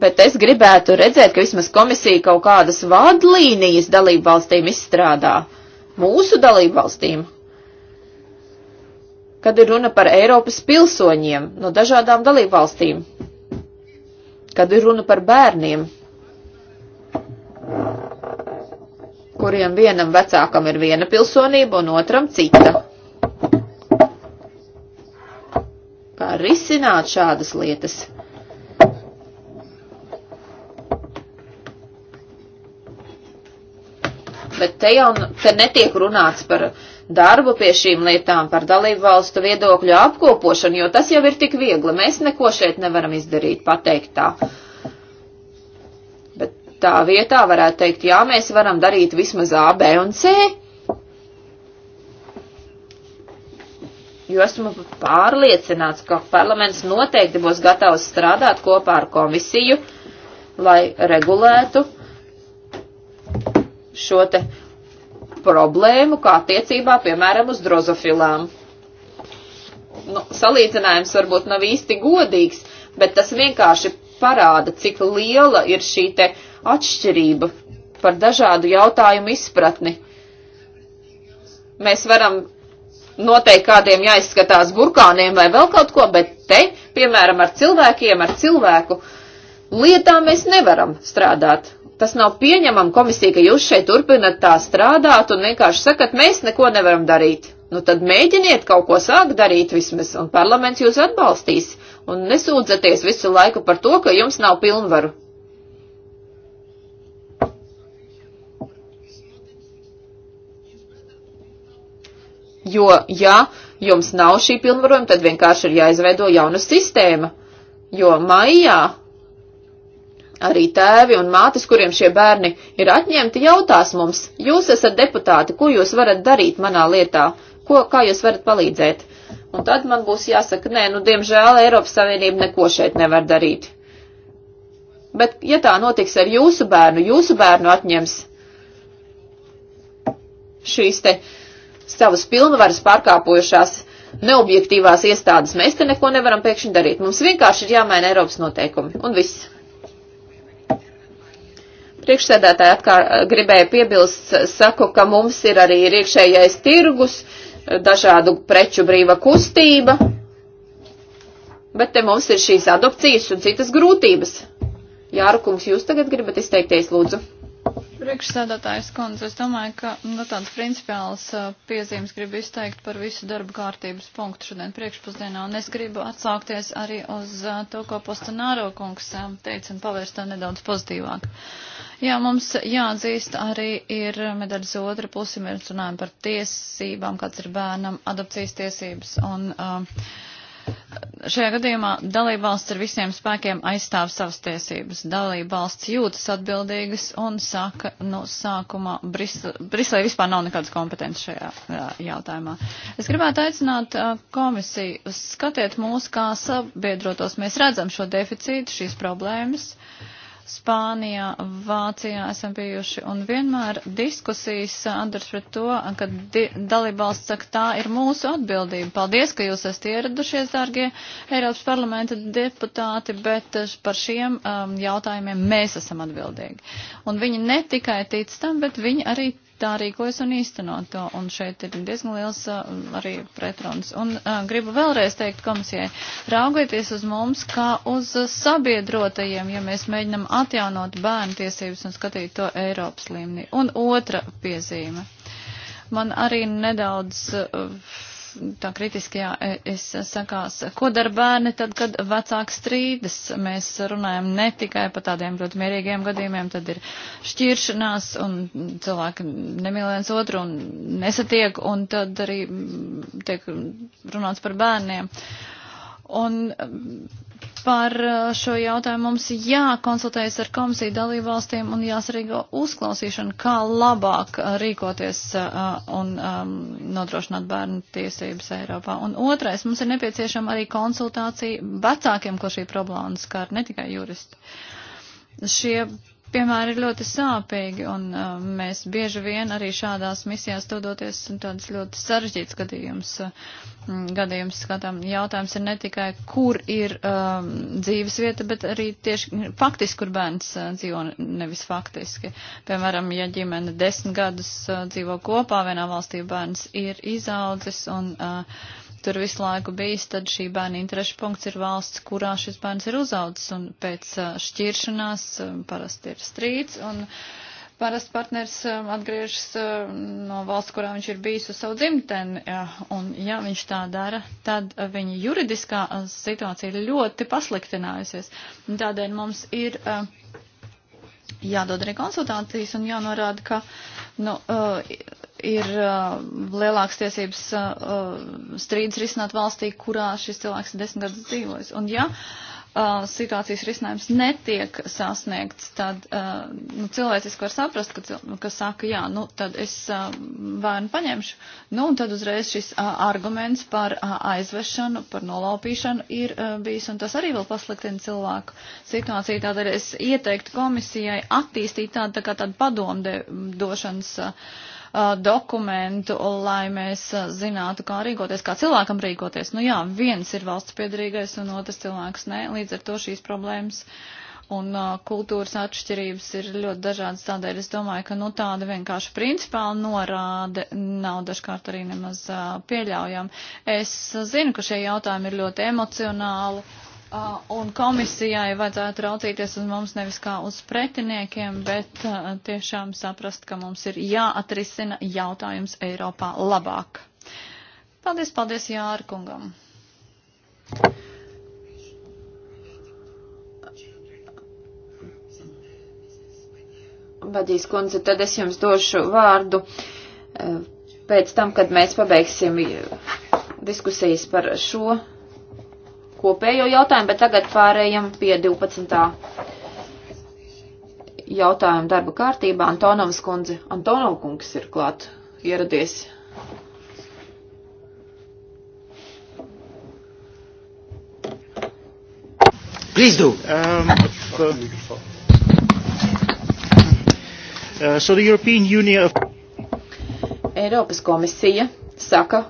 Bet es gribētu redzēt, ka vismaz komisija kaut kādas vadlīnijas dalību valstīm izstrādā, mūsu dalību valstīm. Kad ir runa par Eiropas pilsoņiem no dažādām dalību valstīm Kad ir runa par bērniem, kuriem vienam vecākam ir viena pilsonība un otram cita. Kā risināt šādas lietas? Bet te jau te netiek runāts par uh, darbu pie šīm lietām, par dalību valstu viedokļu apkopošanu, jo tas jau ir tik viegli. Mēs neko šeit nevaram izdarīt, pateikt tā. Bet tā vietā varētu teikt, jā, mēs varam darīt vismaz A, B un C. Jo esmu pārliecināts, ka parlaments noteikti būs gatavs strādāt kopā ar komisiju, lai regulētu šo te problēmu kā attiecībā, piemēram, uz drozofilām. Nu, salīdzinājums varbūt nav īsti godīgs, bet tas vienkārši parāda, cik liela ir šī te atšķirība par dažādu jautājumu izpratni. Mēs varam noteikt kādiem jāizskatās burkāniem vai vēl kaut ko, bet te, piemēram, ar cilvēkiem, ar cilvēku lietām mēs nevaram strādāt tas nav pieņemam komisija, ka jūs šeit turpinat tā strādāt un vienkārši sakat, mēs neko nevaram darīt. Nu tad mēģiniet kaut ko sākt darīt vismaz, un parlaments jūs atbalstīs. Un nesūdzaties visu laiku par to, ka jums nav pilnvaru. Jo, ja jums nav šī pilnvarojuma, tad vienkārši ir jāizveido jauna sistēma. Jo maijā Arī tēvi un mātes, kuriem šie bērni ir atņemti, jautās mums, jūs esat deputāti, ko jūs varat darīt manā lietā, ko, kā jūs varat palīdzēt? Un tad man būs jāsaka, nē, nu, diemžēl Eiropas Savienība neko šeit nevar darīt. Bet, ja tā notiks ar jūsu bērnu, jūsu bērnu atņems šīs te savas pilnvaras pārkāpojušās neobjektīvās iestādes, mēs te neko nevaram pēkšņi darīt. Mums vienkārši ir jāmaina Eiropas noteikumi. Un viss. Priekšsēdētāji atkār gribēja piebilst, saku, ka mums ir arī iekšējais tirgus, dažādu preču brīva kustība, bet te mums ir šīs adopcijas un citas grūtības. Jārkungs, jūs tagad gribat izteikties, lūdzu. Priekšsēdētājs kundze, es domāju, ka no nu, tāds principiāls uh, piezīmes gribu izteikt par visu darba kārtības punktu šodien priekšpusdienā, un es gribu atsaukties arī uz uh, to, ko Postonāro kungs um, teica, un pavērst to nedaudz pozitīvāk. Uh, Jā, mums jāatzīst arī ir medaļas otra pusi, mēs runājam par tiesībām, kāds ir bērnam adopcijas tiesības. Un, uh, Šajā gadījumā dalībvalsts ar visiem spēkiem aizstāv savas tiesības. Dalībvalsts jūtas atbildīgas un saka, nu, sākumā Brisel, Briselē vispār nav nekādas kompetences šajā jā, uh, jautājumā. Es gribētu aicināt uh, komisiju, skatiet mūs, kā sabiedrotos mēs redzam šo deficītu, šīs problēmas. Spānijā, Vācijā esam bijuši un vienmēr diskusijas eh, atdars pret to, ka dalībvalsts saka, tā ir mūsu atbildība. Paldies, ka jūs esat ieradušies, dārgie Eiropas parlamenta deputāti, bet eh, par šiem um, jautājumiem mēs esam atbildīgi. Un viņi ne tikai tic tam, bet viņi arī tā rīkojas un īstenot to. Un šeit ir diezgan liels uh, arī pretruns. Un uh, gribu vēlreiz teikt komisijai, raugieties uz mums kā uz sabiedrotajiem, ja mēs mēģinam atjaunot bērnu tiesības un skatīt to Eiropas līmenī. Un otra piezīme. Man arī nedaudz. Uh, tā kritiskajā es sakās, ko dar bērni tad, kad vecāks strīdas. Mēs runājam ne tikai par tādiem ļoti mierīgiem gadījumiem, tad ir šķiršanās un cilvēki nemīl viens otru un nesatiek, un tad arī tiek runāts par bērniem. Un par uh, šo jautājumu mums jākonsultējas ar komisiju dalību valstīm un jāsarīgo uzklausīšanu, kā labāk uh, rīkoties uh, un um, nodrošināt bērnu tiesības Eiropā. Un otrais, mums ir nepieciešama arī konsultācija vecākiem, ko šī problēma skar, ne tikai juristi. Šie piemēri ir ļoti sāpīgi, un uh, mēs bieži vien arī šādās misijās dodoties tādas ļoti sarežģītas gadījumus. Uh, gadījums skatām, jautājums ir ne tikai, kur ir um, dzīves vieta, bet arī tieši faktiski, kur bērns uh, dzīvo, nevis faktiski. Piemēram, ja ģimene desmit gadus uh, dzīvo kopā vienā valstī, bērns ir izaudzis un uh, tur visu laiku bijis, tad šī bērna interešu punkts ir valsts, kurā šis bērns ir uzaudzis, un pēc šķiršanās parasti ir strīds, un parasti partners atgriežas no valsts, kurā viņš ir bijis uz savu dzimteni, un ja viņš tā dara, tad viņa juridiskā situācija ir ļoti pasliktinājusies. Tādēļ mums ir jādod arī konsultācijas un jānorāda, ka nu, uh, ir uh, lielāks tiesības uh, strīdus risināt valstī, kurā šis cilvēks ir desmit gadus dzīvojis. Un ja uh, situācijas risinājums netiek sasniegts, tad uh, nu, cilvēciski var saprast, ka, ka saka, jā, nu tad es uh, vērnu paņemšu. Nu un tad uzreiz šis uh, arguments par uh, aizvešanu, par nolaupīšanu ir uh, bijis, un tas arī vēl pasliktina cilvēku situāciju. Tādēļ es ieteiktu komisijai attīstīt tādu tā kā tādu padomdošanas. Uh, uh, dokumentu, lai mēs uh, zinātu, kā rīkoties, kā cilvēkam rīkoties. Nu jā, viens ir valsts piedarīgais un otrs cilvēks nē, līdz ar to šīs problēmas un uh, kultūras atšķirības ir ļoti dažādas. Tādēļ es domāju, ka nu, tāda vienkārši principāla norāde nav dažkārt arī nemaz uh, pieļaujama. Es zinu, ka šie jautājumi ir ļoti emocionāli Uh, un komisijai vajadzētu raucīties uz mums nevis kā uz pretiniekiem, bet uh, tiešām saprast, ka mums ir jāatrisina jautājums Eiropā labāk. Paldies, paldies Jārkungam. Badīs kundze, tad es jums došu vārdu uh, pēc tam, kad mēs pabeigsim diskusijas par šo kopējo jautājumu, bet tagad pārējam pie 12. jautājuma darba kārtībā. Antonovs kundze, Antonov kungs ir klāt ieradies. Please do. Um, so, uh, so the European Union of... Eiropas komisija saka,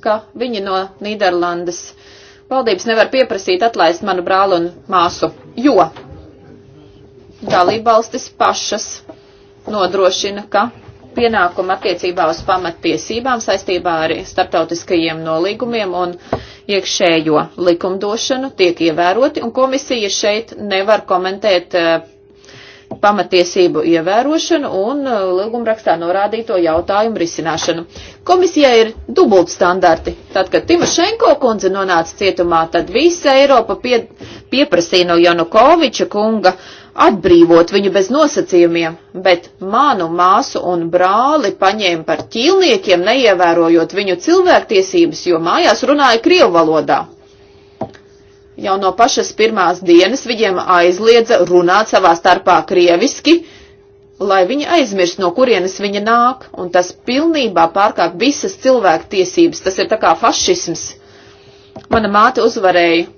ka viņi no Nīderlandes uh, valdības nevar pieprasīt atlaist manu brāli un māsu, jo dalībvalstis pašas nodrošina, ka pienākumi attiecībā uz pamattiesībām saistībā ar starptautiskajiem nolīgumiem un iekšējo likumdošanu tiek ievēroti, un komisija šeit nevar komentēt eh, pamatiesību ievērošanu un uh, līgumrakstā norādīto jautājumu risināšanu. Komisijai ir dubult standarti. Tad, kad Timošenko kundze nonāca cietumā, tad visa Eiropa pie, pieprasīja no Janukoviča kunga atbrīvot viņu bez nosacījumiem, bet manu māsu un brāli paņēma par ķīlniekiem, neievērojot viņu cilvēktiesības, jo mājās runāja Krievu valodā jau no pašas pirmās dienas viņiem aizliedza runāt savā starpā krieviski, lai viņi aizmirst, no kurienes viņa nāk, un tas pilnībā pārkāp visas cilvēku tiesības. Tas ir tā kā fašisms. Mana māte uzvarēja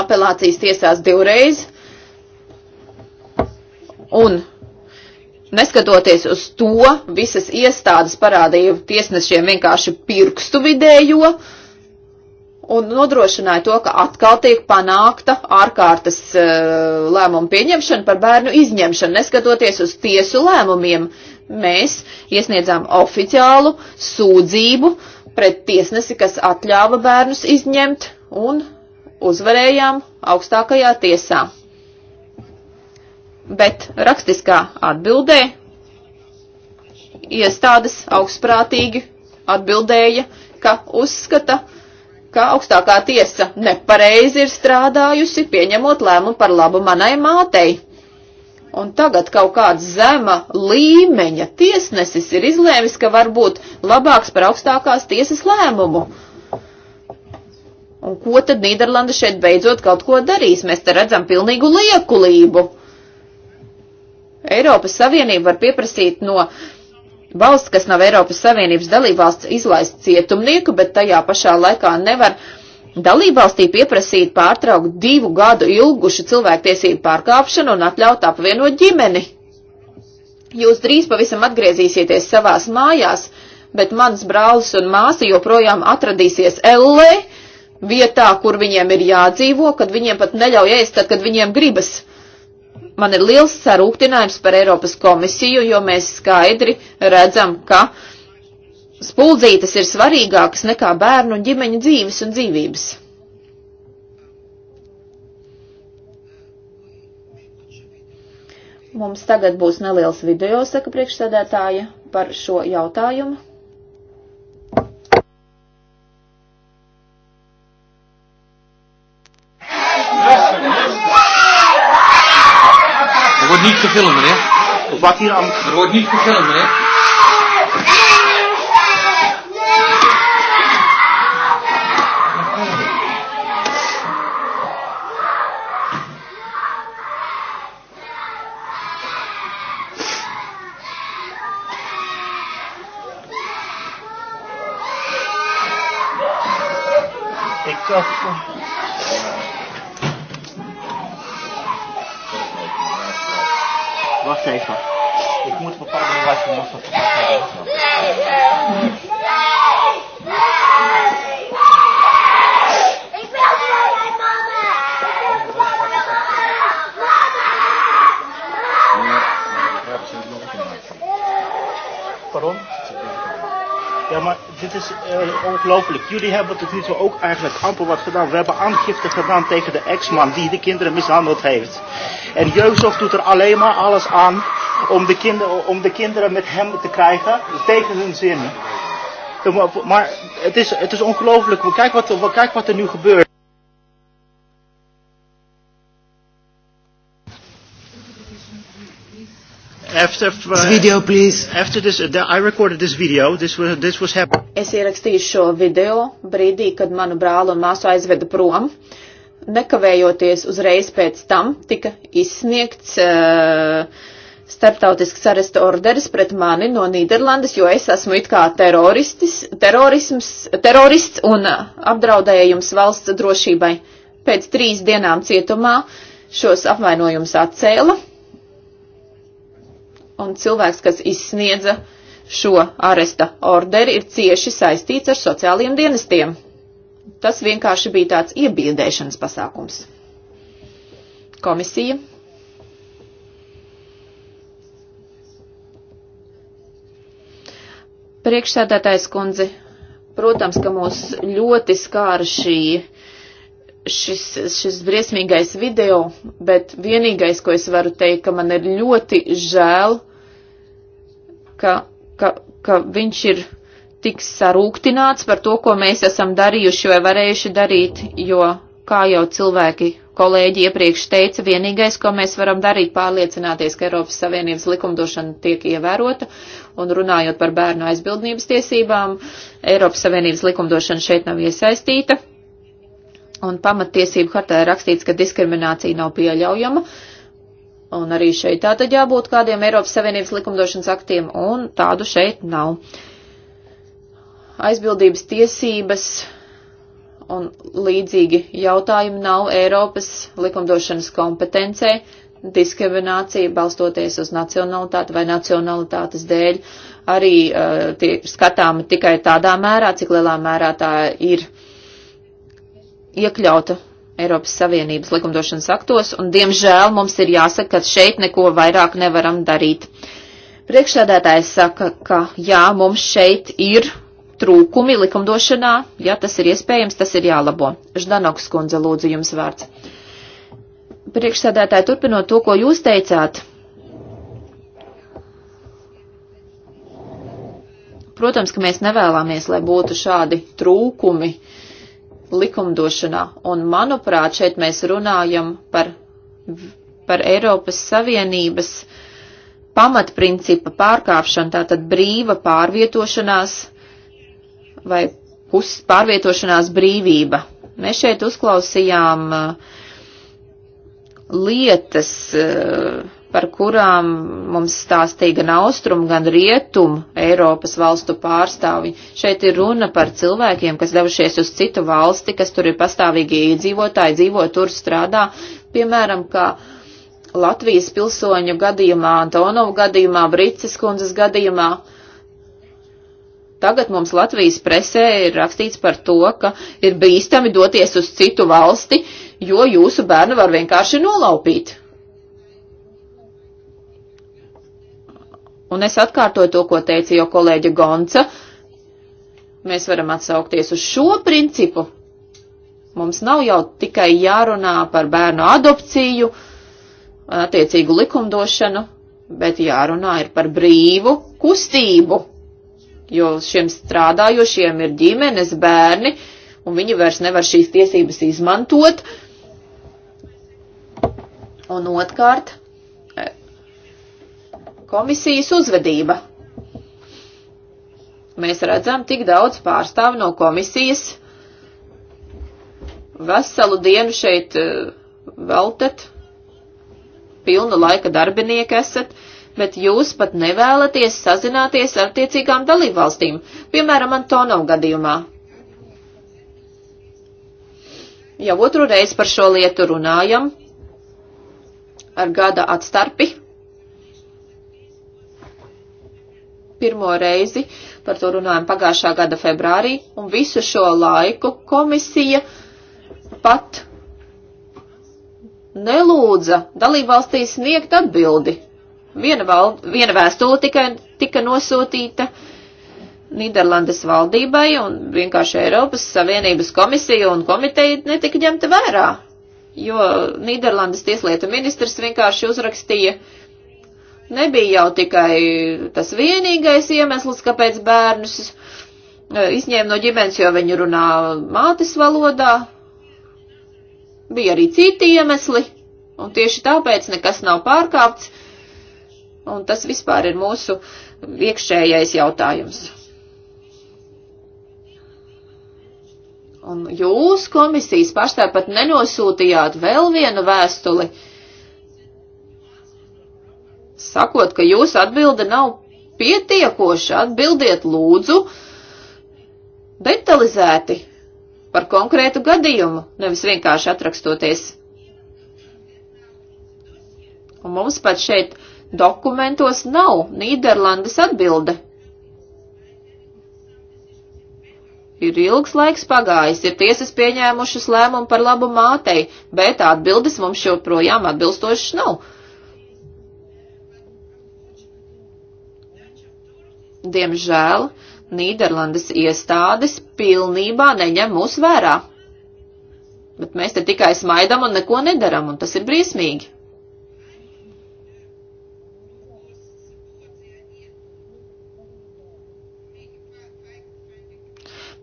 apelācijas tiesās divreiz, un neskatoties uz to, visas iestādes parādīja tiesnešiem vienkārši pirkstu vidējo, un nodrošināja to, ka atkal tiek panākta ārkārtas uh, lēmuma pieņemšana par bērnu izņemšanu, neskatoties uz tiesu lēmumiem. Mēs iesniedzām oficiālu sūdzību pret tiesnesi, kas atļāva bērnus izņemt un uzvarējām augstākajā tiesā. Bet rakstiskā atbildē iestādes augstprātīgi atbildēja, ka uzskata, ka augstākā tiesa nepareizi ir strādājusi, pieņemot lēmumu par labu manai mātei. Un tagad kaut kāds zema līmeņa tiesnesis ir izlēmis, ka var būt labāks par augstākās tiesas lēmumu. Un ko tad Nīderlanda šeit beidzot kaut ko darīs? Mēs te redzam pilnīgu liekulību. Eiropas Savienība var pieprasīt no uh, valsts, kas nav Eiropas Savienības dalībvalsts, izlaist cietumnieku, bet tajā pašā laikā nevar dalībvalstī pieprasīt pārtraukt divu gadu ilgušu cilvēktiesību pārkāpšanu un atļaut apvienot ģimeni. Jūs drīz pavisam atgriezīsieties savās mājās, bet mans brālis un māsa joprojām atradīsies Ellē, vietā, kur viņiem ir jādzīvo, kad viņiem pat neļauj ēst, tad, kad viņiem gribas man ir liels sarūktinājums par Eiropas komisiju, jo mēs skaidri redzam, ka spuldzītes ir svarīgākas nekā bērnu un ģimeņu dzīves un dzīvības. Mums tagad būs neliels video, saka priekšsēdētāja, par šo jautājumu. wat hier aan... Er wordt niet gefilmd, meneer. is uh, ongelooflijk. Jullie hebben tot nu toe ook eigenlijk amper wat gedaan. We hebben aangifte gedaan tegen de ex-man die de kinderen mishandeld heeft. En Jeugdzorg doet er alleen maar alles aan om de, kinderen om de kinderen met hem te krijgen tegen hun zin. Maar, maar het is, het is ongelooflijk. Kijk wat, er, kijk wat er nu gebeurt. After, uh, video, please. After this, the, I recorded this video. This was, this was happening. Es ierakstīju šo video brīdī, kad manu brālu un māsu aizveda prom. Nekavējoties uzreiz pēc tam tika izsniegts uh, starptautisks aresta orders pret mani no Nīderlandes, jo es esmu it kā terorists, terorists un eh, apdraudējums valsts drošībai. Pēc trīs dienām cietumā šos apvainojumus atcēla un cilvēks, kas izsniedza šo aresta orderi, ir cieši saistīts ar sociālajiem dienestiem. Tas vienkārši bija tāds iebildēšanas pasākums. Komisija. Priekšsēdētājs kundze, protams, ka mūs ļoti skāra šī šis, šis briesmīgais video, bet vienīgais, ko es varu teikt, ka man ir ļoti žēl, ka, ka, ka viņš ir tik sarūktināts par to, ko mēs esam darījuši vai varējuši darīt, jo, kā jau cilvēki kolēģi iepriekš teica, vienīgais, ko mēs varam darīt, pārliecināties, ka Eiropas Savienības likumdošana tiek ievērota, un runājot par bērnu aizbildnības tiesībām, Eiropas Savienības likumdošana šeit nav iesaistīta. Un pamatiesību hartā ir rakstīts, ka diskriminācija nav pieļaujama. Un arī šeit tā tad jābūt kādiem Eiropas Savienības likumdošanas aktiem, un tādu šeit nav. Aizbildības tiesības un līdzīgi jautājumi nav Eiropas likumdošanas kompetencē. Diskriminācija balstoties uz nacionalitāti vai nacionalitātes dēļ arī uh, tie skatāma tikai tādā mērā, cik lielā mērā tā ir iekļauta Eiropas Savienības likumdošanas aktos, un diemžēl mums ir jāsaka, ka šeit neko vairāk nevaram darīt. Priekšsēdētājs saka, ka jā, mums šeit ir trūkumi likumdošanā, ja tas ir iespējams, tas ir jālabo. Ždanoks kundze, lūdzu jums vārds. Priekšsēdētāji, turpinot to, ko jūs teicāt, protams, ka mēs nevēlamies, lai būtu šādi trūkumi likumdošanā. Un, manuprāt, šeit mēs runājam par, par Eiropas Savienības pamatprincipa pārkāpšanu, tātad brīva pārvietošanās vai pus, pārvietošanās brīvība. Mēs šeit uzklausījām uh, lietas, uh, par kurām mums stāstīja gan austrumu, gan rietumu Eiropas valstu pārstāvji. Šeit ir runa par cilvēkiem, kas devušies uz citu valsti, kas tur ir pastāvīgi iedzīvotāji, dzīvo tur, strādā, piemēram, kā Latvijas pilsoņu gadījumā, Antonovu gadījumā, Brices kundzes gadījumā. Tagad mums Latvijas presē ir rakstīts par to, ka ir bīstami doties uz citu valsti, jo jūsu bērnu var vienkārši nolaupīt. Un es atkārtoju to, ko teica jau kolēģa Gonca. Mēs varam atsaukties uz šo principu. Mums nav jau tikai jārunā par bērnu adopciju un attiecīgu likumdošanu, bet jārunā ir par brīvu kustību, jo šiem strādājošiem ir ģimenes bērni, un viņi vairs nevar šīs tiesības izmantot. Un otrkārt, komisijas uzvedība. Mēs redzam tik daudz pārstāvu no komisijas. Veselu dienu šeit eh, veltat, pilna laika darbinieki esat, bet jūs pat nevēlaties sazināties ar tiecīgām dalībvalstīm, piemēram, Antonov gadījumā. Jau otru reizi par šo lietu runājam ar gada atstarpi pirmo reizi, par to runājam pagājušā gada februārī, un visu šo laiku komisija pat nelūdza dalībvalstīs sniegt atbildi. Viena, val, viena vēstule tikai tika nosūtīta Nīderlandes valdībai un vienkārši Eiropas Savienības komisija un komiteja netika ņemta vērā, jo Nīderlandes tieslietu ministrs vienkārši uzrakstīja uh, nebija jau tikai tas vienīgais iemesls, kāpēc bērnus e, izņēma no ģimenes, jo viņi runā mātes valodā. Bija arī citi iemesli, un tieši tāpēc nekas nav pārkāpts, un tas vispār ir mūsu iekšējais jautājums. Un jūs komisijas pārstāvji pat nenosūtījāt vēl vienu vēstuli, uh, sakot, ka jūsu atbilde nav pietiekoša, atbildiet lūdzu detalizēti par konkrētu gadījumu, nevis vienkārši atrakstoties. Un mums pat šeit dokumentos nav Nīderlandes atbilde. Ir ilgs laiks pagājis, ir tiesas pieņēmušas lēmumu par labu mātei, bet atbildes mums joprojām atbilstošas nav. Diemžēl Nīderlandes iestādes pilnībā neņem mūs vērā. Bet mēs te tikai smaidam un neko nedaram, un tas ir briesmīgi.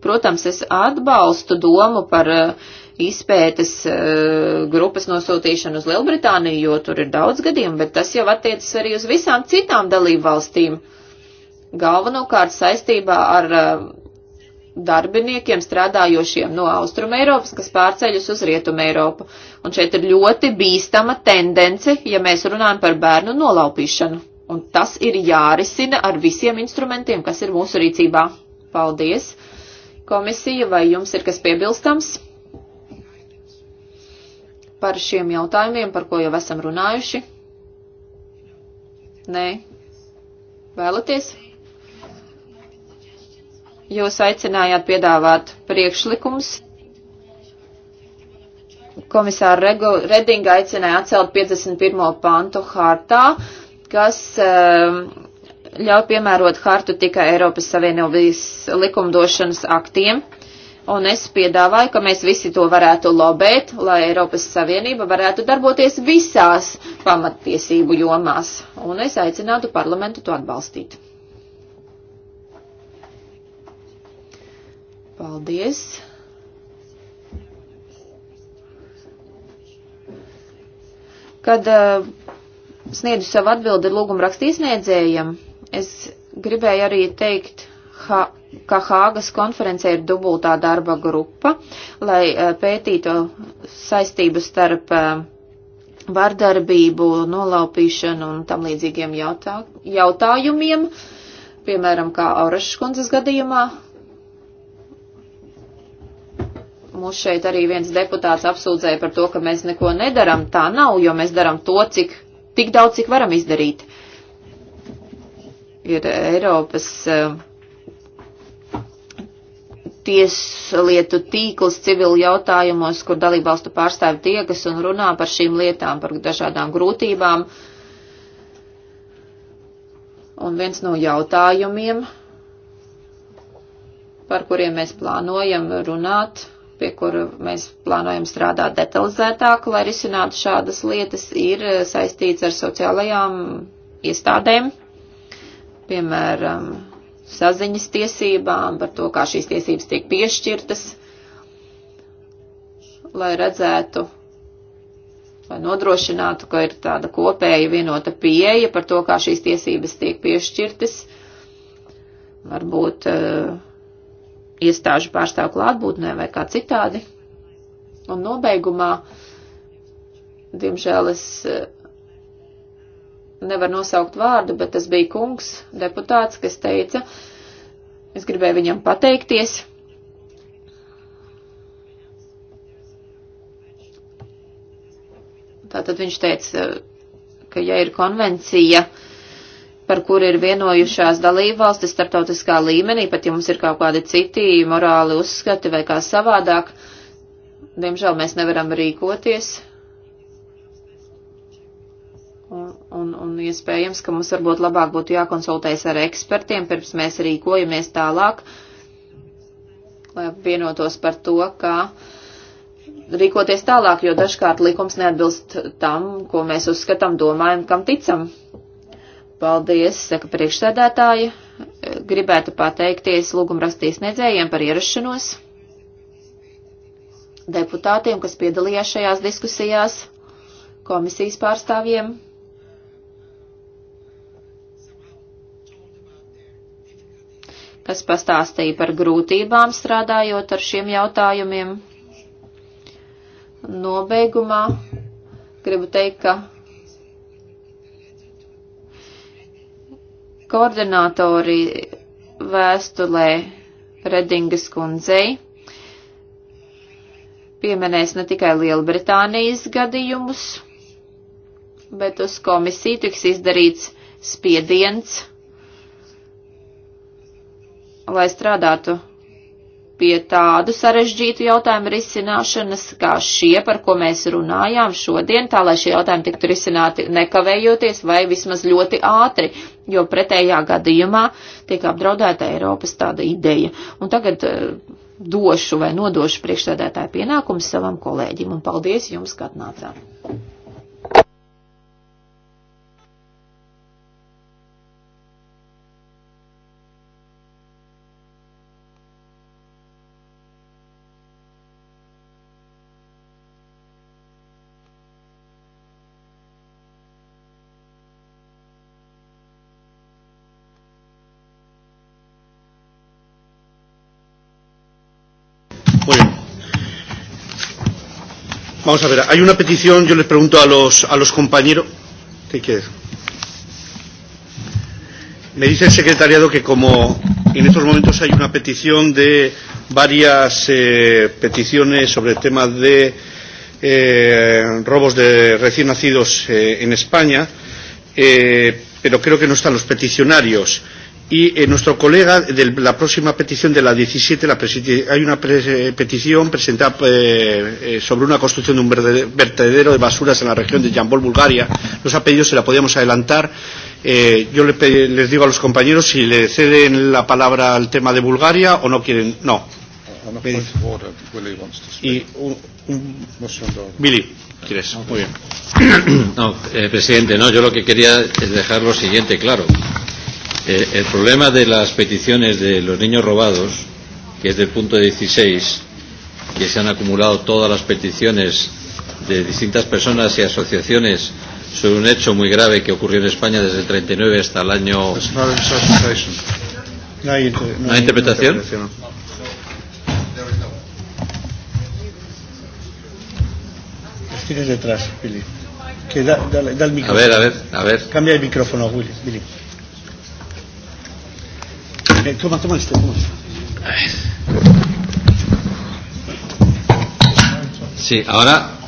Protams, es atbalstu domu par uh, izpētes uh, grupas nosūtīšanu uz Lielbritāniju, jo tur ir daudz gadījumu, bet tas jau attiecas arī uz visām citām dalību valstīm. Uh, galvenokārt saistībā ar eh, darbiniekiem strādājošiem no Austruma Eiropas, kas pārceļas uz Rietuma Eiropu. Un šeit ir ļoti bīstama tendence, ja mēs runājam par bērnu nolaupīšanu. Un tas ir jārisina ar visiem instrumentiem, kas ir mūsu rīcībā. Paldies! Komisija, vai jums ir kas piebilstams par šiem jautājumiem, par ko jau esam runājuši? Nē. Vēlaties? Jūs aicinājāt piedāvāt priekšlikums. Komisāra Redinga aicināja atcelt 51. pantu hartā, kas ehm, ļauj piemērot hartu tikai Eiropas Savienības likumdošanas aktiem un es piedāvāju, ka mēs visi to varētu lobēt, lai Eiropas Savienība varētu darboties visās pamattiesību jomās, un es aicinātu parlamentu to atbalstīt. Paldies! Kad uh, sniedzu savu atbildi lūgumu rakstīsniedzējiem, es gribēju arī teikt, ha, ka Hāgas konferencē ir dubultā darba grupa, lai uh, pētītu saistību starp uh, vardarbību, nolaupīšanu un tam līdzīgiem jautā, jautājumiem, piemēram, kā Aurašas kundzes gadījumā, Mūs šeit arī viens deputāts apsūdzēja par to, ka mēs neko nedaram. Tā nav, jo mēs daram to, cik, tik daudz, cik varam izdarīt. Ir Eiropas uh, tieslietu tīkls civilu jautājumos, kur dalībvalstu pārstāvi tiekas un runā par šīm lietām, par dažādām grūtībām. Un viens no jautājumiem, par kuriem mēs plānojam runāt, pie kura mēs plānojam strādāt detalizētāk, lai risinātu šādas lietas, ir eh, saistīts ar sociālajām iestādēm, piemēram, saziņas tiesībām, par to, kā šīs tiesības tiek piešķirtas, lai redzētu, lai nodrošinātu, ka ir tāda kopēja vienota pieeja par to, kā šīs tiesības tiek piešķirtas. Varbūt uh, iestāžu pārstāvu klātbūtnē vai kā citādi. Un nobeigumā, diemžēl es eh, nevaru nosaukt vārdu, bet tas bija kungs, deputāts, kas teica, es gribēju viņam pateikties. Tātad viņš teica, eh, ka ja ir konvencija, uh, par kuru ir vienojušās dalībvalstis starptautiskā līmenī, pat ja mums ir kaut kādi citi morāli uzskati vai kā savādāk, diemžēl mēs nevaram rīkoties. Un, un, un iespējams, ka mums varbūt labāk būtu jākonsultējas ar ekspertiem, pirms mēs rīkojamies tālāk, lai vienotos par to, kā rīkoties tālāk, jo dažkārt likums neatbilst tam, ko mēs uzskatām, domājam, kam ticam. Paldies, saka priekšsēdētāja. Gribētu pateikties lūgumrastīs nedzējiem par ierašanos deputātiem, kas piedalījās šajās diskusijās, komisijas pārstāvjiem. kas pastāstīja par grūtībām strādājot ar šiem jautājumiem. Nobeigumā gribu teikt, ka Koordinātori vēstulē Redingas kundzei pieminēs ne tikai Lielbritānijas gadījumus, bet uz komisiju tiks izdarīts spiediens, lai strādātu pie tādu sarežģītu jautājumu risināšanas, kā šie, par ko mēs runājām šodien, tā lai šie jautājumi tiktu risināti nekavējoties vai vismaz ļoti ātri, jo pretējā gadījumā tiek apdraudēta Eiropas tāda ideja. Un tagad eh, došu vai nodošu priekšsēdētāju pienākumus savam kolēģim, un paldies jums, ka atnācāt! Vamos a ver, hay una petición, yo les pregunto a los, a los compañeros. ¿Qué quieres? Me dice el secretariado que como en estos momentos hay una petición de varias eh, peticiones sobre el tema de eh, robos de recién nacidos eh, en España, eh, pero creo que no están los peticionarios. Eh, Y eh, nuestro colega de la próxima petición de la 17, la hay una pre eh, petición presentada eh, eh, sobre una construcción de un verde vertedero de basuras en la región de Yambol, Bulgaria. Nos ha pedido si la podíamos adelantar. Eh, yo le, les digo a los compañeros si le ceden la palabra al tema de Bulgaria o no quieren. No. Eh, y un, un, Billy. ¿Quieres? Muy bien. No, eh, presidente, no, yo lo que quería es dejar lo siguiente claro eh, el problema de las peticiones de los niños robados, que es del punto 16, que se han acumulado todas las peticiones de distintas personas y asociaciones sobre un hecho muy grave que ocurrió en España desde el 39 hasta el año. No hay, inter no hay interpretación. interpretación. Los tienes detrás, Billy. Que da, dale, da el micrófono. A ver, a ver, a ver. Cambia el micrófono, Willy. Billy. Eh, toma, toma este, toma este. Sí, ahora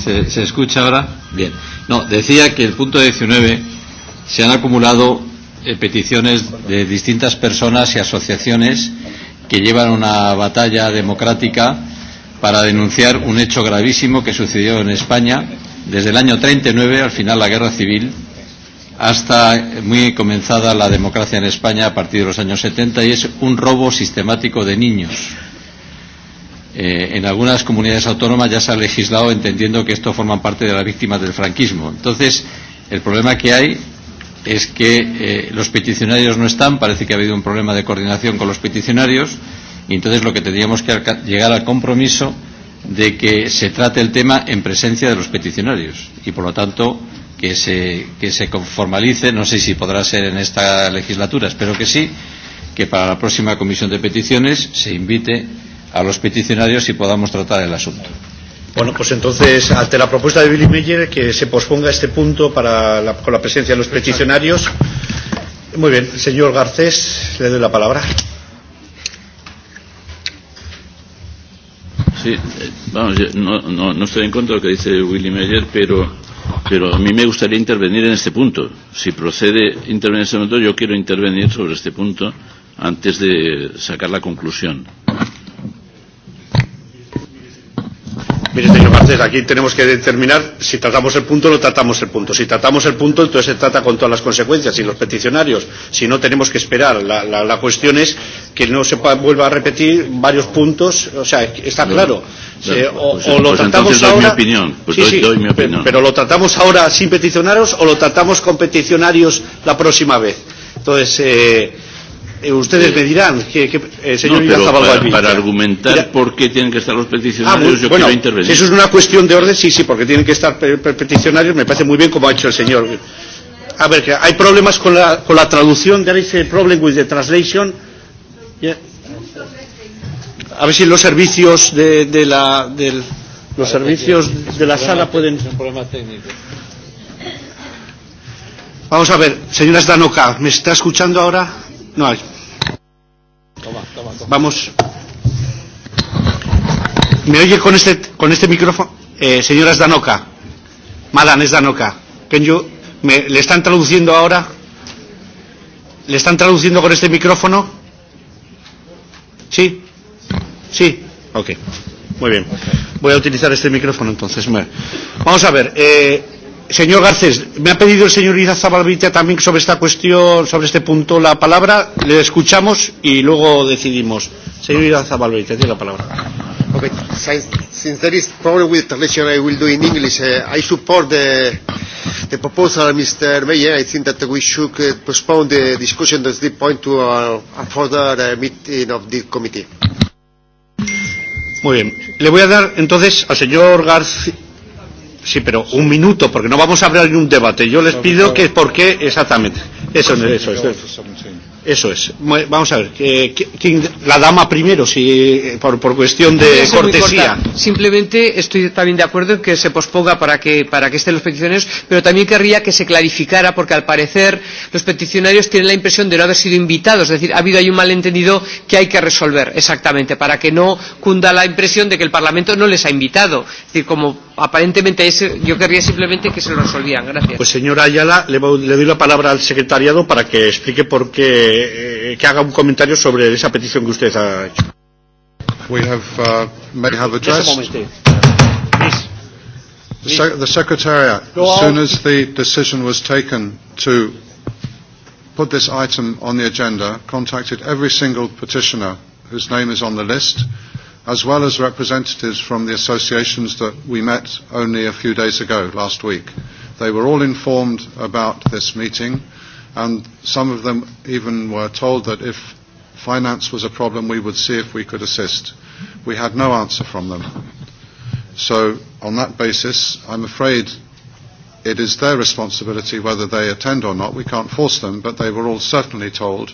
se, se escucha ahora. Bien. No, decía que el punto 19 se han acumulado eh, peticiones de distintas personas y asociaciones que llevan una batalla democrática para denunciar un hecho gravísimo que sucedió en España desde el año 39, al final la guerra civil, hasta muy comenzada la democracia en España a partir de los años 70 y es un robo sistemático de niños. Eh, en algunas comunidades autónomas ya se ha legislado entendiendo que esto forman parte de las víctimas del franquismo. Entonces, el problema que hay es que eh, los peticionarios no están, parece que ha habido un problema de coordinación con los peticionarios y entonces lo que tendríamos que llegar al compromiso de que se trate el tema en presencia de los peticionarios y por lo tanto que se, que se conformalice. No sé si podrá ser en esta legislatura, espero que sí, que para la próxima comisión de peticiones se invite a los peticionarios y podamos tratar el asunto. Bueno, pues entonces, ante la propuesta de Billy Meyer, que se posponga este punto para la, con la presencia de los peticionarios. Muy bien, señor Garcés, le doy la palabra. Sí, eh, vamos, yo no, no, no estoy en contra de lo que dice Willy Meyer, pero Pero a mí me gustaría intervenir en este punto. Si procede intervenir en este momento, yo quiero intervenir sobre este punto antes de sacar la conclusión. Mire, señor Garcés, aquí tenemos que determinar si tratamos el punto o no tratamos el punto. Si tratamos el punto, entonces se trata con todas las consecuencias y los peticionarios. Si no, tenemos que esperar. La, la, la cuestión es que no se vuelva a repetir varios puntos. O sea, está no, claro. No, eh, o, pues, o lo pues tratamos doy ahora. Mi opinión. Pues sí, doy, sí, doy mi opinión. Pero lo tratamos ahora sin peticionarios o lo tratamos con peticionarios la próxima vez. Entonces. Eh, eh, ustedes eh, me dirán que, que eh, señor no, pero para, para argumentar Mira, por qué tienen que estar los peticionarios, ah, muy, yo bueno, quiero intervenir. Si eso es una cuestión de orden, sí, sí, porque tienen que estar peticionarios, me parece muy bien como ha hecho el señor. A ver, que hay problemas con la, con la traducción, there is a problem with the translation. Yeah. A ver si los servicios de, de la, del, los servicios de la sala pueden. Es un problema técnico. Vamos a ver, señora Zdanoka, ¿me está escuchando ahora? No hay. Toma, toma, toma. Vamos. ¿Me oye con este, con este micrófono? Eh, señora Zdanoka. Madame Zdanoka. Can you, me, ¿Le están traduciendo ahora? ¿Le están traduciendo con este micrófono? ¿Sí? ¿Sí? Ok. Muy bien. Voy a utilizar este micrófono entonces. Vamos a ver. Eh, Señor Garcés, me ha pedido el señor Izazabalbita también sobre esta cuestión, sobre este punto, la palabra. Le escuchamos y luego decidimos. Señor Izazabalbita, tiene la palabra. Okay. Since, since there is problem with translation, I will do in English. Uh, I support the, the proposal, Mr. Mayor. I think that we should uh, postpone the discussion on this point to uh, a further uh, meeting of the committee. Muy bien. Le voy a dar entonces al señor García Sí, pero un minuto, porque no vamos a abrir un debate. Yo les pido que por qué exactamente. Eso, eso, eso. eso. Eso es. Vamos a ver, eh, ¿quién, la dama primero, si eh, por, por cuestión de sí, cortesía. Simplemente estoy también de acuerdo en que se posponga para que, para que estén los peticionarios, pero también querría que se clarificara, porque al parecer los peticionarios tienen la impresión de no haber sido invitados, es decir, ha habido ahí un malentendido que hay que resolver, exactamente, para que no cunda la impresión de que el Parlamento no les ha invitado. Es decir, como aparentemente ese, yo querría simplemente que se lo resolvieran. Gracias. Pues señora Ayala, le, le doy la palabra al secretariado para que explique por qué Eh, eh, que haga un comentario sobre esa petición que usted ha hecho. We have, uh, may have addressed. Please. The, sec the Secretariat, as soon as the decision was taken to put this item on the agenda, contacted every single petitioner whose name is on the list, as well as representatives from the associations that we met only a few days ago, last week. They were all informed about this meeting and some of them even were told that if finance was a problem, we would see if we could assist. We had no answer from them. So on that basis, I'm afraid it is their responsibility whether they attend or not. We can't force them, but they were all certainly told.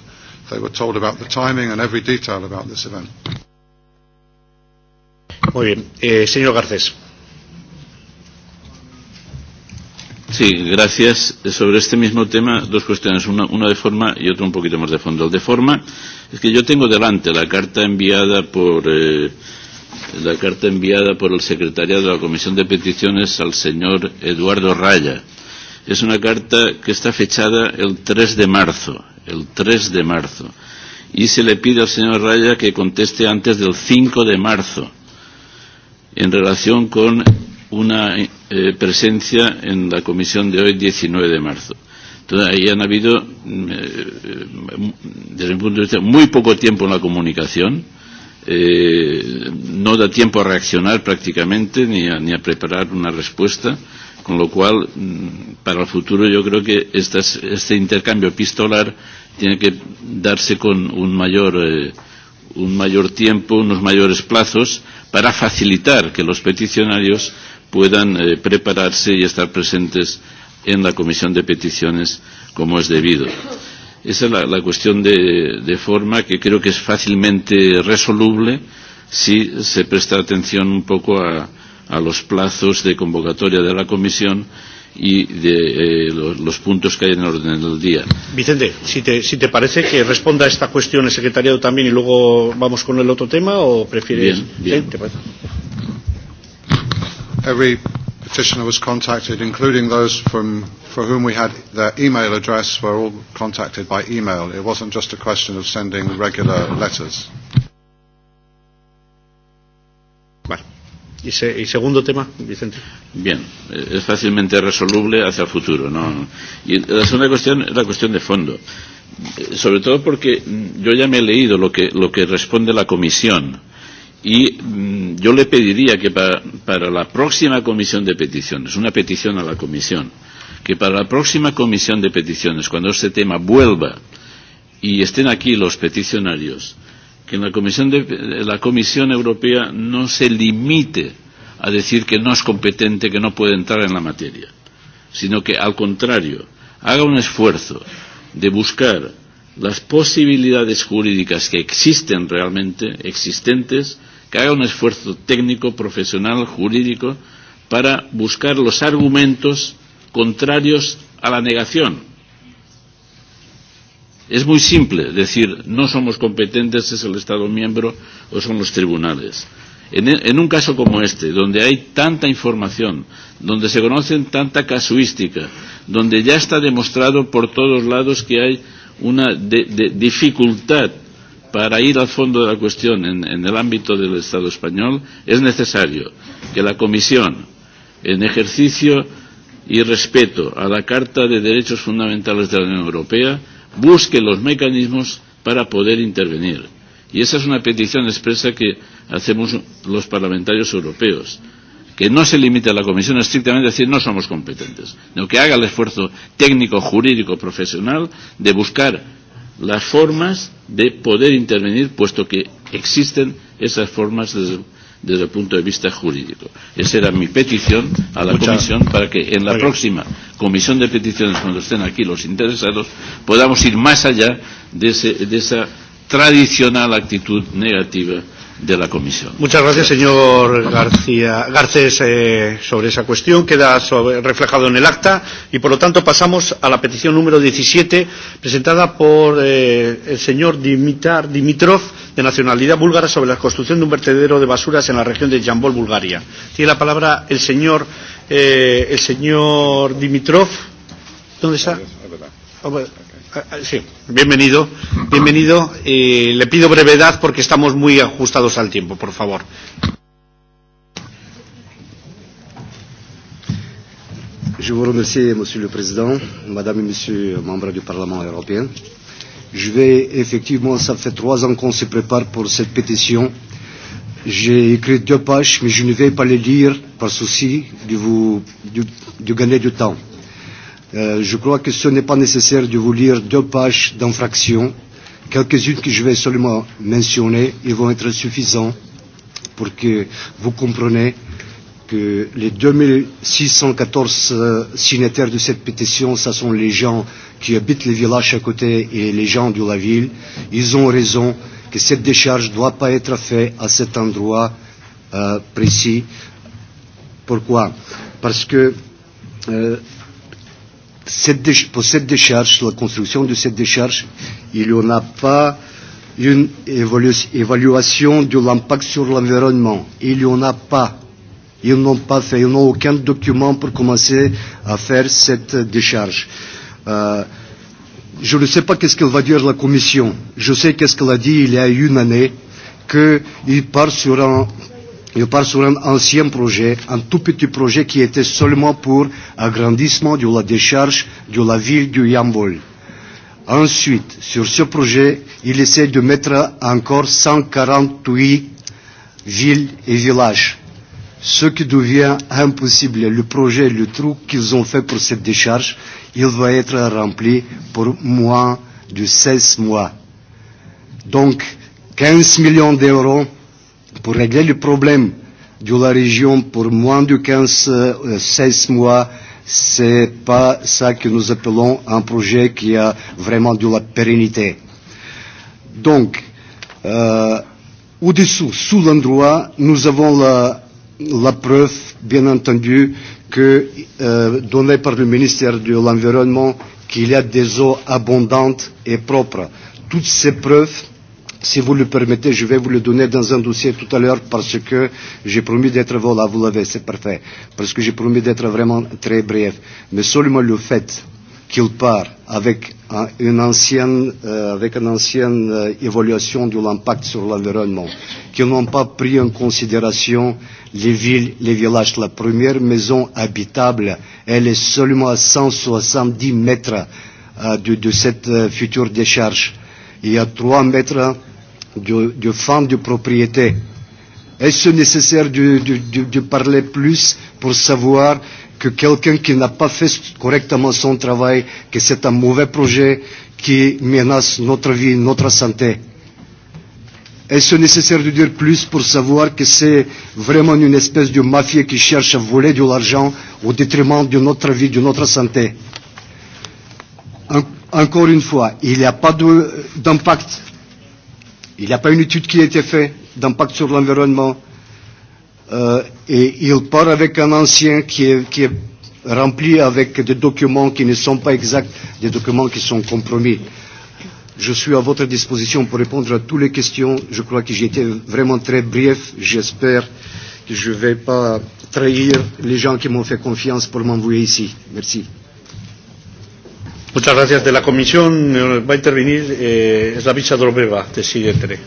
They were told about the timing and every detail about this event. Muy bien. Eh, señor Garcés. Sí, gracias. Sobre este mismo tema, dos cuestiones, una, una de forma y otra un poquito más de fondo. El de forma es que yo tengo delante la carta enviada por eh, la carta enviada por el secretario de la Comisión de Peticiones al señor Eduardo Raya. Es una carta que está fechada el 3 de marzo, el 3 de marzo, y se le pide al señor Raya que conteste antes del 5 de marzo en relación con una eh, presencia en la comisión de hoy, 19 de marzo. Entonces, ahí han habido, mm, eh, desde mi punto de vista, muy poco tiempo en la comunicación. Eh, no da tiempo a reaccionar prácticamente ni a, ni a preparar una respuesta. Con lo cual, mm, para el futuro yo creo que estas, este intercambio epistolar tiene que darse con un mayor, eh, un mayor tiempo, unos mayores plazos, para facilitar que los peticionarios puedan eh, prepararse y estar presentes en la comisión de peticiones como es debido. Esa es la, la cuestión de, de forma que creo que es fácilmente resoluble si se presta atención un poco a, a los plazos de convocatoria de la comisión y de eh, los, los puntos que hay en el orden del día. Vicente, si te, si te parece que responda a esta cuestión el secretariado también y luego vamos con el otro tema o prefieres. Bien, bien. ¿Sí? ¿Te parece? Every petitioner was contacted, including those from, for whom we had their email address, were all contacted by email. It wasn't just a question of sending regular letters. Vale. ¿Y, se, ¿Y segundo tema, Vicente? Bien, es fácilmente resoluble hacia el futuro. ¿no? Y la segunda cuestión es la cuestión de fondo. Eh, sobre todo porque yo ya me he leído lo que, lo que responde la Comisión Y mmm, yo le pediría que para, para la próxima comisión de peticiones, una petición a la comisión, que para la próxima comisión de peticiones, cuando este tema vuelva y estén aquí los peticionarios, que en la comisión, de, la comisión Europea no se limite a decir que no es competente, que no puede entrar en la materia, sino que al contrario, haga un esfuerzo de buscar las posibilidades jurídicas que existen realmente, existentes, que haga un esfuerzo técnico, profesional, jurídico, para buscar los argumentos contrarios a la negación. Es muy simple decir no somos competentes, es el Estado miembro o son los tribunales. En, e, en un caso como este, donde hay tanta información, donde se conocen tanta casuística, donde ya está demostrado por todos lados que hay una de, de dificultad para ir al fondo de la cuestión en, en el ámbito del Estado español, es necesario que la Comisión, en ejercicio y respeto a la Carta de Derechos Fundamentales de la Unión Europea, busque los mecanismos para poder intervenir. Y esa es una petición expresa que hacemos los parlamentarios europeos, que no se limite a la Comisión estrictamente a decir no somos competentes, sino que haga el esfuerzo técnico, jurídico, profesional de buscar las formas de poder intervenir, puesto que existen esas formas desde, desde el punto de vista jurídico. Esa era mi petición a la Muchas. comisión para que en la Oiga. próxima comisión de peticiones, cuando estén aquí los interesados, podamos ir más allá de, ese, de esa tradicional actitud negativa de la Comisión. Muchas gracias, señor García Garcés, eh, sobre esa cuestión. Queda sobre, reflejado en el acta y, por lo tanto, pasamos a la petición número 17, presentada por eh, el señor Dimitar Dimitrov, de nacionalidad búlgara, sobre la construcción de un vertedero de basuras en la región de Yambol, Bulgaria. Tiene la palabra el señor, eh, el señor Dimitrov. ¿Dónde está? Ah, Ah, ah, sí, bienvenido. Bienvenido. Eh, le pido brevedad porque estamos muy ajustados al tiempo, por favor. Je vous remercie, Monsieur le Président, Madame et Monsieur, membres du Parlement européen. Je vais effectivement, ça fait trois ans qu'on se prépare pour cette pétition. J'ai écrit deux pages, mais je ne vais pas les lire par souci de, vous, de, de gagner du temps. Euh, Euh, je crois que ce n'est pas nécessaire de vous lire deux pages d'infractions. Quelques-unes que je vais seulement mentionner et vont être suffisantes pour que vous compreniez que les 2614 euh, signataires de cette pétition, ce sont les gens qui habitent les villages à côté et les gens de la ville. Ils ont raison que cette décharge ne doit pas être faite à cet endroit euh, précis. Pourquoi Parce que euh, cette déch- pour cette décharge, la construction de cette décharge, il n'y en a pas une évalu évaluation de l'impact sur l'environnement. Il n'y en a pas. Ils n'ont pas fait, ils n'ont aucun document pour commencer à faire cette décharge. Euh, je ne sais pas qu'est-ce qu'elle va dire la Commission. Je sais qu'est-ce qu'elle a dit il y a une année, qu'il part sur un Je parle sur un ancien projet, un tout petit projet qui était seulement pour agrandissement de la décharge de la ville de Yambol. Ensuite, sur ce projet, il essaie de mettre encore 148 villes et villages, ce qui devient impossible. Le projet, le trou qu'ils ont fait pour cette décharge, il va être rempli pour moins de 16 mois. Donc, 15 millions d'euros pour régler le problème de la région pour moins de 15, euh, 16 mois, c'est pas ça que nous appelons un projet qui a vraiment de la pérennité. Donc, euh, au-dessous, sous l'endroit, nous avons la, la preuve, bien entendu, que euh, donnée par le ministère de l'Environnement, qu'il y a des eaux abondantes et propres. Toutes ces preuves Si vous le permettez, je vais vous le donner dans un dossier tout à l'heure parce que j'ai promis d'être, voilà, vous l'avez, c'est parfait, parce que j'ai promis d'être vraiment très bref. Mais seulement le fait qu'il part avec un, une ancienne, euh, avec une ancienne euh, évaluation de l'impact sur l'environnement, qui n'ont pas pris en considération les villes, les villages. La première maison habitable, elle est seulement à 170 mètres euh, de, de cette euh, future décharge. Il y a 3 mètres de, de fonds de propriété. Est-ce nécessaire de, de, de, de parler plus pour savoir que quelqu'un qui n'a pas fait correctement son travail, que c'est un mauvais projet qui menace notre vie, notre santé Est-ce nécessaire de dire plus pour savoir que c'est vraiment une espèce de mafia qui cherche à voler de l'argent au détriment de notre vie, de notre santé en, Encore une fois, il n'y a pas d'impact Il n'y a pas une étude qui a été faite d'impact sur l'environnement. Euh, et il part avec un ancien qui est, qui est rempli avec des documents qui ne sont pas exacts, des documents qui sont compromis. Je suis à votre disposition pour répondre à toutes les questions. Je crois que j'ai été vraiment très bref. J'espère que je ne vais pas trahir les gens qui m'ont fait confiance pour m'envoyer ici. Merci. Muchas gracias. De la comisión eh, va a intervenir eh, Slavica Drobeva, de Sigue 3.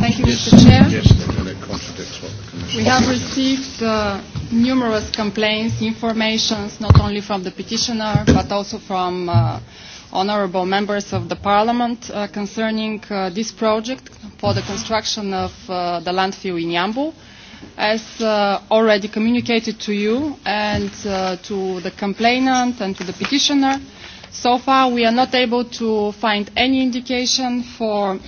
Thank you, yes, Mr. Chair. Yes, we have received uh, numerous complaints, information, not only from the petitioner, but also from uh, honorable members of the parliament uh, concerning uh, this project for the construction of uh, the landfill in Yambu. Uh, as uh, already communicated to you and uh, to the complainant and to the petitioner, so far we are not able to find any indication for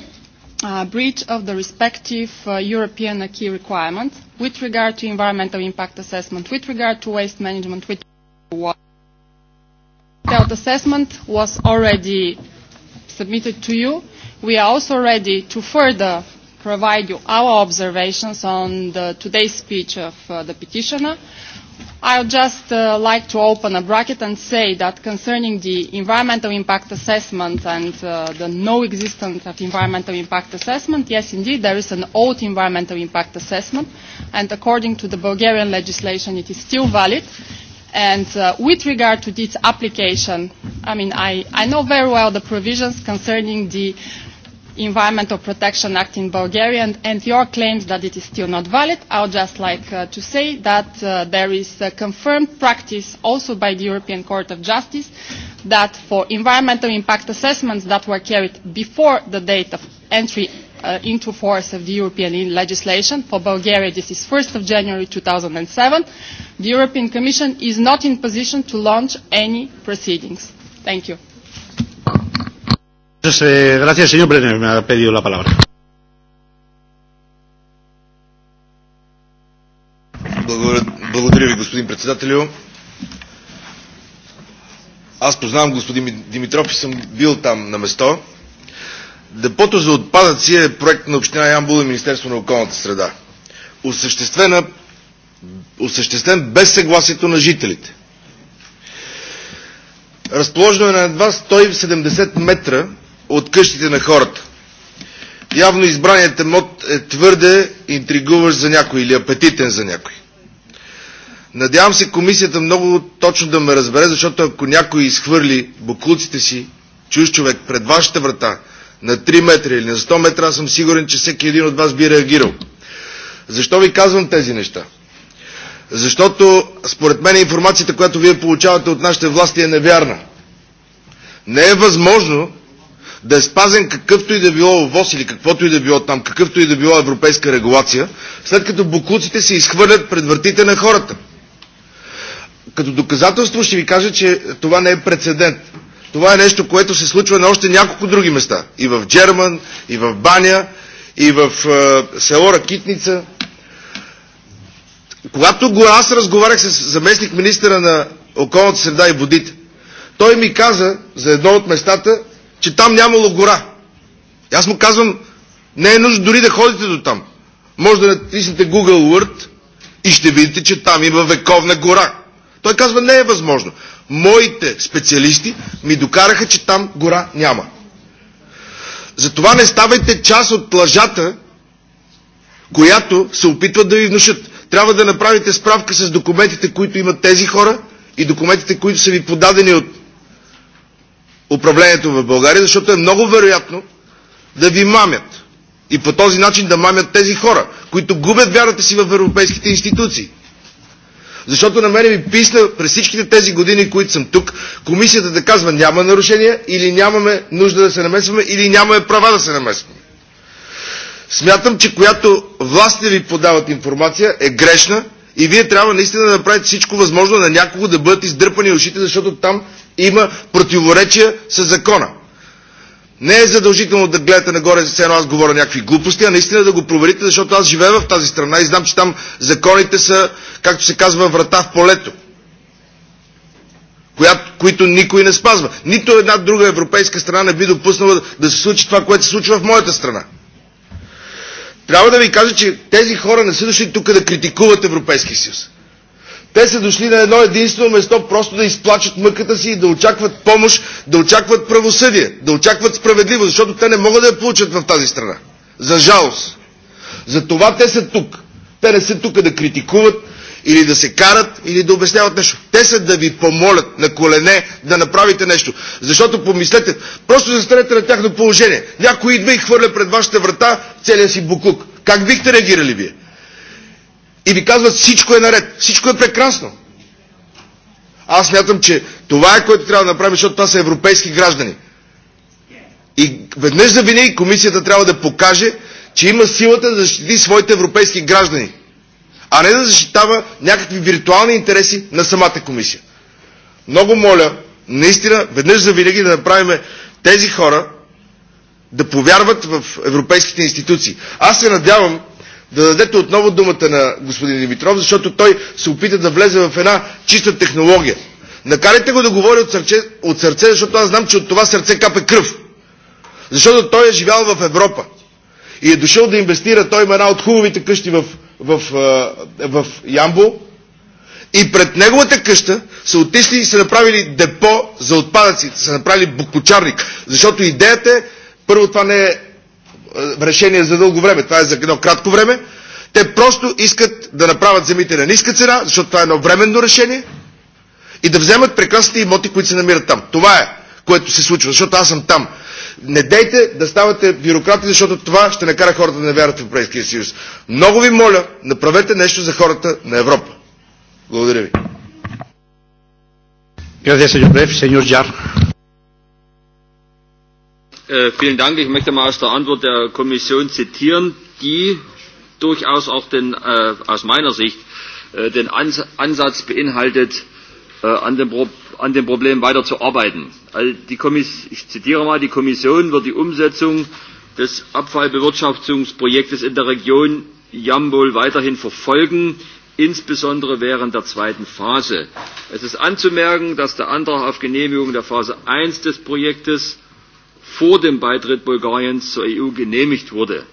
uh, breach of the respective uh, European acquis requirements with regard to environmental impact assessment, with regard to waste management, with water. The assessment was already submitted to you. We are also ready to further provide you our observations on the, today's speech of uh, the petitioner. I would just uh, like to open a bracket and say that concerning the environmental impact assessment and uh, the no-existence of environmental impact assessment, yes, indeed, there is an old environmental impact assessment, and according to the Bulgarian legislation, it is still valid. And uh, with regard to its application, I mean, I, I know very well the provisions concerning the uh, Environmental Protection Act in Bulgaria and, and your claims that it is still not valid, I would just like uh, to say that uh, there is a confirmed practice also by the European Court of Justice that for environmental impact assessments that were carried before the date of entry uh, into force of the European legislation. For Bulgaria, this is 1st of January 2007. The European Commission is not in position to launch any proceedings. Thank you. Eh, gracias, señor Brenner. Me ha pedido la palabra. Благодаря ви, господин председателю. Аз познавам господин Димитров и съм бил там на место. Депото за отпадъци е проект на Община Ямбул и Министерство на околната среда. Осъществена, осъществен без съгласието на жителите. Разположено е на едва 170 метра от къщите на хората. Явно избраният мод е твърде интригуващ за някой или апетитен за някой. Надявам се комисията много точно да ме разбере, защото ако някой изхвърли буклуците си, чуж човек, пред вашата врата, на 3 метра или на 100 метра, аз съм сигурен, че всеки един от вас би реагирал. Защо ви казвам тези неща? Защото според мен информацията, която вие получавате от нашите власти е невярна. Не е възможно да спазен какъвто и да било ВОЗ или каквото и да било там, какъвто и да било европейска регулация, след като буклуците се изхвърлят пред вратите на хората. Като доказателство ще ви кажа, че това не е прецедент. Това е нещо, което се случва на още няколко други места. И в Джерман, и в Баня, и в е, село Ракитница. Когато го аз разговарях с заместник министра на околната среда и водите, той ми каза за едно от местата, че там нямало гора. И аз му казвам, не е нужно дори да ходите до там. Може да натиснете Google Word и ще видите, че там има вековна гора. Той казва, не е възможно. Моите специалисти ми докараха, че там гора няма. Затова не ставайте част от лъжата, която се опитват да ви внушат. Трябва да направите справка с документите, които имат тези хора и документите, които са ви подадени от управлението в България, защото е много вероятно да ви мамят. И по този начин да мамят тези хора, които губят вярата си в европейските институции. Защото на мен ми писна през всичките тези години, които съм тук, комисията да казва няма нарушения или нямаме нужда да се намесваме или нямаме права да се намесваме. Смятам, че която властите ви подават информация е грешна И вие трябва наистина да направите всичко възможно на някого да бъдат издърпани ушите, защото там има противоречия с закона. Не е задължително да гледате нагоре, все едно аз говоря някакви глупости, а наистина да го проверите, защото аз живея в тази страна и знам, че там законите са, както се казва, врата в полето, която, които никой не спазва. Нито една друга европейска страна не би допуснала да се случи това, което се случва в моята страна. Трябва да ви кажа, че тези хора не са дошли тук да критикуват Европейския съюз. Те са дошли на едно единствено место просто да изплачат мъката си и да очакват помощ, да очакват правосъдие, да очакват справедливост, защото те не могат да я получат в тази страна. За жалост. Затова те са тук. Те не са тук да критикуват или да се карат или да обясняват нещо. Те са да ви помолят на колене да направите нещо. Защото помислете, просто застанете на тяхно положение. Някой идва и хвърля пред вашата врата целия си букук. Как бихте реагирали вие? И ви казват, всичко е наред, всичко е прекрасно. Аз мятам, че това е което трябва да направим, защото това са европейски граждани. И веднъж за винаги комисията трябва да покаже, че има силата да защити своите европейски граждани а не да защитава някакви виртуални интереси на самата комисия. Много моля, наистина, веднъж за винаги да направим тези хора да повярват в европейските институции. Аз се надявам да дадете отново думата на господин Димитров, защото той се опита да влезе в една чиста технология. Накарайте го да говори от сърце, от сърце, защото аз знам, че от това сърце капе кръв. Защото той е живял в Европа и е дошъл да инвестира. Той има една от хубавите къщи в в, в Ямбо и пред неговата къща са отишли и са направили депо за отпадъците, са направили буклучарник. Защото идеята е, първо това не е решение за дълго време, това е за едно кратко време. Те просто искат да направят земите на ниска цена, защото това е едно временно решение и да вземат прекрасните имоти, които се намират там. Това е, което се случва, защото аз съм там недейте да ставате бюрократи, защото това ще накара хората да не вярват в Европейския съюз. Много ви моля, направете нещо за хората на Европа. Благодаря ви. Gracias, señor Brev. Señor Jar. Äh, vielen Dank. Ich möchte mal aus der Antwort der Kommission zitieren, die durchaus auch den, äh, aus meiner Sicht äh, den Ans Ansatz beinhaltet, äh, an, dem Pro an dem Problem weiterzuarbeiten. Also die Kommission, ich zitiere mal, die Kommission wird die Umsetzung des Abfallbewirtschaftungsprojektes in der Region Jambol weiterhin verfolgen, insbesondere während der zweiten Phase. Es ist anzumerken, dass der Antrag auf Genehmigung der Phase 1 des Projektes vor dem Beitritt Bulgariens zur EU genehmigt wurde.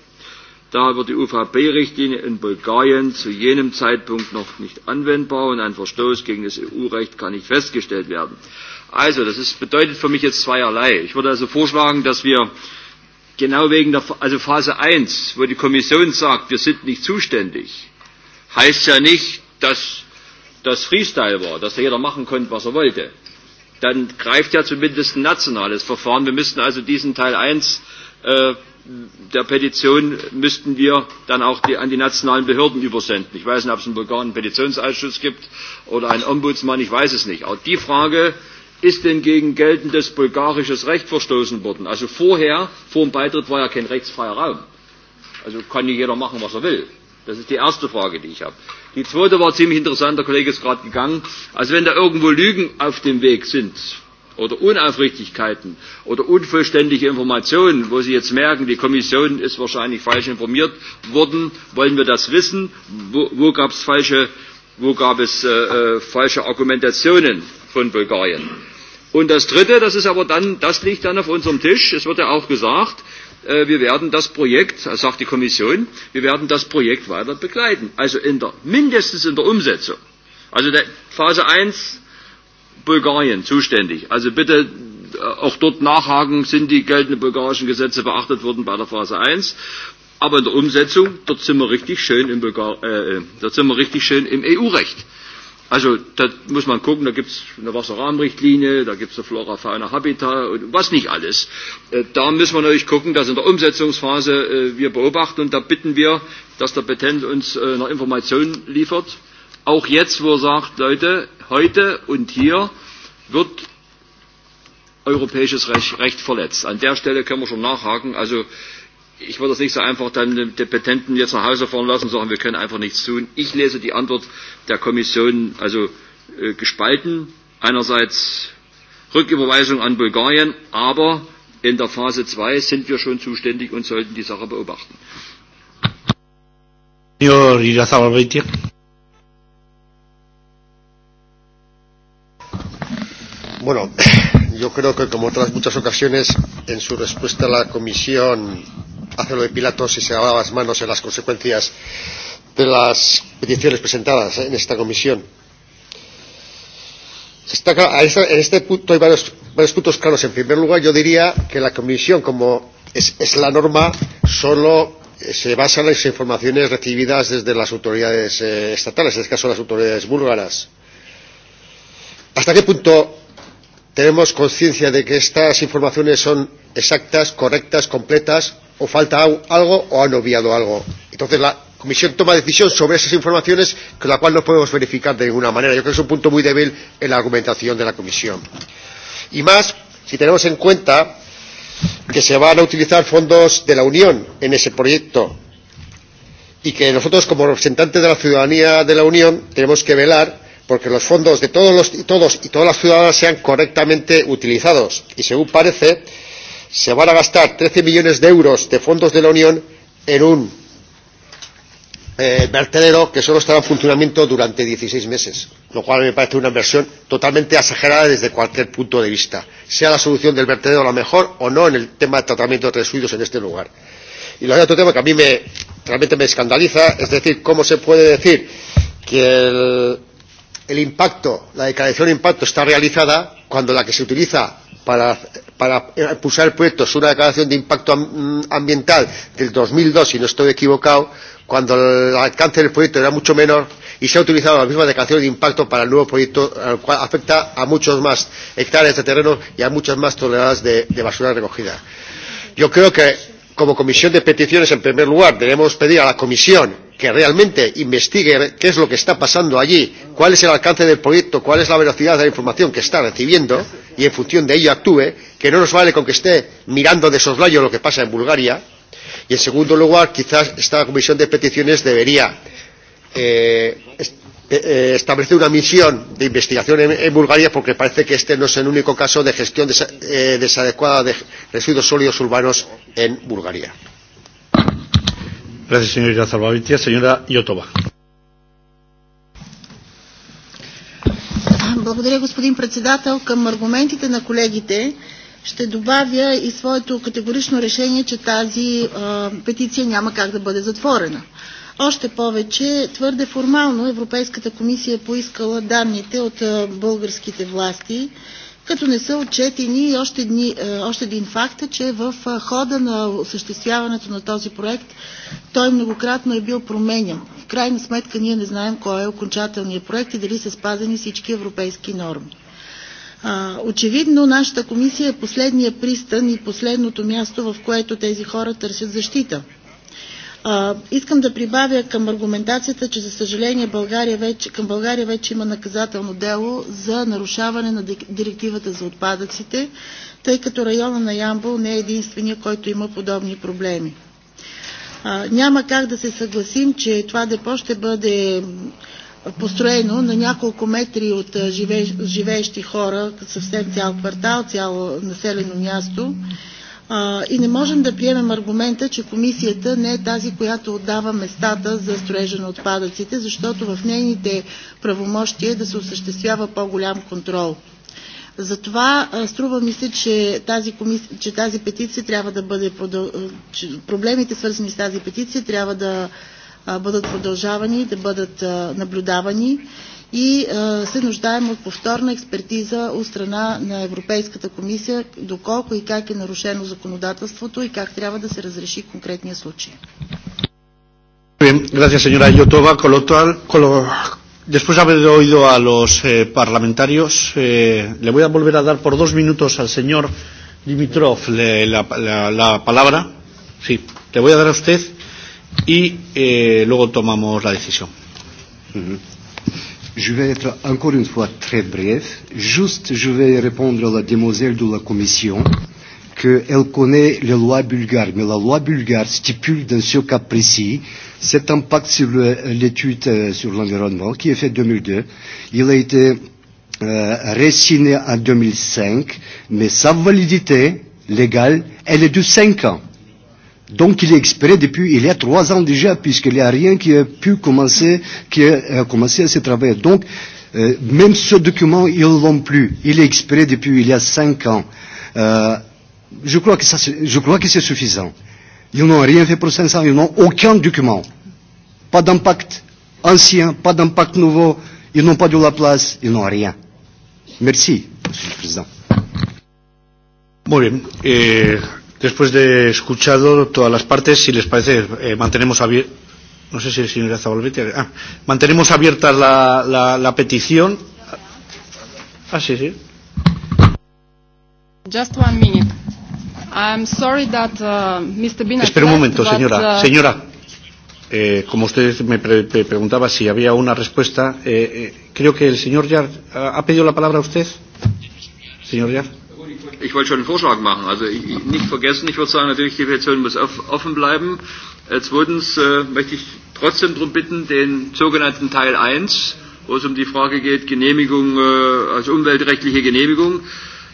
Daher wird die UVP-Richtlinie in Bulgarien zu jenem Zeitpunkt noch nicht anwendbar und ein Verstoß gegen das EU-Recht kann nicht festgestellt werden. Also, das ist, bedeutet für mich jetzt zweierlei. Ich würde also vorschlagen, dass wir genau wegen der also Phase 1, wo die Kommission sagt, wir sind nicht zuständig, heißt ja nicht, dass das Freestyle war, dass da jeder machen konnte, was er wollte. Dann greift ja zumindest ein nationales Verfahren. Wir müssten also diesen Teil 1 äh, der Petition müssten wir dann auch die, an die nationalen Behörden übersenden. Ich weiß nicht, ob es in Bulgarien einen Petitionsausschuss gibt oder einen Ombudsmann, ich weiß es nicht. Auch die Frage äh, ist denn gegen geltendes bulgarisches Recht verstoßen worden? Also vorher, vor dem Beitritt war ja kein rechtsfreier Raum. Also kann ja jeder machen, was er will. Das ist die erste Frage, die ich habe. Die zweite war ziemlich interessant, der Kollege ist gerade gegangen. Also wenn da irgendwo Lügen auf dem Weg sind oder Unaufrichtigkeiten oder unvollständige Informationen, wo Sie jetzt merken, die Kommission ist wahrscheinlich falsch informiert worden, wollen wir das wissen? Wo, wo gab es falsche, wo gab es, äh, äh, falsche Argumentationen von Bulgarien? Und das Dritte, das ist aber dann, das liegt dann auf unserem Tisch. Es wird ja auch gesagt, äh, wir werden das Projekt, das sagt die Kommission, wir werden das Projekt weiter begleiten. Also in der, mindestens in der Umsetzung. Also der Phase 1, Bulgarien zuständig. Also bitte äh, auch dort nachhaken, sind die geltenden bulgarischen Gesetze beachtet worden bei der Phase 1. Aber in der Umsetzung, dort sind wir richtig schön im, Bulgar äh, äh dort sind wir richtig schön im EU-Recht. Also da muss man gucken, da gibt es eine Wasserrahmenrichtlinie, da gibt es eine Flora, Fauna, Habitat und was nicht alles. Äh, da müssen wir natürlich gucken, dass in der Umsetzungsphase äh, wir beobachten und da bitten wir, dass der Petent uns äh, noch Informationen liefert. Auch jetzt, wo er sagt, Leute, heute und hier wird europäisches Recht, Recht verletzt. An der Stelle können wir schon nachhaken. Also ich würde es nicht so einfach dann den Petenten jetzt nach Hause fahren lassen und sagen, wir können einfach nichts tun. Ich lese die Antwort der Kommission also äh, gespalten. Einerseits Rücküberweisung an Bulgarien, aber in der Phase 2 sind wir schon zuständig und sollten die Sache beobachten. Señor Irazabalabetia. Bueno, yo creo que como otras muchas ocasiones, en su respuesta a la Comisión hacerlo de Pilatos y se lavaba las manos en las consecuencias de las peticiones presentadas ¿eh? en esta comisión. Está, en este punto hay varios, varios puntos claros. En primer lugar, yo diría que la comisión, como es, es la norma, solo eh, se basa en las informaciones recibidas desde las autoridades eh, estatales, en este caso las autoridades búlgaras. ¿Hasta qué punto tenemos conciencia de que estas informaciones son exactas, correctas, completas, o falta algo o han obviado algo. Entonces la Comisión toma decisión sobre esas informaciones con la cual no podemos verificar de ninguna manera. Yo creo que es un punto muy débil en la argumentación de la Comisión. Y más si tenemos en cuenta que se van a utilizar fondos de la Unión en ese proyecto y que nosotros como representantes de la ciudadanía de la Unión tenemos que velar porque los fondos de todos, los, todos y todas las ciudadanas sean correctamente utilizados. Y según parece, eh, se van a gastar 13 millones de euros de fondos de la Unión en un eh, vertedero que solo estará en funcionamiento durante 16 meses, lo cual me parece una inversión totalmente exagerada desde cualquier punto de vista, sea la solución del vertedero la mejor o no en el tema de tratamiento de residuos en este lugar. Y luego hay otro tema que a mí me, realmente me escandaliza, es decir, cómo se puede decir que el, el impacto, la declaración de impacto está realizada cuando la que se utiliza para, para eh, pulsar proyectos una declaración de impacto mm, ambiental del 2002, si no estoy equivocado, cuando el alcance del proyecto era mucho menor y se ha utilizado la misma declaración de impacto para el nuevo proyecto, al cual afecta a muchos más hectáreas de terreno y a muchas más toneladas de, de basura recogida. Yo creo que, como Comisión de Peticiones, en primer lugar, debemos pedir a la Comisión que realmente investigue qué es lo que está pasando allí, cuál es el alcance del proyecto, cuál es la velocidad de la información que está recibiendo y en función de ello actúe, que no nos vale con que esté mirando de soslayo lo que pasa en Bulgaria. Y en segundo lugar, quizás esta comisión de peticiones debería eh, eh, establecer una misión de investigación en, en Bulgaria porque parece que este no es el único caso de gestión desa, eh, desadecuada de residuos sólidos urbanos en Bulgaria. Gracias, señorita Zalbavitya. Señora Yotova. Ah, благодаря, господин председател. Към аргументите на колегите ще добавя и своето категорично решение, че тази а, петиция няма как да бъде затворена. Още повече, твърде формално Европейската комисия е поискала данните от а, българските власти, като не са отчетени още, дни, още един факт е, че в хода на осъществяването на този проект той многократно е бил променен. В крайна сметка ние не знаем кой е окончателният проект и дали са спазени всички европейски норми. Очевидно нашата комисия е последния пристан и последното място, в което тези хора търсят защита – А, искам да прибавя към аргументацията, че за съжаление България вече, към България вече има наказателно дело за нарушаване на директивата за отпадъците, тъй като района на Ямбол не е единствения, който има подобни проблеми. А, няма как да се съгласим, че това депо ще бъде построено на няколко метри от живеещи хора, съвсем цял квартал, цяло населено място. Mm-hmm А, и не можем да приемем аргумента, че комисията не е тази, която отдава местата за строежа на отпадъците, защото в нейните правомощия е да се осъществява по-голям контрол. Затова струва ми се, че тази, комис... че тази петиция трябва да бъде продъл... че проблемите свързани с тази петиция трябва да бъдат продължавани, да бъдат наблюдавани и а, се нуждаем от повторна експертиза от страна на Европейската комисия, доколко и как е нарушено законодателството и как трябва да се разреши конкретния случай. Bien, gracias señora Yotova. Con lo, con lo, después de haber oído a los eh, parlamentarios, eh, le voy a volver a dar por dos minutos al señor Dimitrov le, la, la, la palabra. Sí, le voy a dar a usted y eh, luego tomamos la decisión. Uh -huh. Je vais être encore une fois très bref. Juste, je vais répondre à la demoiselle de la Commission qu'elle connaît les lois bulgares, mais la loi bulgare stipule dans ce cas précis cet impact sur l'étude euh, sur l'environnement qui est fait en 2002. Il a été euh, résigné en 2005, mais sa validité légale, elle est de 5 ans. Donc il est expiré depuis il y a trois ans déjà, puisqu'il n'y a rien qui a pu commencer, qui a, a commencé à se travailler. Donc euh, même ce document, ils ne l'ont plus. Il est expiré depuis il y a cinq ans. Euh, je crois que ça, je crois que c'est suffisant. Ils n'ont rien fait pour 500, ils n'ont aucun document. Pas d'impact ancien, pas d'impact nouveau. Ils n'ont pas de la place, ils n'ont rien. Merci, Monsieur le Président. Muy bien. Eh, Después de escuchado todas las partes, si les parece, eh, mantenemos abierta. No sé si el señor Zabalbete. Ah, mantenemos abierta la, la, la petición. Ah, sí, sí. Just one minute. I'm sorry that uh, Mr. Binet Espera un momento, left, señora. But, uh, señora, eh, como usted me pre pre preguntaba si había una respuesta, eh, eh, creo que el señor Yar ha pedido la palabra a usted. Señor Yar. Ich wollte schon einen Vorschlag machen. Also ich, ich, nicht vergessen, ich würde sagen, natürlich, die Petition muss off, offen bleiben. Äh, zweitens äh, möchte ich trotzdem darum bitten, den sogenannten Teil 1, wo es um die Frage geht, Genehmigung, äh, also umweltrechtliche Genehmigung,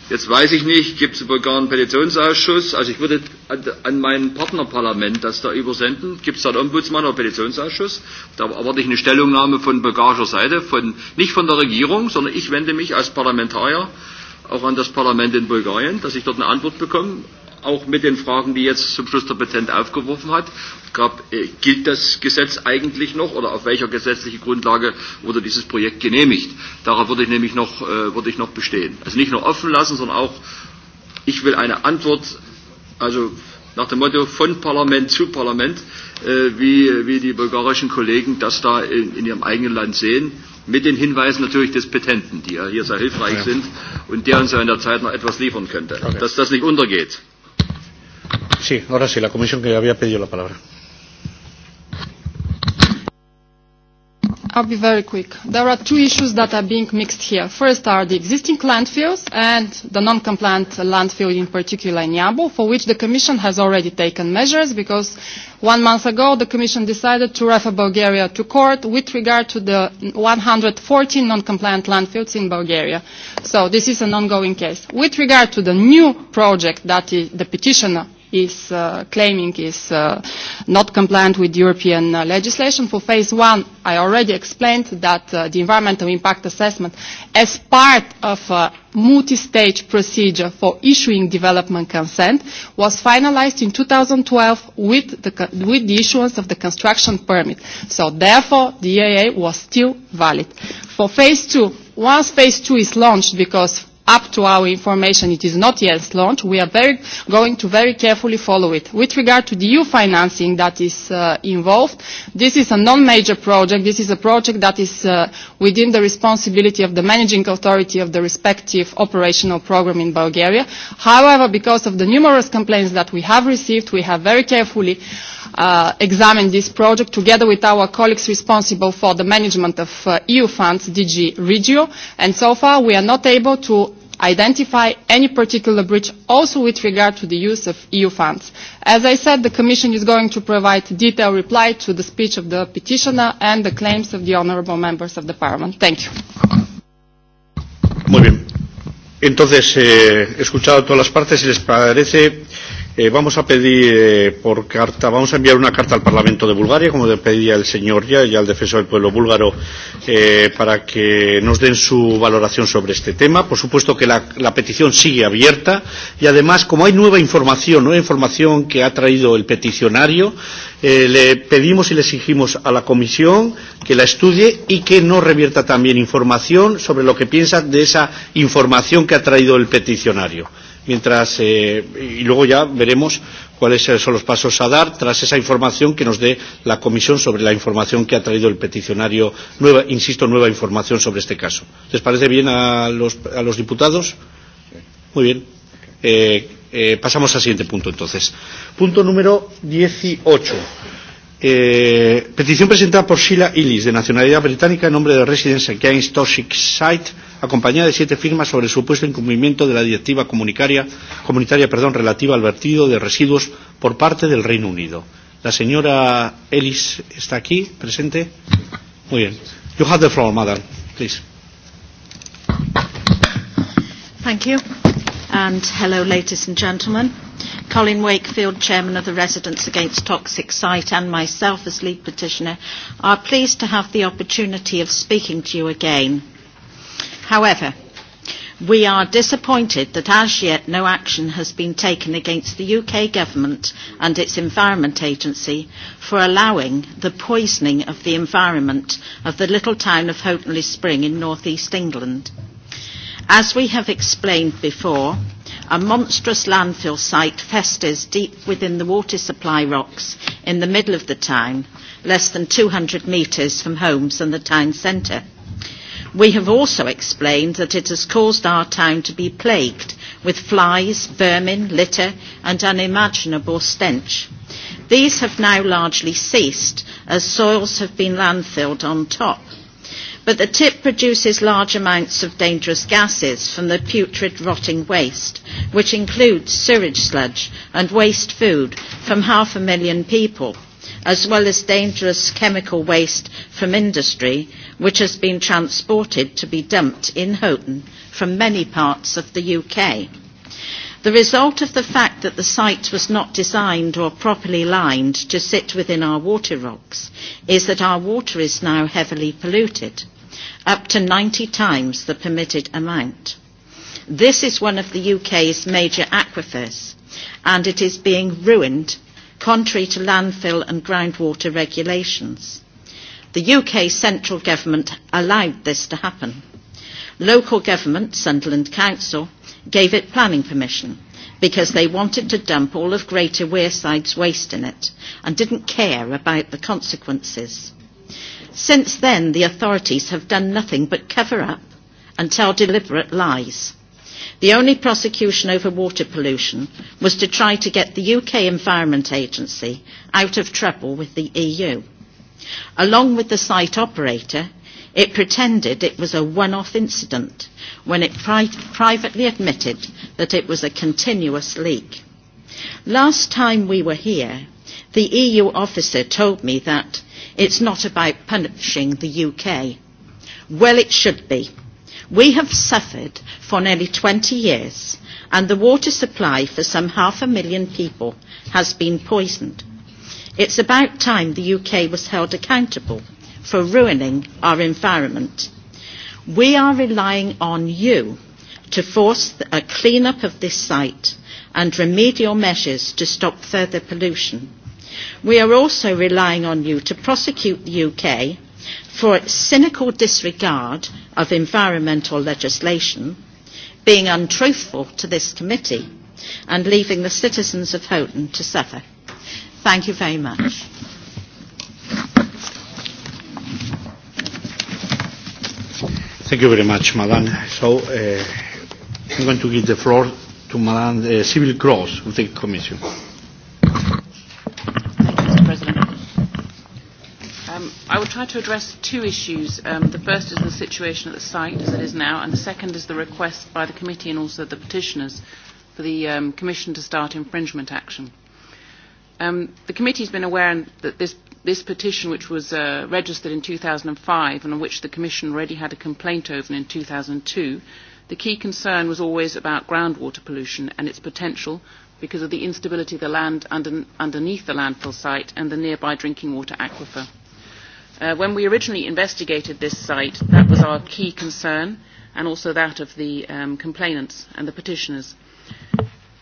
Jetzt weiß ich nicht, gibt es einen bulgaren Petitionsausschuss? Also ich würde an, an mein Partnerparlament das da übersenden. Gibt es da einen Ombudsmann oder Petitionsausschuss? Da erwarte ich eine Stellungnahme von bulgarischer Seite, von, nicht von der Regierung, sondern ich wende mich als Parlamentarier äh, auch an das Parlament in Bulgarien, dass ich dort eine Antwort bekomme, auch mit den Fragen, die jetzt zum Schluss der Petent aufgeworfen hat. Gab, äh, gilt das Gesetz eigentlich noch oder auf welcher gesetzlichen Grundlage wurde dieses Projekt genehmigt? Darauf würde ich nämlich noch, äh, würde ich noch bestehen. Also nicht nur offen lassen, sondern auch, ich will eine Antwort, also nach dem Motto von Parlament zu Parlament, äh, wie, wie die bulgarischen Kollegen das da in, in ihrem eigenen Land sehen mit den Hinweisen natürlich des Petenten, die ja hier sehr hilfreich ja. sind und der uns ja in der Zeit noch etwas liefern könnte, okay. dass das nicht untergeht. Sí, ahora sí, la comisión que había pedido la palabra. I'll be very quick. There are two issues that are being mixed here. First are the existing landfills and the non-compliant landfill in particular in Yambo, for which the Commission has already taken measures because one month ago the Commission decided to refer Bulgaria to court with regard to the 114 non-compliant landfills in Bulgaria. So this is an ongoing case. With regard to the new project that is the petitioner is uh, claiming is uh, not compliant with European uh, legislation. For phase one, I already explained that uh, the environmental impact assessment, as part of a multi-stage procedure for issuing development consent, was finalized in 2012 with the, with the issuance of the construction permit. So therefore, the EAA was still valid. For phase two, once phase two is launched, because up to our information, it is not yet launched. We are very, going to very carefully follow it. With regard to the EU financing that is uh, involved, this is a non-major project. This is a project that is uh, within the responsibility of the managing authority of the respective operational program in Bulgaria. However, because of the numerous complaints that we have received, we have very carefully uh, uh, examine this project together with our colleagues responsible for the management of uh, EU funds, DG Regio, and so far we are not able to identify any particular breach also with regard to the use of EU funds. As I said, the Commission is going to provide detailed reply to the speech of the petitioner and the claims of the honourable members of the Parliament. Thank you. Muy bien. Entonces, eh, he escuchado todas las partes. Si les parece, Eh, vamos a pedir eh, por carta, vamos a enviar una carta al Parlamento de Bulgaria, como pedía el señor ya y al defensor del pueblo búlgaro, eh, para que nos den su valoración sobre este tema. Por supuesto que la, la petición sigue abierta y además, como hay nueva información, nueva información que ha traído el peticionario, eh, le pedimos y le exigimos a la Comisión que la estudie y que nos revierta también información sobre lo que piensa de esa información que ha traído el peticionario mientras eh, y luego ya veremos cuáles son los pasos a dar tras esa información que nos dé la comisión sobre la información que ha traído el peticionario nueva insisto nueva información sobre este caso les parece bien a los, a los diputados muy bien eh, eh, pasamos al siguiente punto entonces punto número 18 eh, petición presentada por Sheila Illis de nacionalidad británica en nombre de Residence Against Toxic Site acompañada de siete firmas sobre el supuesto incumplimiento de la directiva comunitaria, comunitaria perdón, relativa al vertido de residuos por parte del Reino Unido. La señora Ellis está aquí, presente. Muy bien. You have the floor, madam, please. Thank you. And hello, ladies and gentlemen. Colin Wakefield, Chairman of the Residents Against Toxic Site, and myself as lead petitioner are pleased to have the opportunity of speaking to you again. However, we are disappointed that as yet no action has been taken against the UK government and its Environment Agency for allowing the poisoning of the environment of the little town of Hopenley Spring in North East England. As we have explained before, a monstrous landfill site festers deep within the water supply rocks in the middle of the town, less than 200 metres from homes and the town centre. We have also explained that it has caused our town to be plagued with flies, vermin, litter and unimaginable stench. These have now largely ceased as soils have been landfilled on top. But the tip produces large amounts of dangerous gases from the putrid rotting waste, which includes sewage sludge and waste food from half a million people as well as dangerous chemical waste from industry, which has been transported to be dumped in Houghton from many parts of the UK. The result of the fact that the site was not designed or properly lined to sit within our water rocks is that our water is now heavily polluted, up to 90 times the permitted amount. This is one of the UK's major aquifers, and it is being ruined contrary to landfill and groundwater regulations. The UK central government allowed this to happen. Local government, Sunderland Council, gave it planning permission because they wanted to dump all of Greater Wearside's waste in it and didn't care about the consequences. Since then, the authorities have done nothing but cover up and tell deliberate lies. The only prosecution over water pollution was to try to get the UK Environment Agency out of trouble with the EU. Along with the site operator, It pretended it was a one-off incident when it pri- privately admitted that it was a continuous leak. Last time we were here, the EU officer told me that it's not about punishing the UK. Well, it should be. We have suffered for nearly 20 years and the water supply for some half a million people has been poisoned. It's about time the UK was held accountable for ruining our environment. We are relying on you to force a clean-up of this site and remedial measures to stop further pollution. We are also relying on you to prosecute the UK for its cynical disregard of environmental legislation, being untruthful to this committee and leaving the citizens of Houghton to suffer. Thank you very much. Thank you very much, Madam. So uh, I'm going to give the floor to Madam uh, Civil Cross of the Commission. I will try to address two issues. Um, the first is the situation at the site as it is now, and the second is the request by the committee and also the petitioners for the um, Commission to start infringement action. Um, the committee has been aware that this, this petition, which was uh, registered in 2005 and on which the Commission already had a complaint over in 2002, the key concern was always about groundwater pollution and its potential because of the instability of the land under, underneath the landfill site and the nearby drinking water aquifer. Uh, when we originally investigated this site, that was our key concern, and also that of the um, complainants and the petitioners.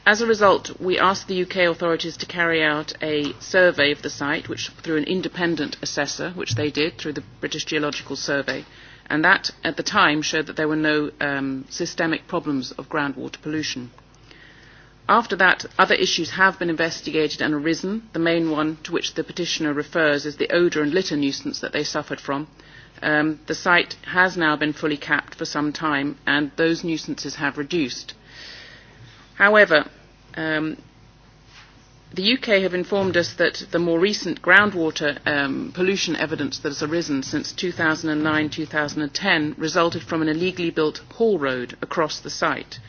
As a result, we asked the UK authorities to carry out a survey of the site, which through an independent assessor, which they did through the British Geological Survey, and that at the time showed that there were no um, systemic problems of groundwater pollution. After that, other issues have been investigated and arisen. The main one to which the petitioner refers is the odour and litter nuisance that they suffered from. Um, the site has now been fully capped for some time and those nuisances have reduced. However, um, the UK have informed us that the more recent groundwater um, pollution evidence that has arisen since 2009-2010 resulted from an illegally built haul road across the site. Uh,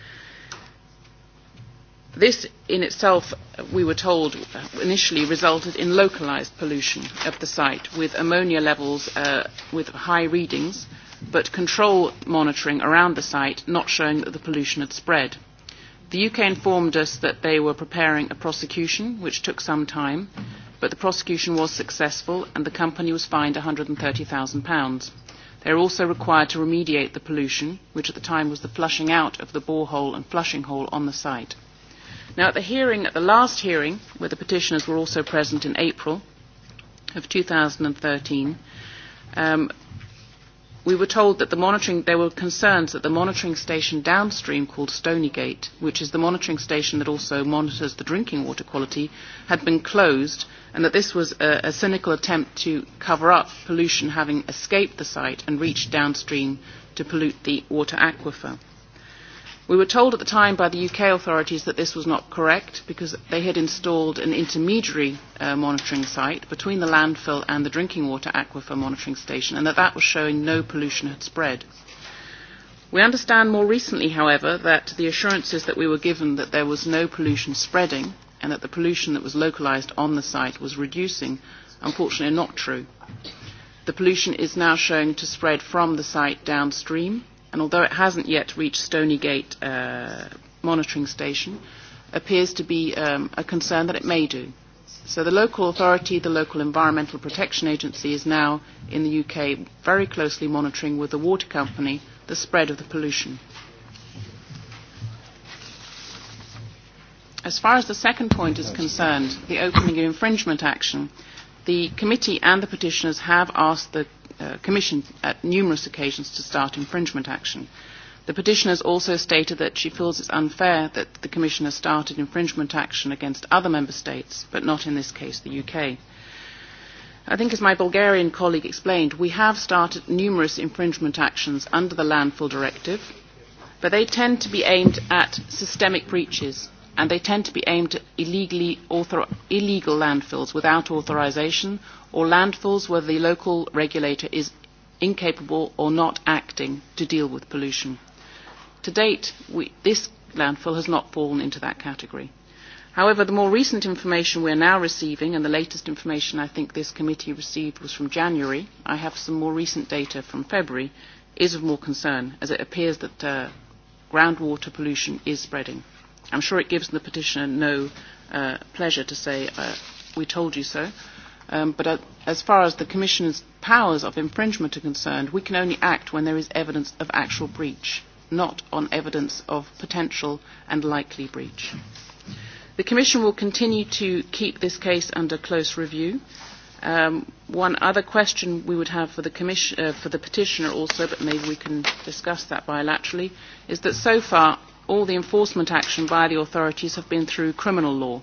This in itself, we were told, initially resulted in localized pollution of the site with ammonia levels uh, with high readings, but control monitoring around the site not showing that the pollution had spread. The UK informed us that they were preparing a prosecution, which took some time, but the prosecution was successful and the company was fined £130,000. They are also required to remediate the pollution, which at the time was the flushing out of the borehole and flushing hole on the site. Now, at the hearing, at the last hearing, where the petitioners were also present in April of 2013, um, we were told that the monitoring, there were concerns that the monitoring station downstream called Stonygate, which is the monitoring station that also monitors the drinking water quality, had been closed and that this was a, a cynical attempt to cover up pollution having escaped the site and reached downstream to pollute the water aquifer. We were told at the time by the UK authorities that this was not correct because they had installed an intermediary uh, monitoring site between the landfill and the drinking water aquifer monitoring station and that that was showing no pollution had spread. We understand more recently, however, that the assurances that we were given that there was no pollution spreading and that the pollution that was localised on the site was reducing unfortunately are not true. The pollution is now showing to spread from the site downstream and although it hasn't yet reached Stonygate uh, monitoring station, appears to be um, a concern that it may do. So the local authority, the local environmental protection agency, is now in the UK very closely monitoring with the water company the spread of the pollution. As far as the second point is concerned, the opening of infringement action, the committee and the petitioners have asked the uh, Commission at numerous occasions to start infringement action. The petitioner has also stated that she feels it's unfair that the Commission has started infringement action against other Member States, but not in this case the UK. I think as my Bulgarian colleague explained, we have started numerous infringement actions under the Landfill Directive, but they tend to be aimed at systemic breaches and they tend to be aimed at illegally author illegal landfills without authorization or landfills where the local regulator is incapable or not acting to deal with pollution. To date, we, this landfill has not fallen into that category. However, the more recent information we are now receiving, and the latest information I think this committee received was from January, I have some more recent data from February, is of more concern, as it appears that uh, groundwater pollution is spreading. I'm sure it gives the petitioner no uh, pleasure to say, uh, we told you so. Um, but uh, as far as the Commission's powers of infringement are concerned, we can only act when there is evidence of actual breach, not on evidence of potential and likely breach. The Commission will continue to keep this case under close review. Um, one other question we would have for the, commission, uh, for the petitioner also, but maybe we can discuss that bilaterally, is that so far all the enforcement action by the authorities have been through criminal law.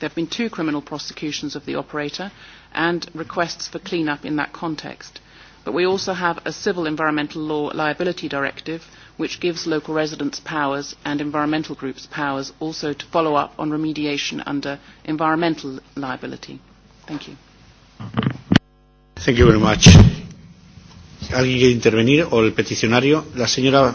There have been two criminal prosecutions of the operator and requests for clean-up in that context. But we also have a civil environmental law liability directive which gives local residents powers and environmental groups powers also to follow up on remediation under environmental liability. Thank you. Thank you very much. ¿Alguien quiere intervenir o el peticionario? La señora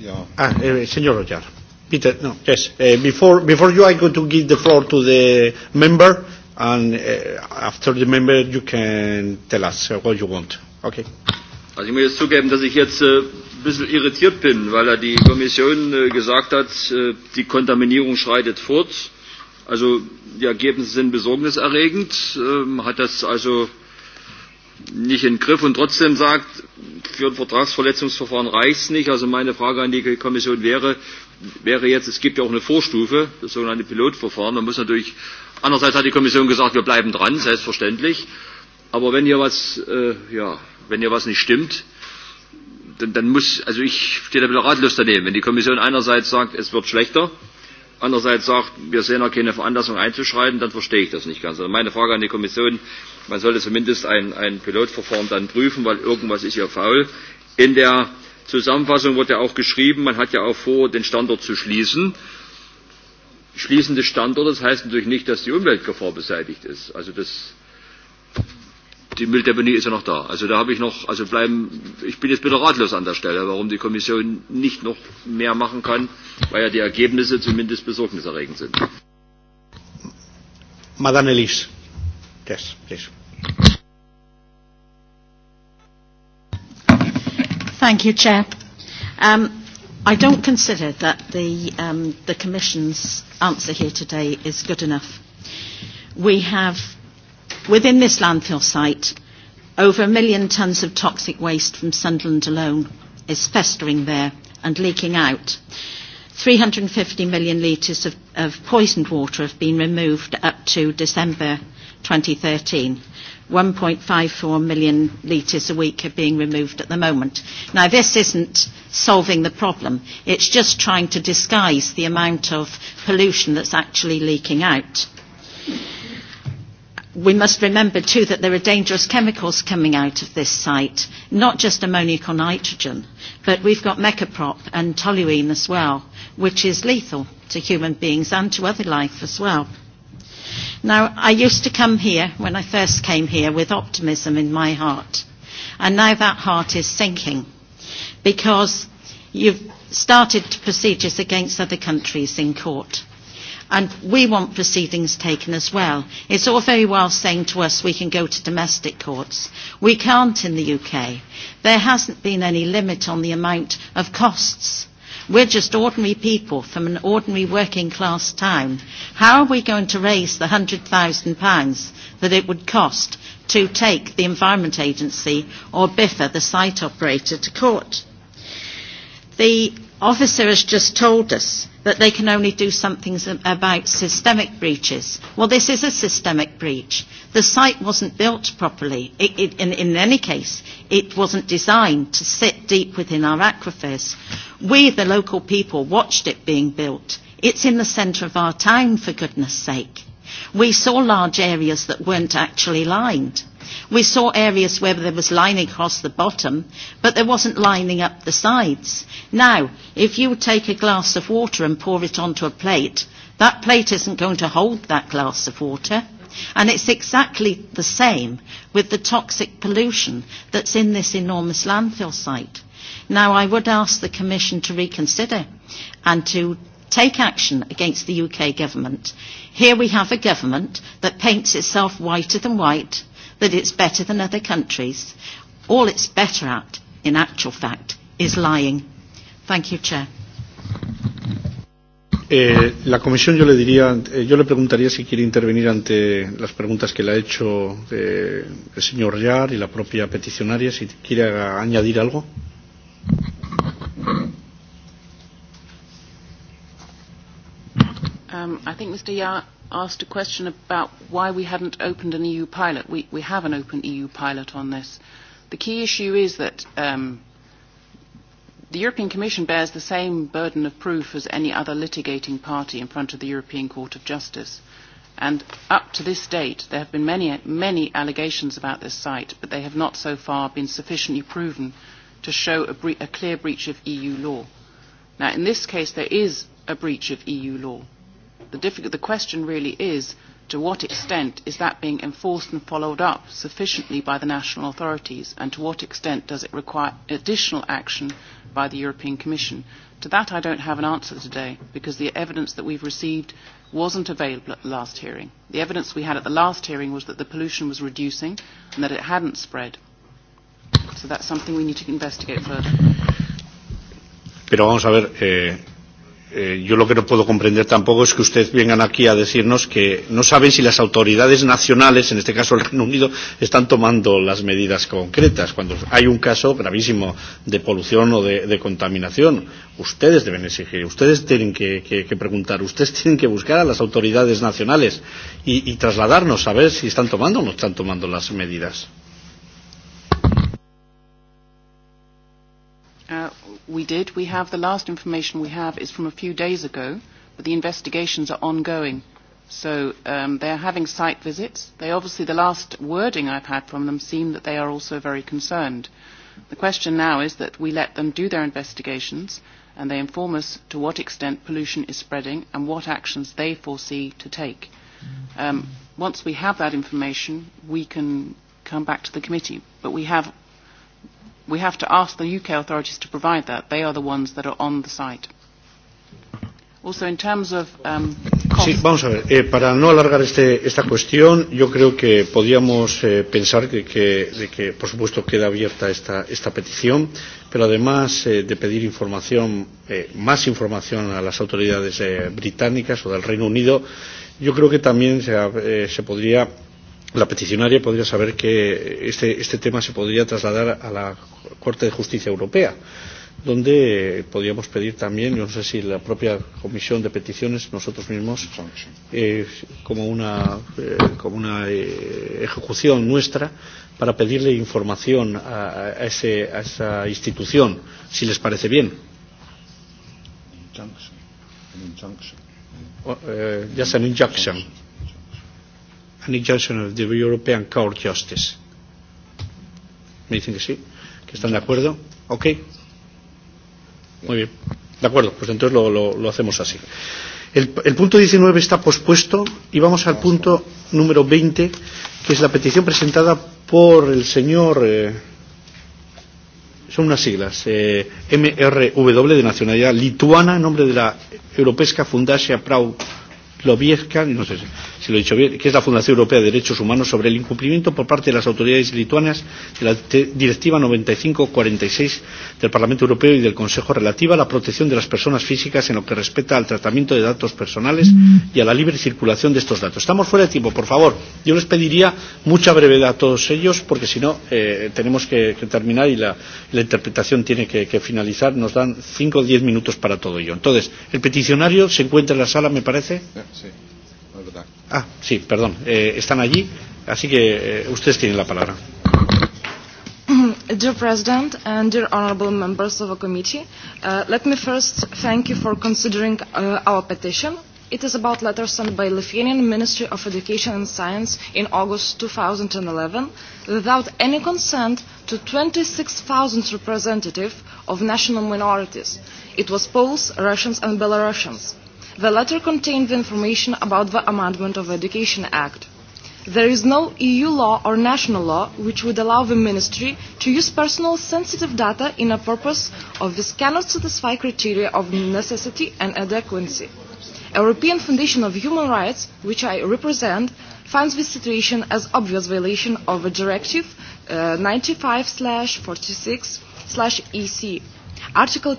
Yeah. Ah, uh, eh, Senor Rojar. Peter, no, yes. Uh, before, before you, I'm going to give the floor to the member, and uh, after the member, you can tell us uh, what you want. Okay. Also ich muss jetzt zugeben, dass ich jetzt äh, ein bisschen irritiert bin, weil ja er die Kommission äh, gesagt hat, äh, die Kontaminierung schreitet fort. Also die Ergebnisse sind besorgniserregend. Ähm, hat das also nicht in den Griff und trotzdem sagt, für ein Vertragsverletzungsverfahren reicht es nicht. Also meine Frage an die Kommission wäre, wäre jetzt, es gibt ja auch eine Vorstufe, das sogenannte Pilotverfahren. Man muss natürlich, andererseits hat die Kommission gesagt, wir bleiben dran, selbstverständlich. Aber wenn hier was, äh, ja, wenn hier was nicht stimmt, dann, dann muss, also ich stehe da wieder ratlos daneben. Wenn die Kommission einerseits sagt, es wird schlechter, andererseits sagt, wir sehen auch keine Veranlassung einzuschreiten, dann verstehe ich das nicht ganz. Also meine Frage an die Kommission, man sollte zumindest ein, ein Pilotverfahren dann prüfen, weil irgendwas ist ja faul. In der Zusammenfassung wurde ja auch geschrieben, man hat ja auch vor, den Standort zu schließen. Schließen des Standortes heißt natürlich nicht, dass die Umweltgefahr beseitigt ist. Also das die Mülldeponie ist ja noch da. Also da habe ich noch, also bleiben, ich bin jetzt bitte ratlos an der Stelle, warum die Kommission nicht noch mehr machen kann, weil ja die Ergebnisse zumindest besorgniserregend sind. Madame Elise, yes, please. Thank you, Chair. Um, I don't consider that the, um, the Commission's answer here today is good enough. We have Within this landfill site, over a million tonnes of toxic waste from Sunderland alone is festering there and leaking out. 350 million litres of, of poisoned water have been removed up to December 2013. 1.54 million litres a week are being removed at the moment. Now, this isn't solving the problem. It's just trying to disguise the amount of pollution that's actually leaking out we must remember too that there are dangerous chemicals coming out of this site, not just ammoniac or nitrogen, but we've got mecoprop and toluene as well, which is lethal to human beings and to other life as well. Now, I used to come here, when I first came here, with optimism in my heart. And now that heart is sinking because you've started procedures against other countries in court and we want proceedings taken as well. It's all very well saying to us we can go to domestic courts. We can't in the UK. There hasn't been any limit on the amount of costs. We're just ordinary people from an ordinary working class town. How are we going to raise the £100,000 that it would cost to take the Environment Agency or BIFA, the site operator, to court? The officer has just told us that they can only do something about systemic breaches. Well, this is a systemic breach. The site wasn't built properly. It, it, in, in any case, it wasn't designed to sit deep within our aquifers. We, the local people, watched it being built. It's in the centre of our town, for goodness sake. We saw large areas that weren't actually lined. We saw areas where there was lining across the bottom, but there wasn't lining up the sides. Now, if you take a glass of water and pour it onto a plate, that plate isn't going to hold that glass of water. And it's exactly the same with the toxic pollution that's in this enormous landfill site. Now, I would ask the Commission to reconsider and to take action against the UK government. Here we have a government that paints itself whiter than white that it's better than other countries. All it's better at, in actual fact, is lying. Thank you, Chair. Eh, la comisión yo le diría, eh, yo le preguntaría si quiere intervenir ante las preguntas que le ha hecho eh, el señor Yar y la propia peticionaria, si quiere añadir algo. Um, I think Mr. Yar asked a question about why we hadn't opened an EU pilot. We, we have an open EU pilot on this. The key issue is that um, the European Commission bears the same burden of proof as any other litigating party in front of the European Court of Justice. And up to this date, there have been many, many allegations about this site, but they have not so far been sufficiently proven to show a, bre- a clear breach of EU law. Now, in this case, there is a breach of EU law The, difficult, the question really is to what extent is that being enforced and followed up sufficiently by the national authorities and to what extent does it require additional action by the European Commission? To that I don't have an answer today because the evidence that we've received wasn't available at the last hearing. The evidence we had at the last hearing was that the pollution was reducing and that it hadn't spread. So that's something we need to investigate further. Pero vamos a ver, eh, eh, yo lo que no puedo comprender tampoco es que ustedes vengan aquí a decirnos que no saben si las autoridades nacionales, en este caso el Reino Unido, están tomando las medidas concretas cuando hay un caso gravísimo de polución o de, de contaminación. Ustedes deben exigir, ustedes tienen que, que, que preguntar, ustedes tienen que buscar a las autoridades nacionales y, y trasladarnos a ver si están tomando o no están tomando las medidas. Uh, We did. We have the last information we have is from a few days ago, but the investigations are ongoing. So um, they're having site visits. They obviously, the last wording I've had from them seemed that they are also very concerned. The question now is that we let them do their investigations and they inform us to what extent pollution is spreading and what actions they foresee to take. Um, once we have that information, we can come back to the committee. But we have we have to ask the UK authorities to provide that. They are the ones that are on the site. Also, in terms of, um, cost... Sí, vamos a ver. Eh, para no alargar este, esta cuestión, yo creo que podíamos eh, pensar que, que, de que, por supuesto, queda abierta esta, esta petición, pero además eh, de pedir información, eh, más información a las autoridades eh, británicas o del Reino Unido, yo creo que también se, eh, se podría la peticionaria podría saber que este, este tema se podría trasladar a la Corte de Justicia Europea, donde podríamos pedir también, yo no sé si la propia Comisión de Peticiones, nosotros mismos, eh, como una, eh, como una eh, ejecución nuestra, para pedirle información a, a, ese, a esa institución, si les parece bien. Injunction. An injunction. Uh, just an injunction. injunction Annie Johnson of the European Court of Justice. Me dicen que sí, que están de acuerdo. Ok. Muy bien. De acuerdo, pues entonces lo, lo, lo hacemos así. El, el punto 19 está pospuesto y vamos al punto número 20, que es la petición presentada por el señor. Eh, son unas siglas, eh, MRW de nacionalidad lituana, en nombre de la Europesca Fundacija Prau Lobievka, no sé si lo he dicho bien, que es la Fundación Europea de Derechos Humanos sobre el incumplimiento por parte de las autoridades lituanas de la Directiva 9546 del Parlamento Europeo y del Consejo relativa a la protección de las personas físicas en lo que respecta al tratamiento de datos personales y a la libre circulación de estos datos. Estamos fuera de tiempo, por favor. Yo les pediría mucha brevedad a todos ellos porque si no eh, tenemos que, que terminar y la, la interpretación tiene que, que finalizar. Nos dan cinco o diez minutos para todo ello. Entonces, el peticionario se encuentra en la sala, me parece. Yeah. Sí, no es verdad. Ah, sí, perdón. Eh, están allí, así que eh, ustedes tienen la palabra. Dear President and dear honorable members of the committee, uh, let me first thank you for considering uh, our petition. It is about letters sent by Lithuanian Ministry of Education and Science in August 2011 without any consent to 26,000 representatives of national minorities. It was Poles, Russians and Belarusians. The letter contains information about the Amendment of Education Act. There is no EU law or national law which would allow the Ministry to use personal sensitive data in a purpose of this cannot satisfy criteria of necessity and adequacy. European Foundation of Human Rights, which I represent, finds this situation as obvious violation of a directive uh, 95/46/EC. E Article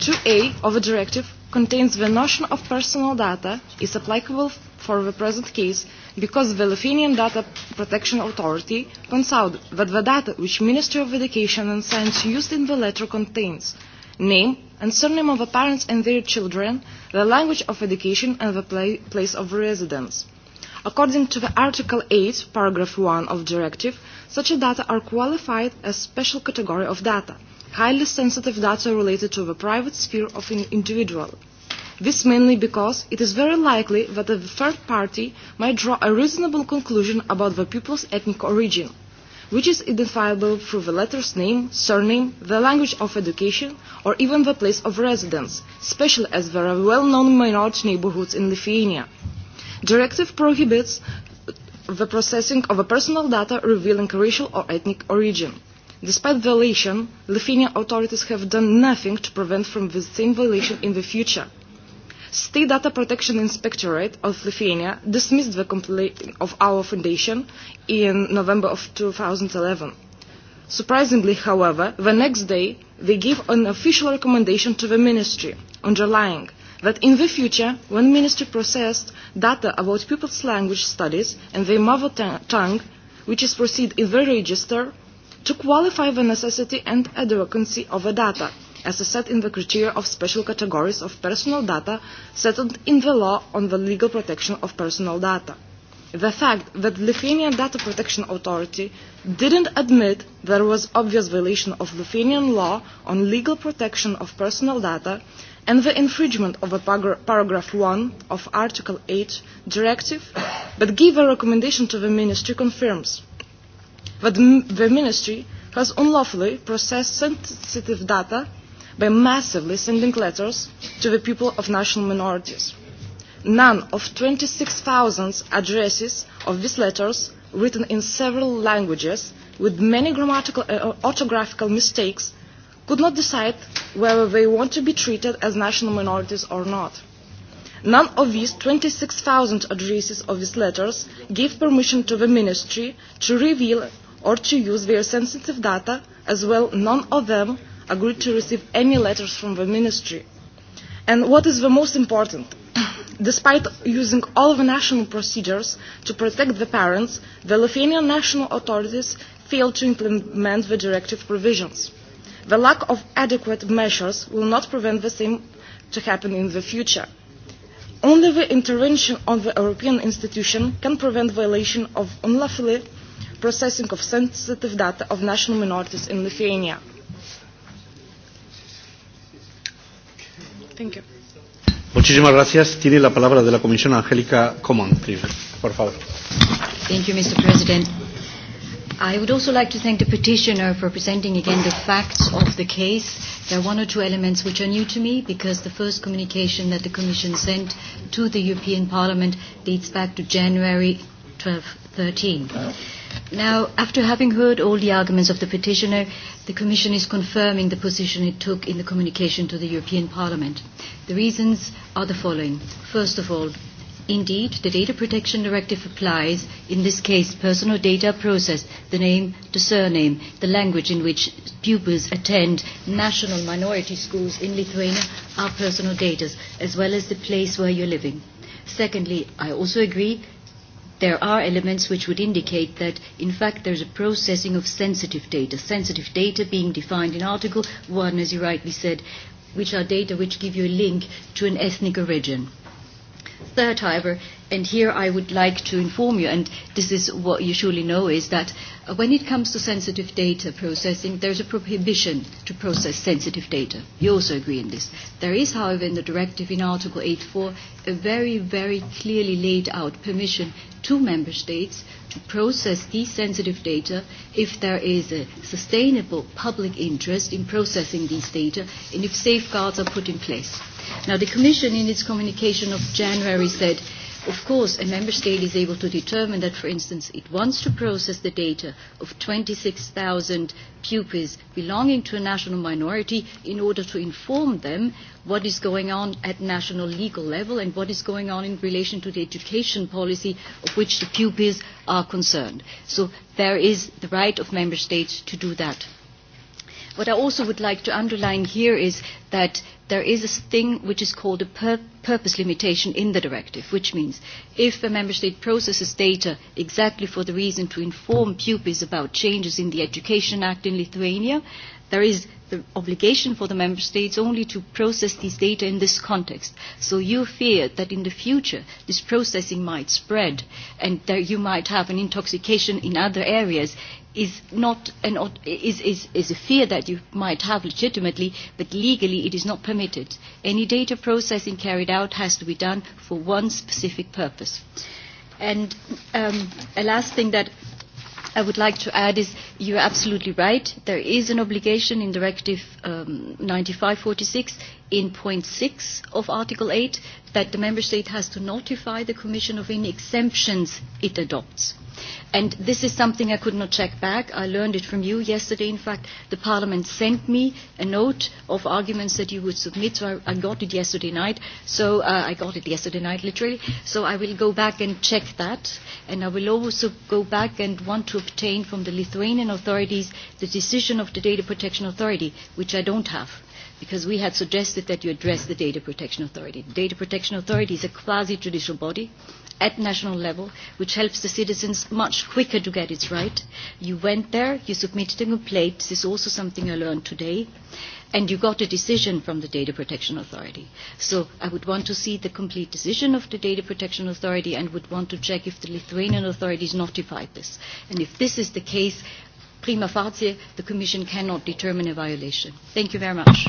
2A of a directive contains the notion of personal data is applicable for the present case because the Lithuanian Data Protection Authority points out that the data which Ministry of Education and Science used in the letter contains name and surname of the parents and their children, the language of education and the pla place of residence. According to the Article 8, paragraph 1 of Directive, such data are qualified as special category of data – highly sensitive data related to the private sphere of an individual. This mainly because it is very likely that a third party might draw a reasonable conclusion about the people's ethnic origin, which is identifiable through the letter's name, surname, the language of education, or even the place of residence, especially as there are well-known minority neighborhoods in Lithuania. Directive prohibits the processing of personal data revealing racial or ethnic origin. Despite violation, Lithuanian authorities have done nothing to prevent from the same violation in the future. State Data Protection Inspectorate of Lithuania dismissed the complaint of our foundation in November of 2011. Surprisingly, however, the next day they gave an official recommendation to the ministry, underlying that in the future, when ministry processed data about people's language studies and their mother tongue, which is received in the register, to qualify the necessity and adequacy of the data, as set in the criteria of special categories of personal data settled in the law on the legal protection of personal data. The fact that the Lithuanian Data Protection Authority didn't admit there was obvious violation of Lithuanian law on legal protection of personal data and the infringement of a par- paragraph 1 of Article 8 Directive, but gave a recommendation to the Ministry confirms that the Ministry has unlawfully processed sensitive data by massively sending letters to the people of national minorities. None of 26,000 addresses of these letters, written in several languages with many grammatical and uh, orthographical mistakes, could not decide whether they want to be treated as national minorities or not. None of these 26,000 addresses of these letters gave permission to the ministry to reveal or to use their sensitive data, as well none of them agreed to receive any letters from the ministry. And what is the most important? Despite using all the national procedures to protect the parents, the Lithuanian national authorities failed to implement the directive provisions. The lack of adequate measures will not prevent the same to happen in the future. Only the intervention of the European institution can prevent violation of unlawfully processing of sensitive data of national minorities in Lithuania. Thank you. Muchísimas gracias. Tiene la palabra de la Comisión Angélica Coman, please. Por favor. Thank you, Mr. President. I would also like to thank the petitioner for presenting again the facts of the case. There are one or two elements which are new to me because the first communication that the Commission sent to the European Parliament dates back to January 12, 13. Uh-huh. Now, after having heard all the arguments of the petitioner, the Commission is confirming the position it took in the communication to the European Parliament. The reasons are the following. First of all, Indeed, the Data Protection Directive applies, in this case, personal data processed, the name, the surname, the language in which pupils attend national minority schools in Lithuania are personal data, as well as the place where you're living. Secondly, I also agree there are elements which would indicate that, in fact, there's a processing of sensitive data, sensitive data being defined in Article 1, as you rightly said, which are data which give you a link to an ethnic origin. Third, however, and here I would like to inform you, and this is what you surely know, is that uh, when it comes to sensitive data processing, there's a prohibition to process sensitive data. You also agree in this. There is, however, in the directive in Article 8.4, a very, very clearly laid out permission to member states to process these sensitive data if there is a sustainable public interest in processing these data and if safeguards are put in place. Now, the Commission in its communication of January said Of course, a member state is able to determine that, for instance, it wants to process the data of 26,000 pupils belonging to a national minority in order to inform them what is going on at national legal level and what is going on in relation to the education policy of which the pupils are concerned. So there is the right of member states to do that. What I also would like to underline here is that there is a thing which is called a pur- purpose limitation in the directive, which means if a member state processes data exactly for the reason to inform pupils about changes in the Education Act in Lithuania, there is the obligation for the member states only to process these data in this context. So you fear that in the future this processing might spread and that you might have an intoxication in other areas is not an, is, is, is a fear that you might have legitimately, but legally it is not permitted. Any data processing carried out has to be done for one specific purpose. And um, a last thing that I would like to add is you're absolutely right. There is an obligation in Directive um, 9546 in point 6 of Article 8 that the Member State has to notify the Commission of any exemptions it adopts. And this is something I could not check back. I learned it from you yesterday. In fact, the Parliament sent me a note of arguments that you would submit. So I, I got it yesterday night. So uh, I got it yesterday night, literally. So I will go back and check that. And I will also go back and want to obtain from the Lithuanian authorities the decision of the Data Protection Authority, which I don't have. Uh, because we had suggested that you address the Data Protection Authority. The Data Protection Authority is a quasi-judicial body at national level, which helps the citizens much quicker to get it right. You went there, you submitted a complaint, this is also something I learned today, and you got a decision from the Data Protection Authority. So I would want to see the complete decision of the Data Protection Authority and would want to check if the Lithuanian authorities notified this. And if this is the case, prima facie, the Commission cannot determine a violation. Thank you very much.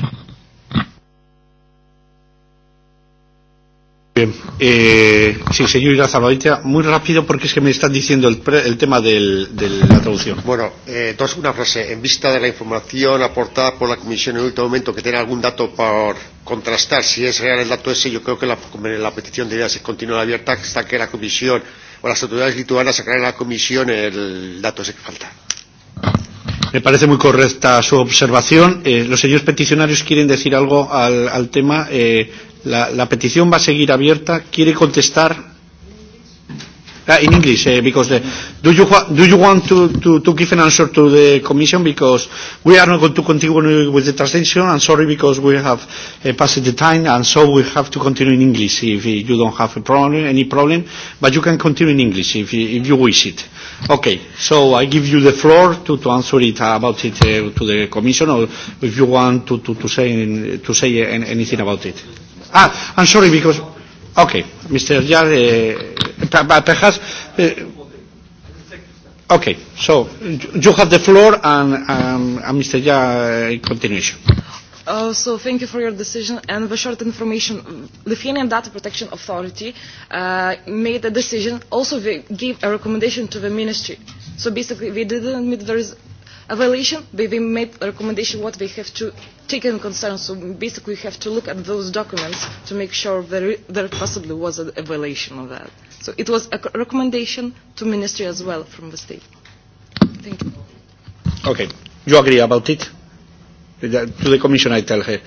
Bien, eh, sí, señor Iraza Valencia, muy rápido porque es que me están diciendo el, pre, el tema del, de la traducción. Bueno, eh, dos, una frase. En vista de la información aportada por la Comisión en el último momento, que tiene algún dato por contrastar, si es real el dato ese, yo creo que la, la petición debería ser continuar abierta hasta que la Comisión o las autoridades lituanas aclaren a la Comisión el dato ese que falta. Me parece muy correcta su observación. Eh, los señores peticionarios quieren decir algo al, al tema. Eh, la, la petición va a seguir abierta. ¿Quiere contestar uh, in English uh, because the, do you do you want to, to, to give an answer to the Commission because we are not going to continue with the translation. I'm sorry because we have uh, passed the time and so we have to continue in English if you don't have a problem, any problem. But you can continue in English if if you wish it. Okay, so I give you the floor to, to answer it uh, about it uh, to the Commission or if you want to, to, to say to say eh, anything about it. Ah, I'm sorry because. Okay, Mr. Yar, uh, but perhaps. Uh, okay, so you have the floor, and, um, and Mr. Yar, eh, in continuation. Uh, so thank you for your decision and the short information. The Lithuanian Data Protection Authority uh, made a decision. Also, they gave a recommendation to the ministry. So basically, we didn't meet the res- evaluation, we, we made a recommendation what we have to take into concern. So basically, we have to look at those documents to make sure there, there possibly was an evaluation of that. So it was a recommendation to ministry as well from the state. Thank you. Okay, you agree about it? To the commission, I tell her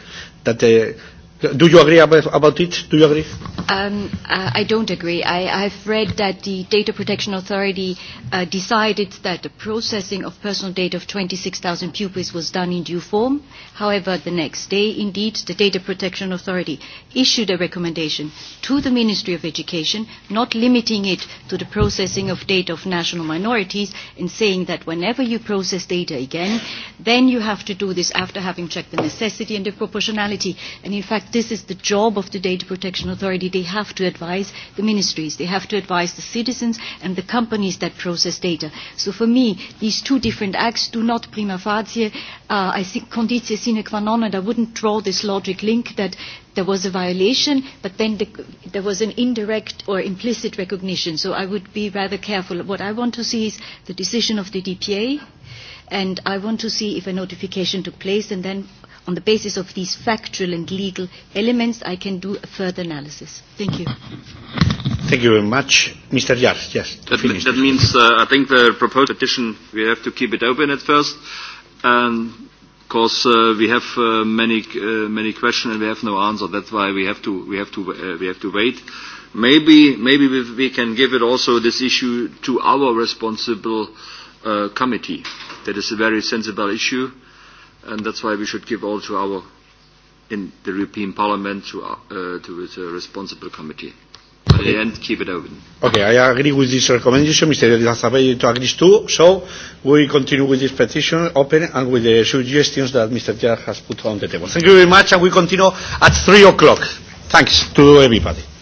that. Uh, Do you agree about it? Do you agree? Um, uh, I don't agree. I, I've read that the Data Protection Authority uh, decided that the processing of personal data of 26,000 pupils was done in due form. However, the next day, indeed, the Data Protection Authority issued a recommendation to the Ministry of Education, not limiting it to the processing of data of national minorities, and saying that whenever you process data again, then you have to do this after having checked the necessity and the proportionality. And in fact, This is the job of the Data Protection Authority. They have to advise the ministries, they have to advise the citizens and the companies that process data. So for me, these two different acts do not prima facie, uh, I think, conditio sine qua non, and I wouldn't draw this logic link that there was a violation, but then the, there was an indirect or implicit recognition. So I would be rather careful. What I want to see is the decision of the DPA, and I want to see if a notification took place, and then on the basis of these factual and legal elements, I can do a further analysis. Thank you. Thank you very much. Mr. Yar, yes. That, finish. that means uh, I think the proposed petition, we have to keep it open at first. Um, of course, uh, we have uh, many, uh, many questions and we have no answer. That's why we have to, we have to, uh, we have to wait. Maybe, maybe we, we can give it also this issue to our responsible uh, committee. That is a very sensible issue. Uh, and that's why we should give also our in the European Parliament to, uh, to its uh, responsible committee. At okay. the end, keep it open. Okay, I agree with this recommendation. Mr. Lazabelli agrees too. So we continue with this petition open and with the suggestions that Mr. Jar has put on the table. Thank you very much, and we continue at 3 o'clock. Thanks to everybody.